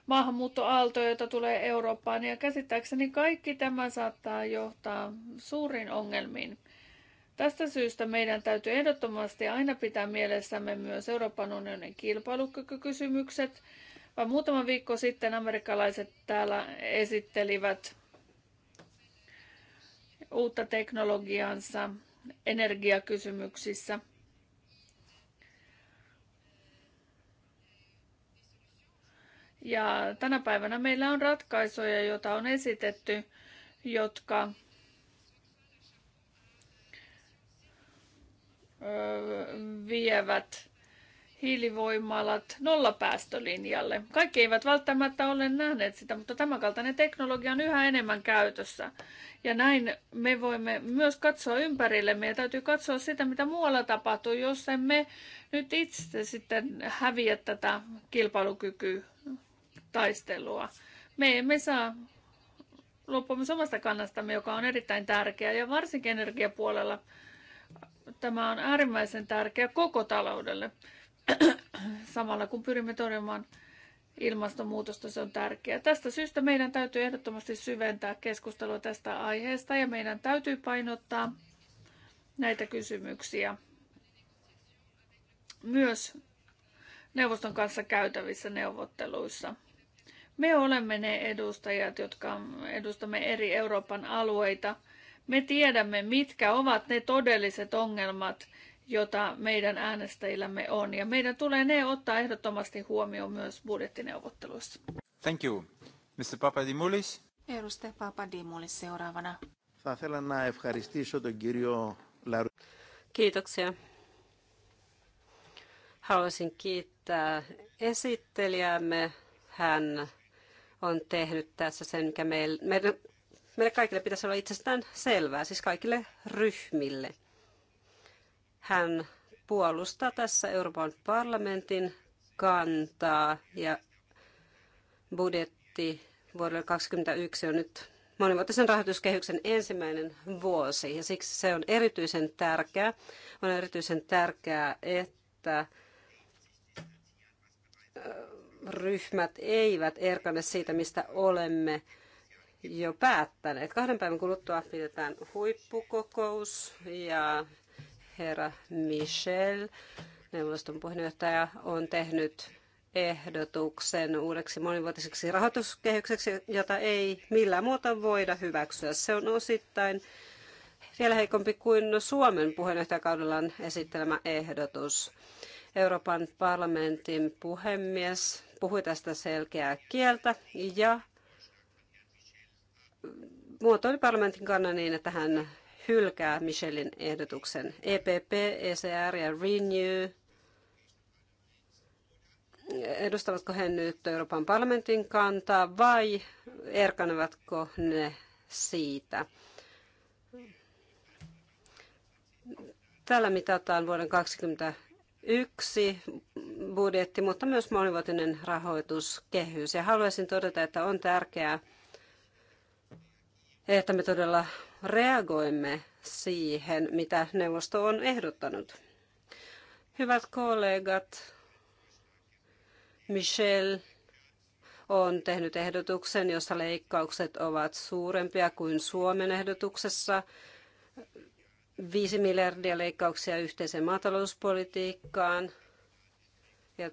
maahanmuuttoaalto, jota tulee Eurooppaan. Ja käsittääkseni kaikki tämä saattaa johtaa suuriin ongelmiin. Tästä syystä meidän täytyy ehdottomasti aina pitää mielessämme myös Euroopan unionin kilpailukykykysymykset. Vaan muutama viikko sitten amerikkalaiset täällä esittelivät uutta teknologiansa energiakysymyksissä – Ja tänä päivänä meillä on ratkaisuja, joita on esitetty, jotka vievät hiilivoimalat nollapäästölinjalle. Kaikki eivät välttämättä ole nähneet sitä, mutta tämänkaltainen teknologia on yhä enemmän käytössä. Ja näin me voimme myös katsoa ympärille. Meidän täytyy katsoa sitä, mitä muualla tapahtuu, jos emme nyt itse sitten häviä tätä kilpailukykyä taistelua. Me emme saa luopua omasta kannastamme, joka on erittäin tärkeä ja varsinkin energiapuolella tämä on äärimmäisen tärkeä koko taloudelle. *clears throat* Samalla kun pyrimme torjumaan ilmastonmuutosta, se on tärkeää. Tästä syystä meidän täytyy ehdottomasti syventää keskustelua tästä aiheesta ja meidän täytyy painottaa näitä kysymyksiä myös neuvoston kanssa käytävissä neuvotteluissa. Me olemme ne edustajat, jotka edustamme eri Euroopan alueita. Me tiedämme, mitkä ovat ne todelliset ongelmat, jota meidän äänestäjillämme on. Ja meidän tulee ne ottaa ehdottomasti huomioon myös budjettineuvotteluissa. Thank you. Mr. Papadimoulis. Edustaja Papadimoulis seuraavana. Kiitoksia. Haluaisin kiittää esittelijäämme. Hän on tehnyt tässä sen, mikä meille, meidän, meille kaikille pitäisi olla itsestään selvää, siis kaikille ryhmille. Hän puolustaa tässä Euroopan parlamentin kantaa ja budjetti vuodelle 2021 on nyt monivuotisen rahoituskehyksen ensimmäinen vuosi ja siksi se on erityisen tärkeää. On erityisen tärkeää, että ryhmät eivät erkane siitä, mistä olemme jo päättäneet. Kahden päivän kuluttua pidetään huippukokous ja herra Michel, neuvoston puheenjohtaja, on tehnyt ehdotuksen uudeksi monivuotiseksi rahoituskehykseksi, jota ei millään muuta voida hyväksyä. Se on osittain vielä heikompi kuin Suomen puheenjohtajakaudellaan esittelemä ehdotus. Euroopan parlamentin puhemies puhui tästä selkeää kieltä ja muotoili parlamentin kannan niin, että hän hylkää Michelin ehdotuksen. EPP, ECR ja Renew. Edustavatko he nyt Euroopan parlamentin kantaa vai erkanevatko ne siitä? Tällä mitataan vuoden 2020 yksi budjetti, mutta myös monivuotinen rahoituskehys. Ja haluaisin todeta, että on tärkeää, että me todella reagoimme siihen, mitä neuvosto on ehdottanut. Hyvät kollegat, Michel on tehnyt ehdotuksen, jossa leikkaukset ovat suurempia kuin Suomen ehdotuksessa. 5 miljardia leikkauksia yhteiseen maatalouspolitiikkaan ja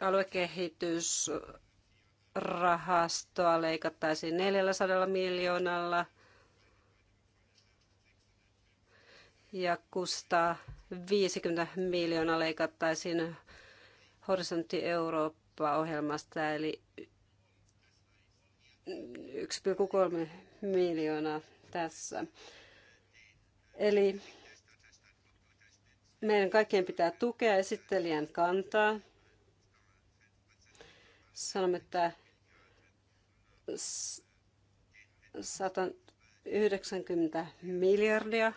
aluekehitysrahastoa leikattaisiin 400 miljoonalla ja 650 miljoonaa leikattaisiin Horisontti Eurooppa-ohjelmasta eli 1,3 miljoonaa tässä. Eli meidän kaikkien pitää tukea esittelijän kantaa. Sanomme, että 190 miljardia.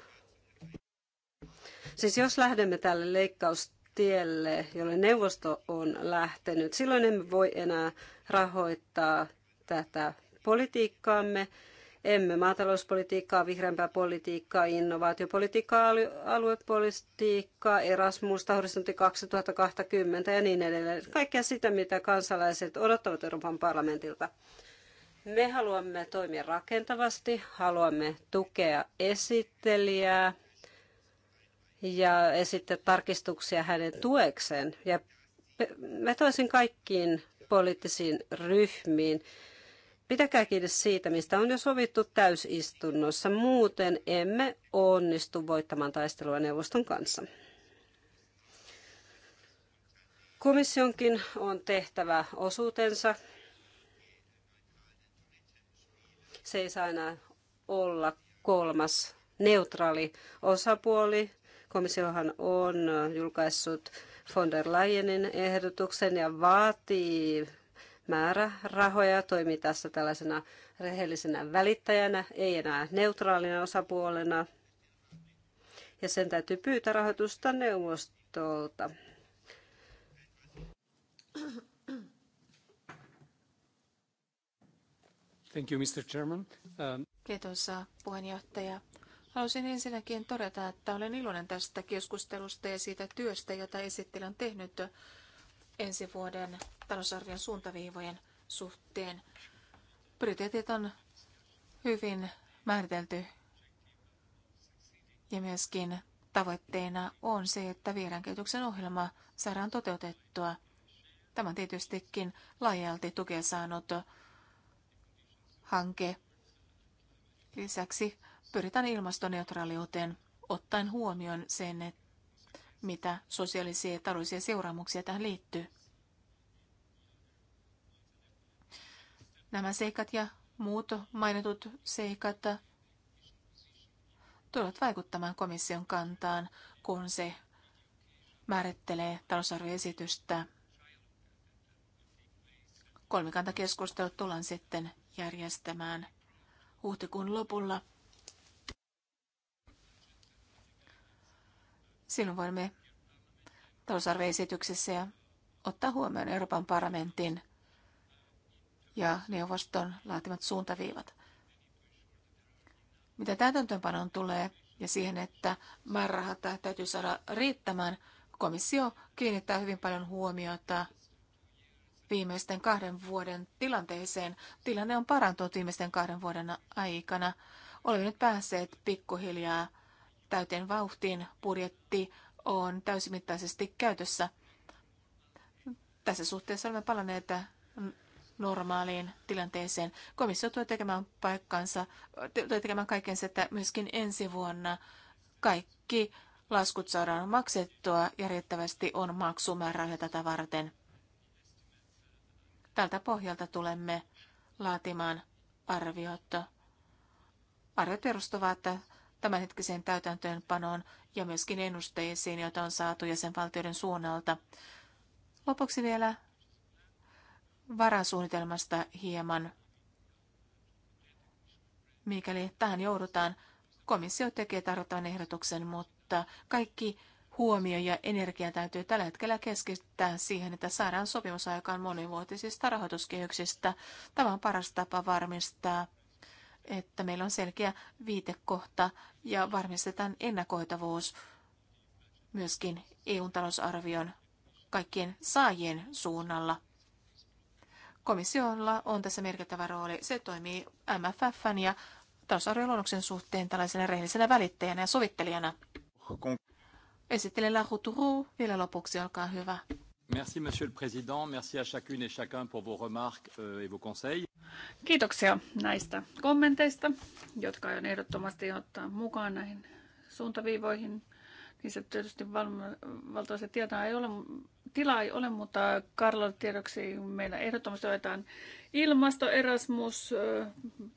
Siis jos lähdemme tälle leikkaustielle, jolle neuvosto on lähtenyt, silloin emme voi enää rahoittaa tätä politiikkaamme emme maatalouspolitiikkaa, vihreämpää politiikkaa, innovaatiopolitiikkaa, aluepolitiikkaa, Erasmusta, horisontti 2020 ja niin edelleen. Kaikkea sitä, mitä kansalaiset odottavat Euroopan parlamentilta. Me haluamme toimia rakentavasti, haluamme tukea esittelijää ja esittää tarkistuksia hänen tuekseen ja vetoisin kaikkiin poliittisiin ryhmiin Pitäkää kiinni siitä, mistä on jo sovittu täysistunnossa. Muuten emme onnistu voittamaan taistelua neuvoston kanssa. Komissionkin on tehtävä osuutensa. Se ei saa enää olla kolmas neutraali osapuoli. Komissiohan on julkaissut von der Leyenin ehdotuksen ja vaatii määrärahoja ja toimii tässä tällaisena rehellisenä välittäjänä, ei enää neutraalina osapuolena. Ja sen täytyy pyytää rahoitusta neuvostolta. Thank you, Mr. Chairman. Um... Kiitos uh, puheenjohtaja. Haluaisin ensinnäkin todeta, että olen iloinen tästä keskustelusta ja siitä työstä, jota esittelen on tehnyt ensi vuoden talousarvion suuntaviivojen suhteen. Prioriteetit on hyvin määritelty ja myöskin tavoitteena on se, että vierankehityksen ohjelma saadaan toteutettua. Tämä on tietystikin laajalti tukea saanut hanke. Lisäksi pyritään ilmastoneutraaliuteen ottaen huomioon sen, että mitä sosiaalisia ja taloudellisia seuraamuksia tähän liittyy. Nämä seikat ja muut mainitut seikat tulevat vaikuttamaan komission kantaan, kun se määrittelee talousarvioesitystä. Kolmikantakeskustelut tullaan sitten järjestämään huhtikuun lopulla. Silloin voimme talousarvioesityksessä ottaa huomioon Euroopan parlamentin ja neuvoston laatimat suuntaviivat. Mitä täytäntöönpanoon tulee ja siihen, että määrärahat täytyy saada riittämään, komissio kiinnittää hyvin paljon huomiota viimeisten kahden vuoden tilanteeseen. Tilanne on parantunut viimeisten kahden vuoden aikana. Olemme nyt päässeet pikkuhiljaa täyteen vauhtiin. Budjetti on täysimittaisesti käytössä. Tässä suhteessa olemme palanneet normaaliin tilanteeseen. Komissio tulee tekemään paikkansa, tulee tekemään kaiken että myöskin ensi vuonna kaikki laskut saadaan maksettua ja riittävästi on maksumäärärahoja tätä varten. Tältä pohjalta tulemme laatimaan arviot. Arviot perustuvat tämänhetkiseen täytäntöönpanoon ja myöskin ennusteisiin, joita on saatu jäsenvaltioiden suunnalta. Lopuksi vielä varasuunnitelmasta hieman. Mikäli tähän joudutaan, komissio tekee tarvittavan ehdotuksen, mutta kaikki huomio ja energia täytyy tällä hetkellä keskittää siihen, että saadaan sopimus aikaan monivuotisista rahoituskehyksistä. Tämä on paras tapa varmistaa, että meillä on selkeä viitekohta ja varmistetaan ennakoitavuus myöskin EU-talousarvion kaikkien saajien suunnalla. Komissiolla on tässä merkittävä rooli. Se toimii MFFn ja talousarvioluonnoksen suhteen tällaisena rehellisenä välittäjänä ja sovittelijana. Esittelen La Routuru. Vielä lopuksi, olkaa hyvä. Merci, Monsieur le Président. Merci à chacune et chacun pour vos remarques euh, et vos conseils. Kiitoksia näistä kommenteista, jotka on ehdottomasti ottaa mukaan näihin suuntaviivoihin. Niin se tietysti valtavasti tietoa ei ole, tilaa ei ole, mutta Karlo tiedoksi meillä ehdottomasti otetaan ilmasto, Erasmus,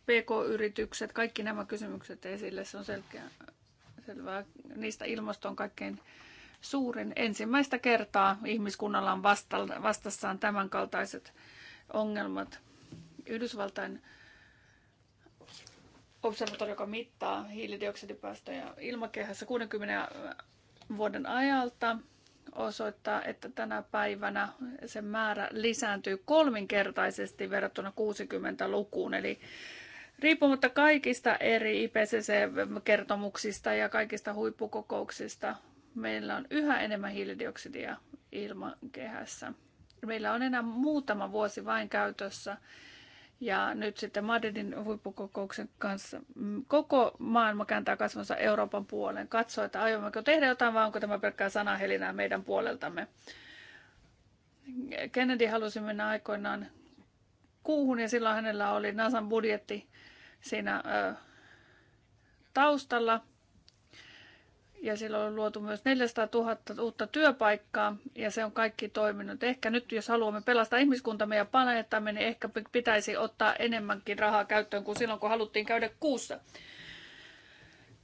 PK-yritykset, kaikki nämä kysymykset esille. Se on selkeä, selvää. Niistä ilmasto on kaikkein suurin. Ensimmäistä kertaa ihmiskunnalla on vastassaan tämänkaltaiset ongelmat. Yhdysvaltain observatorio, joka mittaa hiilidioksidipäästöjä ilmakehässä 60 vuoden ajalta, osoittaa, että tänä päivänä sen määrä lisääntyy kolminkertaisesti verrattuna 60-lukuun. Eli riippumatta kaikista eri IPCC-kertomuksista ja kaikista huippukokouksista, meillä on yhä enemmän hiilidioksidia ilmakehässä. Meillä on enää muutama vuosi vain käytössä ja nyt sitten Madridin huippukokouksen kanssa mm, koko maailma kääntää kasvonsa Euroopan puolen Katsoo, että aiommeko tehdä jotain vai onko tämä pelkkää sanahelinää meidän puoleltamme. Kennedy halusi mennä aikoinaan kuuhun ja silloin hänellä oli NASAn budjetti siinä ö, taustalla ja silloin on luotu myös 400 000 uutta työpaikkaa ja se on kaikki toiminut. Ehkä nyt jos haluamme pelastaa ihmiskuntamme ja planeettamme, niin ehkä pitäisi ottaa enemmänkin rahaa käyttöön kuin silloin, kun haluttiin käydä kuussa.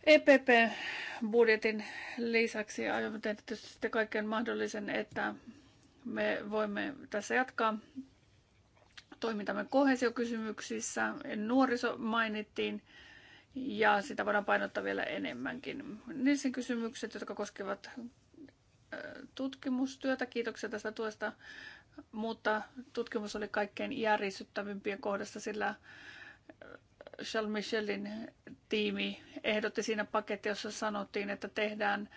EPP-budjetin lisäksi aiomme tehdä tietysti kaiken mahdollisen, että me voimme tässä jatkaa toimintamme kohesiokysymyksissä. Nuoriso mainittiin ja sitä voidaan painottaa vielä enemmänkin. Nilsin kysymykset, jotka koskevat tutkimustyötä, kiitoksia tästä tuesta, mutta tutkimus oli kaikkein järisyttävimpien kohdassa, sillä Charles Michelin tiimi ehdotti siinä paketti, jossa sanottiin, että tehdään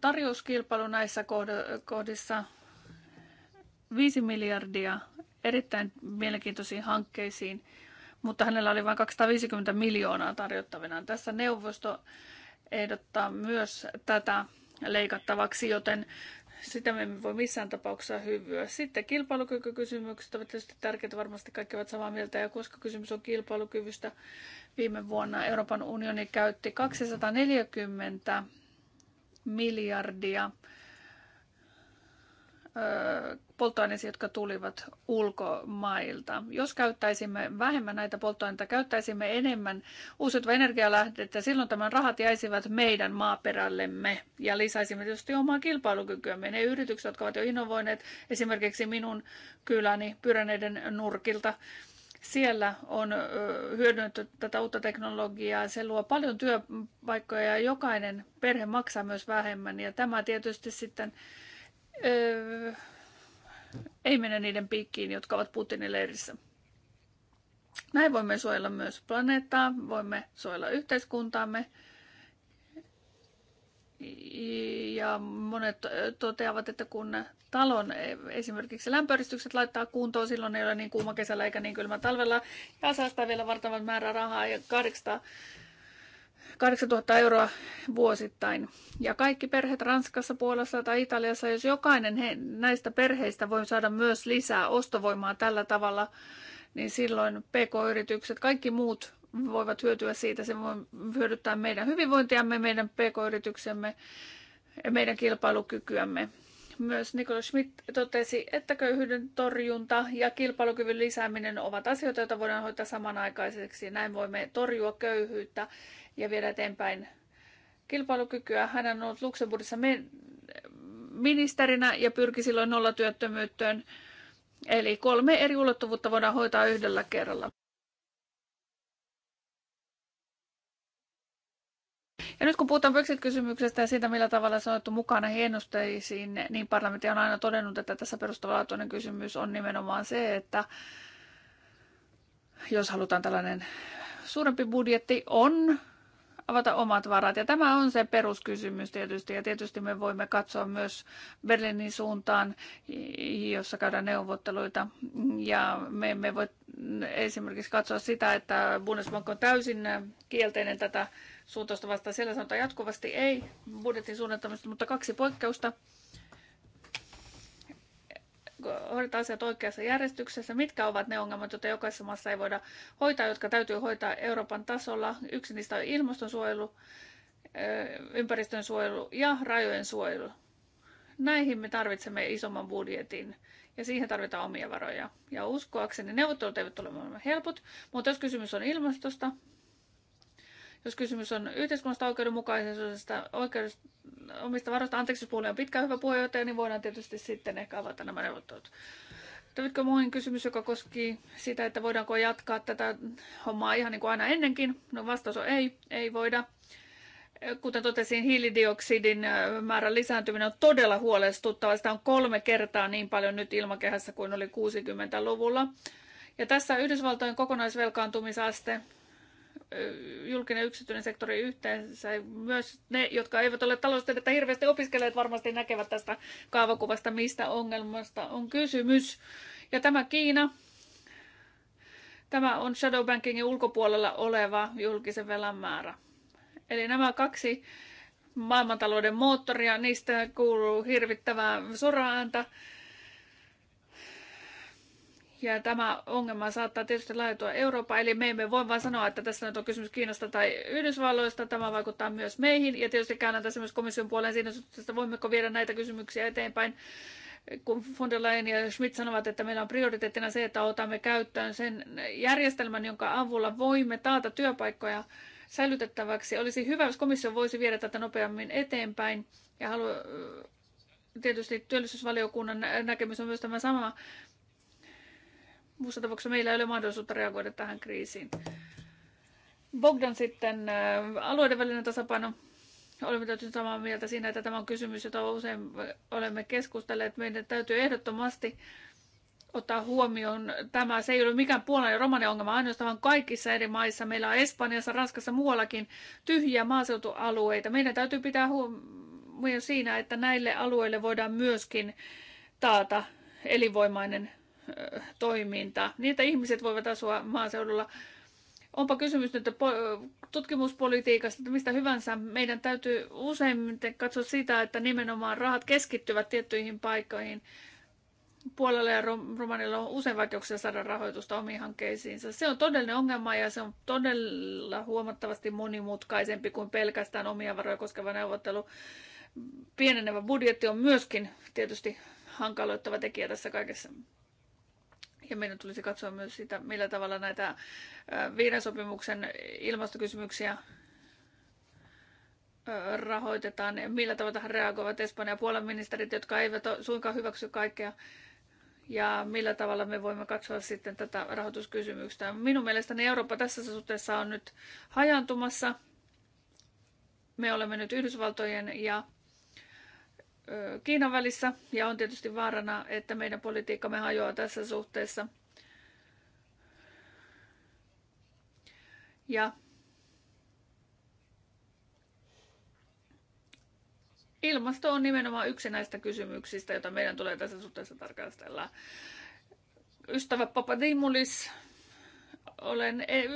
tarjouskilpailu näissä kohdissa 5 miljardia erittäin mielenkiintoisiin hankkeisiin mutta hänellä oli vain 250 miljoonaa tarjottavina. Tässä neuvosto ehdottaa myös tätä leikattavaksi, joten sitä me emme voi missään tapauksessa hyvyä. Sitten kilpailukykykysymykset ovat tietysti tärkeitä, varmasti kaikki ovat samaa mieltä. Ja koska kysymys on kilpailukyvystä, viime vuonna Euroopan unioni käytti 240 miljardia polttoaineisiin, jotka tulivat ulkomailta. Jos käyttäisimme vähemmän näitä polttoaineita, käyttäisimme enemmän uusiutuvaa energialähdettä, silloin tämän rahat jäisivät meidän maaperällemme ja lisäisimme tietysti omaa kilpailukykyämme. Ne yritykset, jotka ovat jo innovoineet, esimerkiksi minun kyläni Pyreneiden nurkilta, siellä on hyödynnetty tätä uutta teknologiaa. Se luo paljon työpaikkoja ja jokainen perhe maksaa myös vähemmän. Ja tämä tietysti sitten öö, ei mene niiden piikkiin, jotka ovat Putinin leirissä. Näin voimme suojella myös planeettaa, voimme suojella yhteiskuntaamme. Ja monet toteavat, että kun talon esimerkiksi lämpöristykset laittaa kuntoon, silloin ei ole niin kuuma kesällä eikä niin kylmä talvella. Ja säästää vielä vartavan määrä rahaa ja 800 8000 euroa vuosittain. Ja kaikki perheet Ranskassa, Puolassa tai Italiassa, jos jokainen he, näistä perheistä voi saada myös lisää ostovoimaa tällä tavalla, niin silloin PK-yritykset, kaikki muut voivat hyötyä siitä. Se voi hyödyttää meidän hyvinvointiamme, meidän PK-yrityksemme ja meidän kilpailukykyämme. Myös Nikola Schmidt totesi, että köyhyyden torjunta ja kilpailukyvyn lisääminen ovat asioita, joita voidaan hoitaa samanaikaiseksi. Näin voimme torjua köyhyyttä ja viedä eteenpäin kilpailukykyä. Hän on ollut Luxemburgissa ministerinä ja pyrki silloin nollatyöttömyyttöön. Eli kolme eri ulottuvuutta voidaan hoitaa yhdellä kerralla. Ja nyt kun puhutaan Brexit-kysymyksestä ja siitä, millä tavalla se on otettu mukana hienosteisiin, niin parlamentti on aina todennut, että tässä perustavanlaatuinen kysymys on nimenomaan se, että jos halutaan tällainen suurempi budjetti, on avata omat varat. Ja tämä on se peruskysymys tietysti. Ja tietysti me voimme katsoa myös Berliinin suuntaan, jossa käydään neuvotteluita. Ja me emme voi esimerkiksi katsoa sitä, että Bundesbank on täysin kielteinen tätä suuntausta vastaan. Siellä sanotaan jatkuvasti ei budjetin suunnittamista, mutta kaksi poikkeusta – hoidetaan asiat oikeassa järjestyksessä, mitkä ovat ne ongelmat, joita jokaisessa maassa ei voida hoitaa, jotka täytyy hoitaa Euroopan tasolla. Yksi niistä on ilmastonsuojelu, ympäristön suojelu ja rajojen suojelu. Näihin me tarvitsemme isomman budjetin ja siihen tarvitaan omia varoja. Ja uskoakseni neuvottelut eivät ole helpot, mutta jos kysymys on ilmastosta, jos kysymys on yhteiskunnasta oikeudenmukaisesta oikeudesta, omista varoista, anteeksi, jos on pitkä hyvä puheenjohtaja, niin voidaan tietysti sitten ehkä avata nämä neuvottelut. Tavitko muihin kysymys, joka koski sitä, että voidaanko jatkaa tätä hommaa ihan niin kuin aina ennenkin? No vastaus on ei, ei voida. Kuten totesin, hiilidioksidin määrän lisääntyminen on todella huolestuttava. Sitä on kolme kertaa niin paljon nyt ilmakehässä kuin oli 60-luvulla. Ja tässä Yhdysvaltojen kokonaisvelkaantumisaste julkinen ja yksityinen sektori yhteensä. Myös ne, jotka eivät ole taloustiedettä hirveästi opiskelleet, varmasti näkevät tästä kaavakuvasta, mistä ongelmasta on kysymys. Ja tämä Kiina, tämä on shadow bankingin ulkopuolella oleva julkisen velan määrä. Eli nämä kaksi maailmantalouden moottoria, niistä kuuluu hirvittävää soraääntä. ääntä ja tämä ongelma saattaa tietysti laajentua Eurooppaan, eli me emme voi vain sanoa, että tässä nyt on kysymys Kiinasta tai Yhdysvalloista. Tämä vaikuttaa myös meihin, ja tietysti käännän tässä myös komission puoleen siinä suhteessa, voimmeko viedä näitä kysymyksiä eteenpäin. Kun von der Leyen ja Schmidt sanovat, että meillä on prioriteettina se, että otamme käyttöön sen järjestelmän, jonka avulla voimme taata työpaikkoja säilytettäväksi. Olisi hyvä, jos komissio voisi viedä tätä nopeammin eteenpäin. Ja haluan, tietysti työllisyysvaliokunnan näkemys on myös tämä sama, Muussa tapauksessa meillä ei ole mahdollisuutta reagoida tähän kriisiin. Bogdan sitten äh, alueiden välinen tasapaino. Olemme täytyy samaa mieltä siinä, että tämä on kysymys, jota usein olemme keskustelleet. Meidän täytyy ehdottomasti ottaa huomioon tämä. Se ei ole mikään Puolan ja Romanian ongelma, ainoastaan vaan kaikissa eri maissa. Meillä on Espanjassa, Ranskassa, muuallakin tyhjiä maaseutualueita. Meidän täytyy pitää huomioon siinä, että näille alueille voidaan myöskin taata elinvoimainen toiminta. Niitä ihmiset voivat asua maaseudulla. Onpa kysymys nyt tutkimuspolitiikasta, että mistä hyvänsä meidän täytyy useimmiten katsoa sitä, että nimenomaan rahat keskittyvät tiettyihin paikkoihin. Puolella ja Romanilla on usein vaikeuksia saada rahoitusta omiin hankkeisiinsa. Se on todellinen ongelma ja se on todella huomattavasti monimutkaisempi kuin pelkästään omia varoja koskeva neuvottelu. Pienenevä budjetti on myöskin tietysti hankaloittava tekijä tässä kaikessa. Ja meidän tulisi katsoa myös sitä, millä tavalla näitä viiden sopimuksen ilmastokysymyksiä rahoitetaan, millä tavalla tähän reagoivat Espanjan ja Puolan ministerit, jotka eivät suinkaan hyväksy kaikkea, ja millä tavalla me voimme katsoa sitten tätä rahoituskysymystä. Minun mielestäni Eurooppa tässä suhteessa on nyt hajantumassa. Me olemme nyt Yhdysvaltojen ja Kiinan välissä ja on tietysti vaarana, että meidän politiikkamme hajoaa tässä suhteessa. Ja ilmasto on nimenomaan yksi näistä kysymyksistä, jota meidän tulee tässä suhteessa tarkastella. Ystävä Papadimulis, olen e-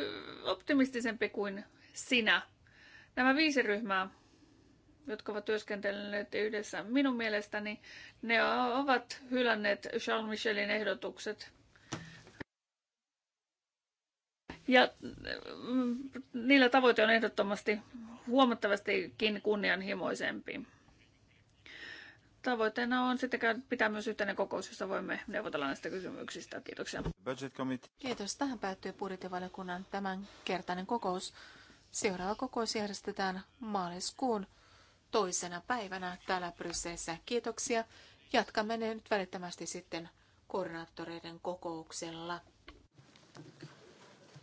optimistisempi kuin sinä. Nämä viisi ryhmää jotka ovat työskennelleet yhdessä. Minun mielestäni ne ovat hylänneet Charles Michelin ehdotukset. Ja mm, niillä tavoite on ehdottomasti huomattavastikin kunnianhimoisempi. Tavoitteena on sitten pitää myös yhteinen kokous, jossa voimme neuvotella näistä kysymyksistä. Kiitoksia. Kiitos. Tähän päättyy budjettivaliokunnan tämänkertainen kokous. Seuraava kokous järjestetään maaliskuun toisena päivänä täällä Brysselissä. Kiitoksia. Jatkamme nyt välittömästi sitten koordinaattoreiden kokouksella.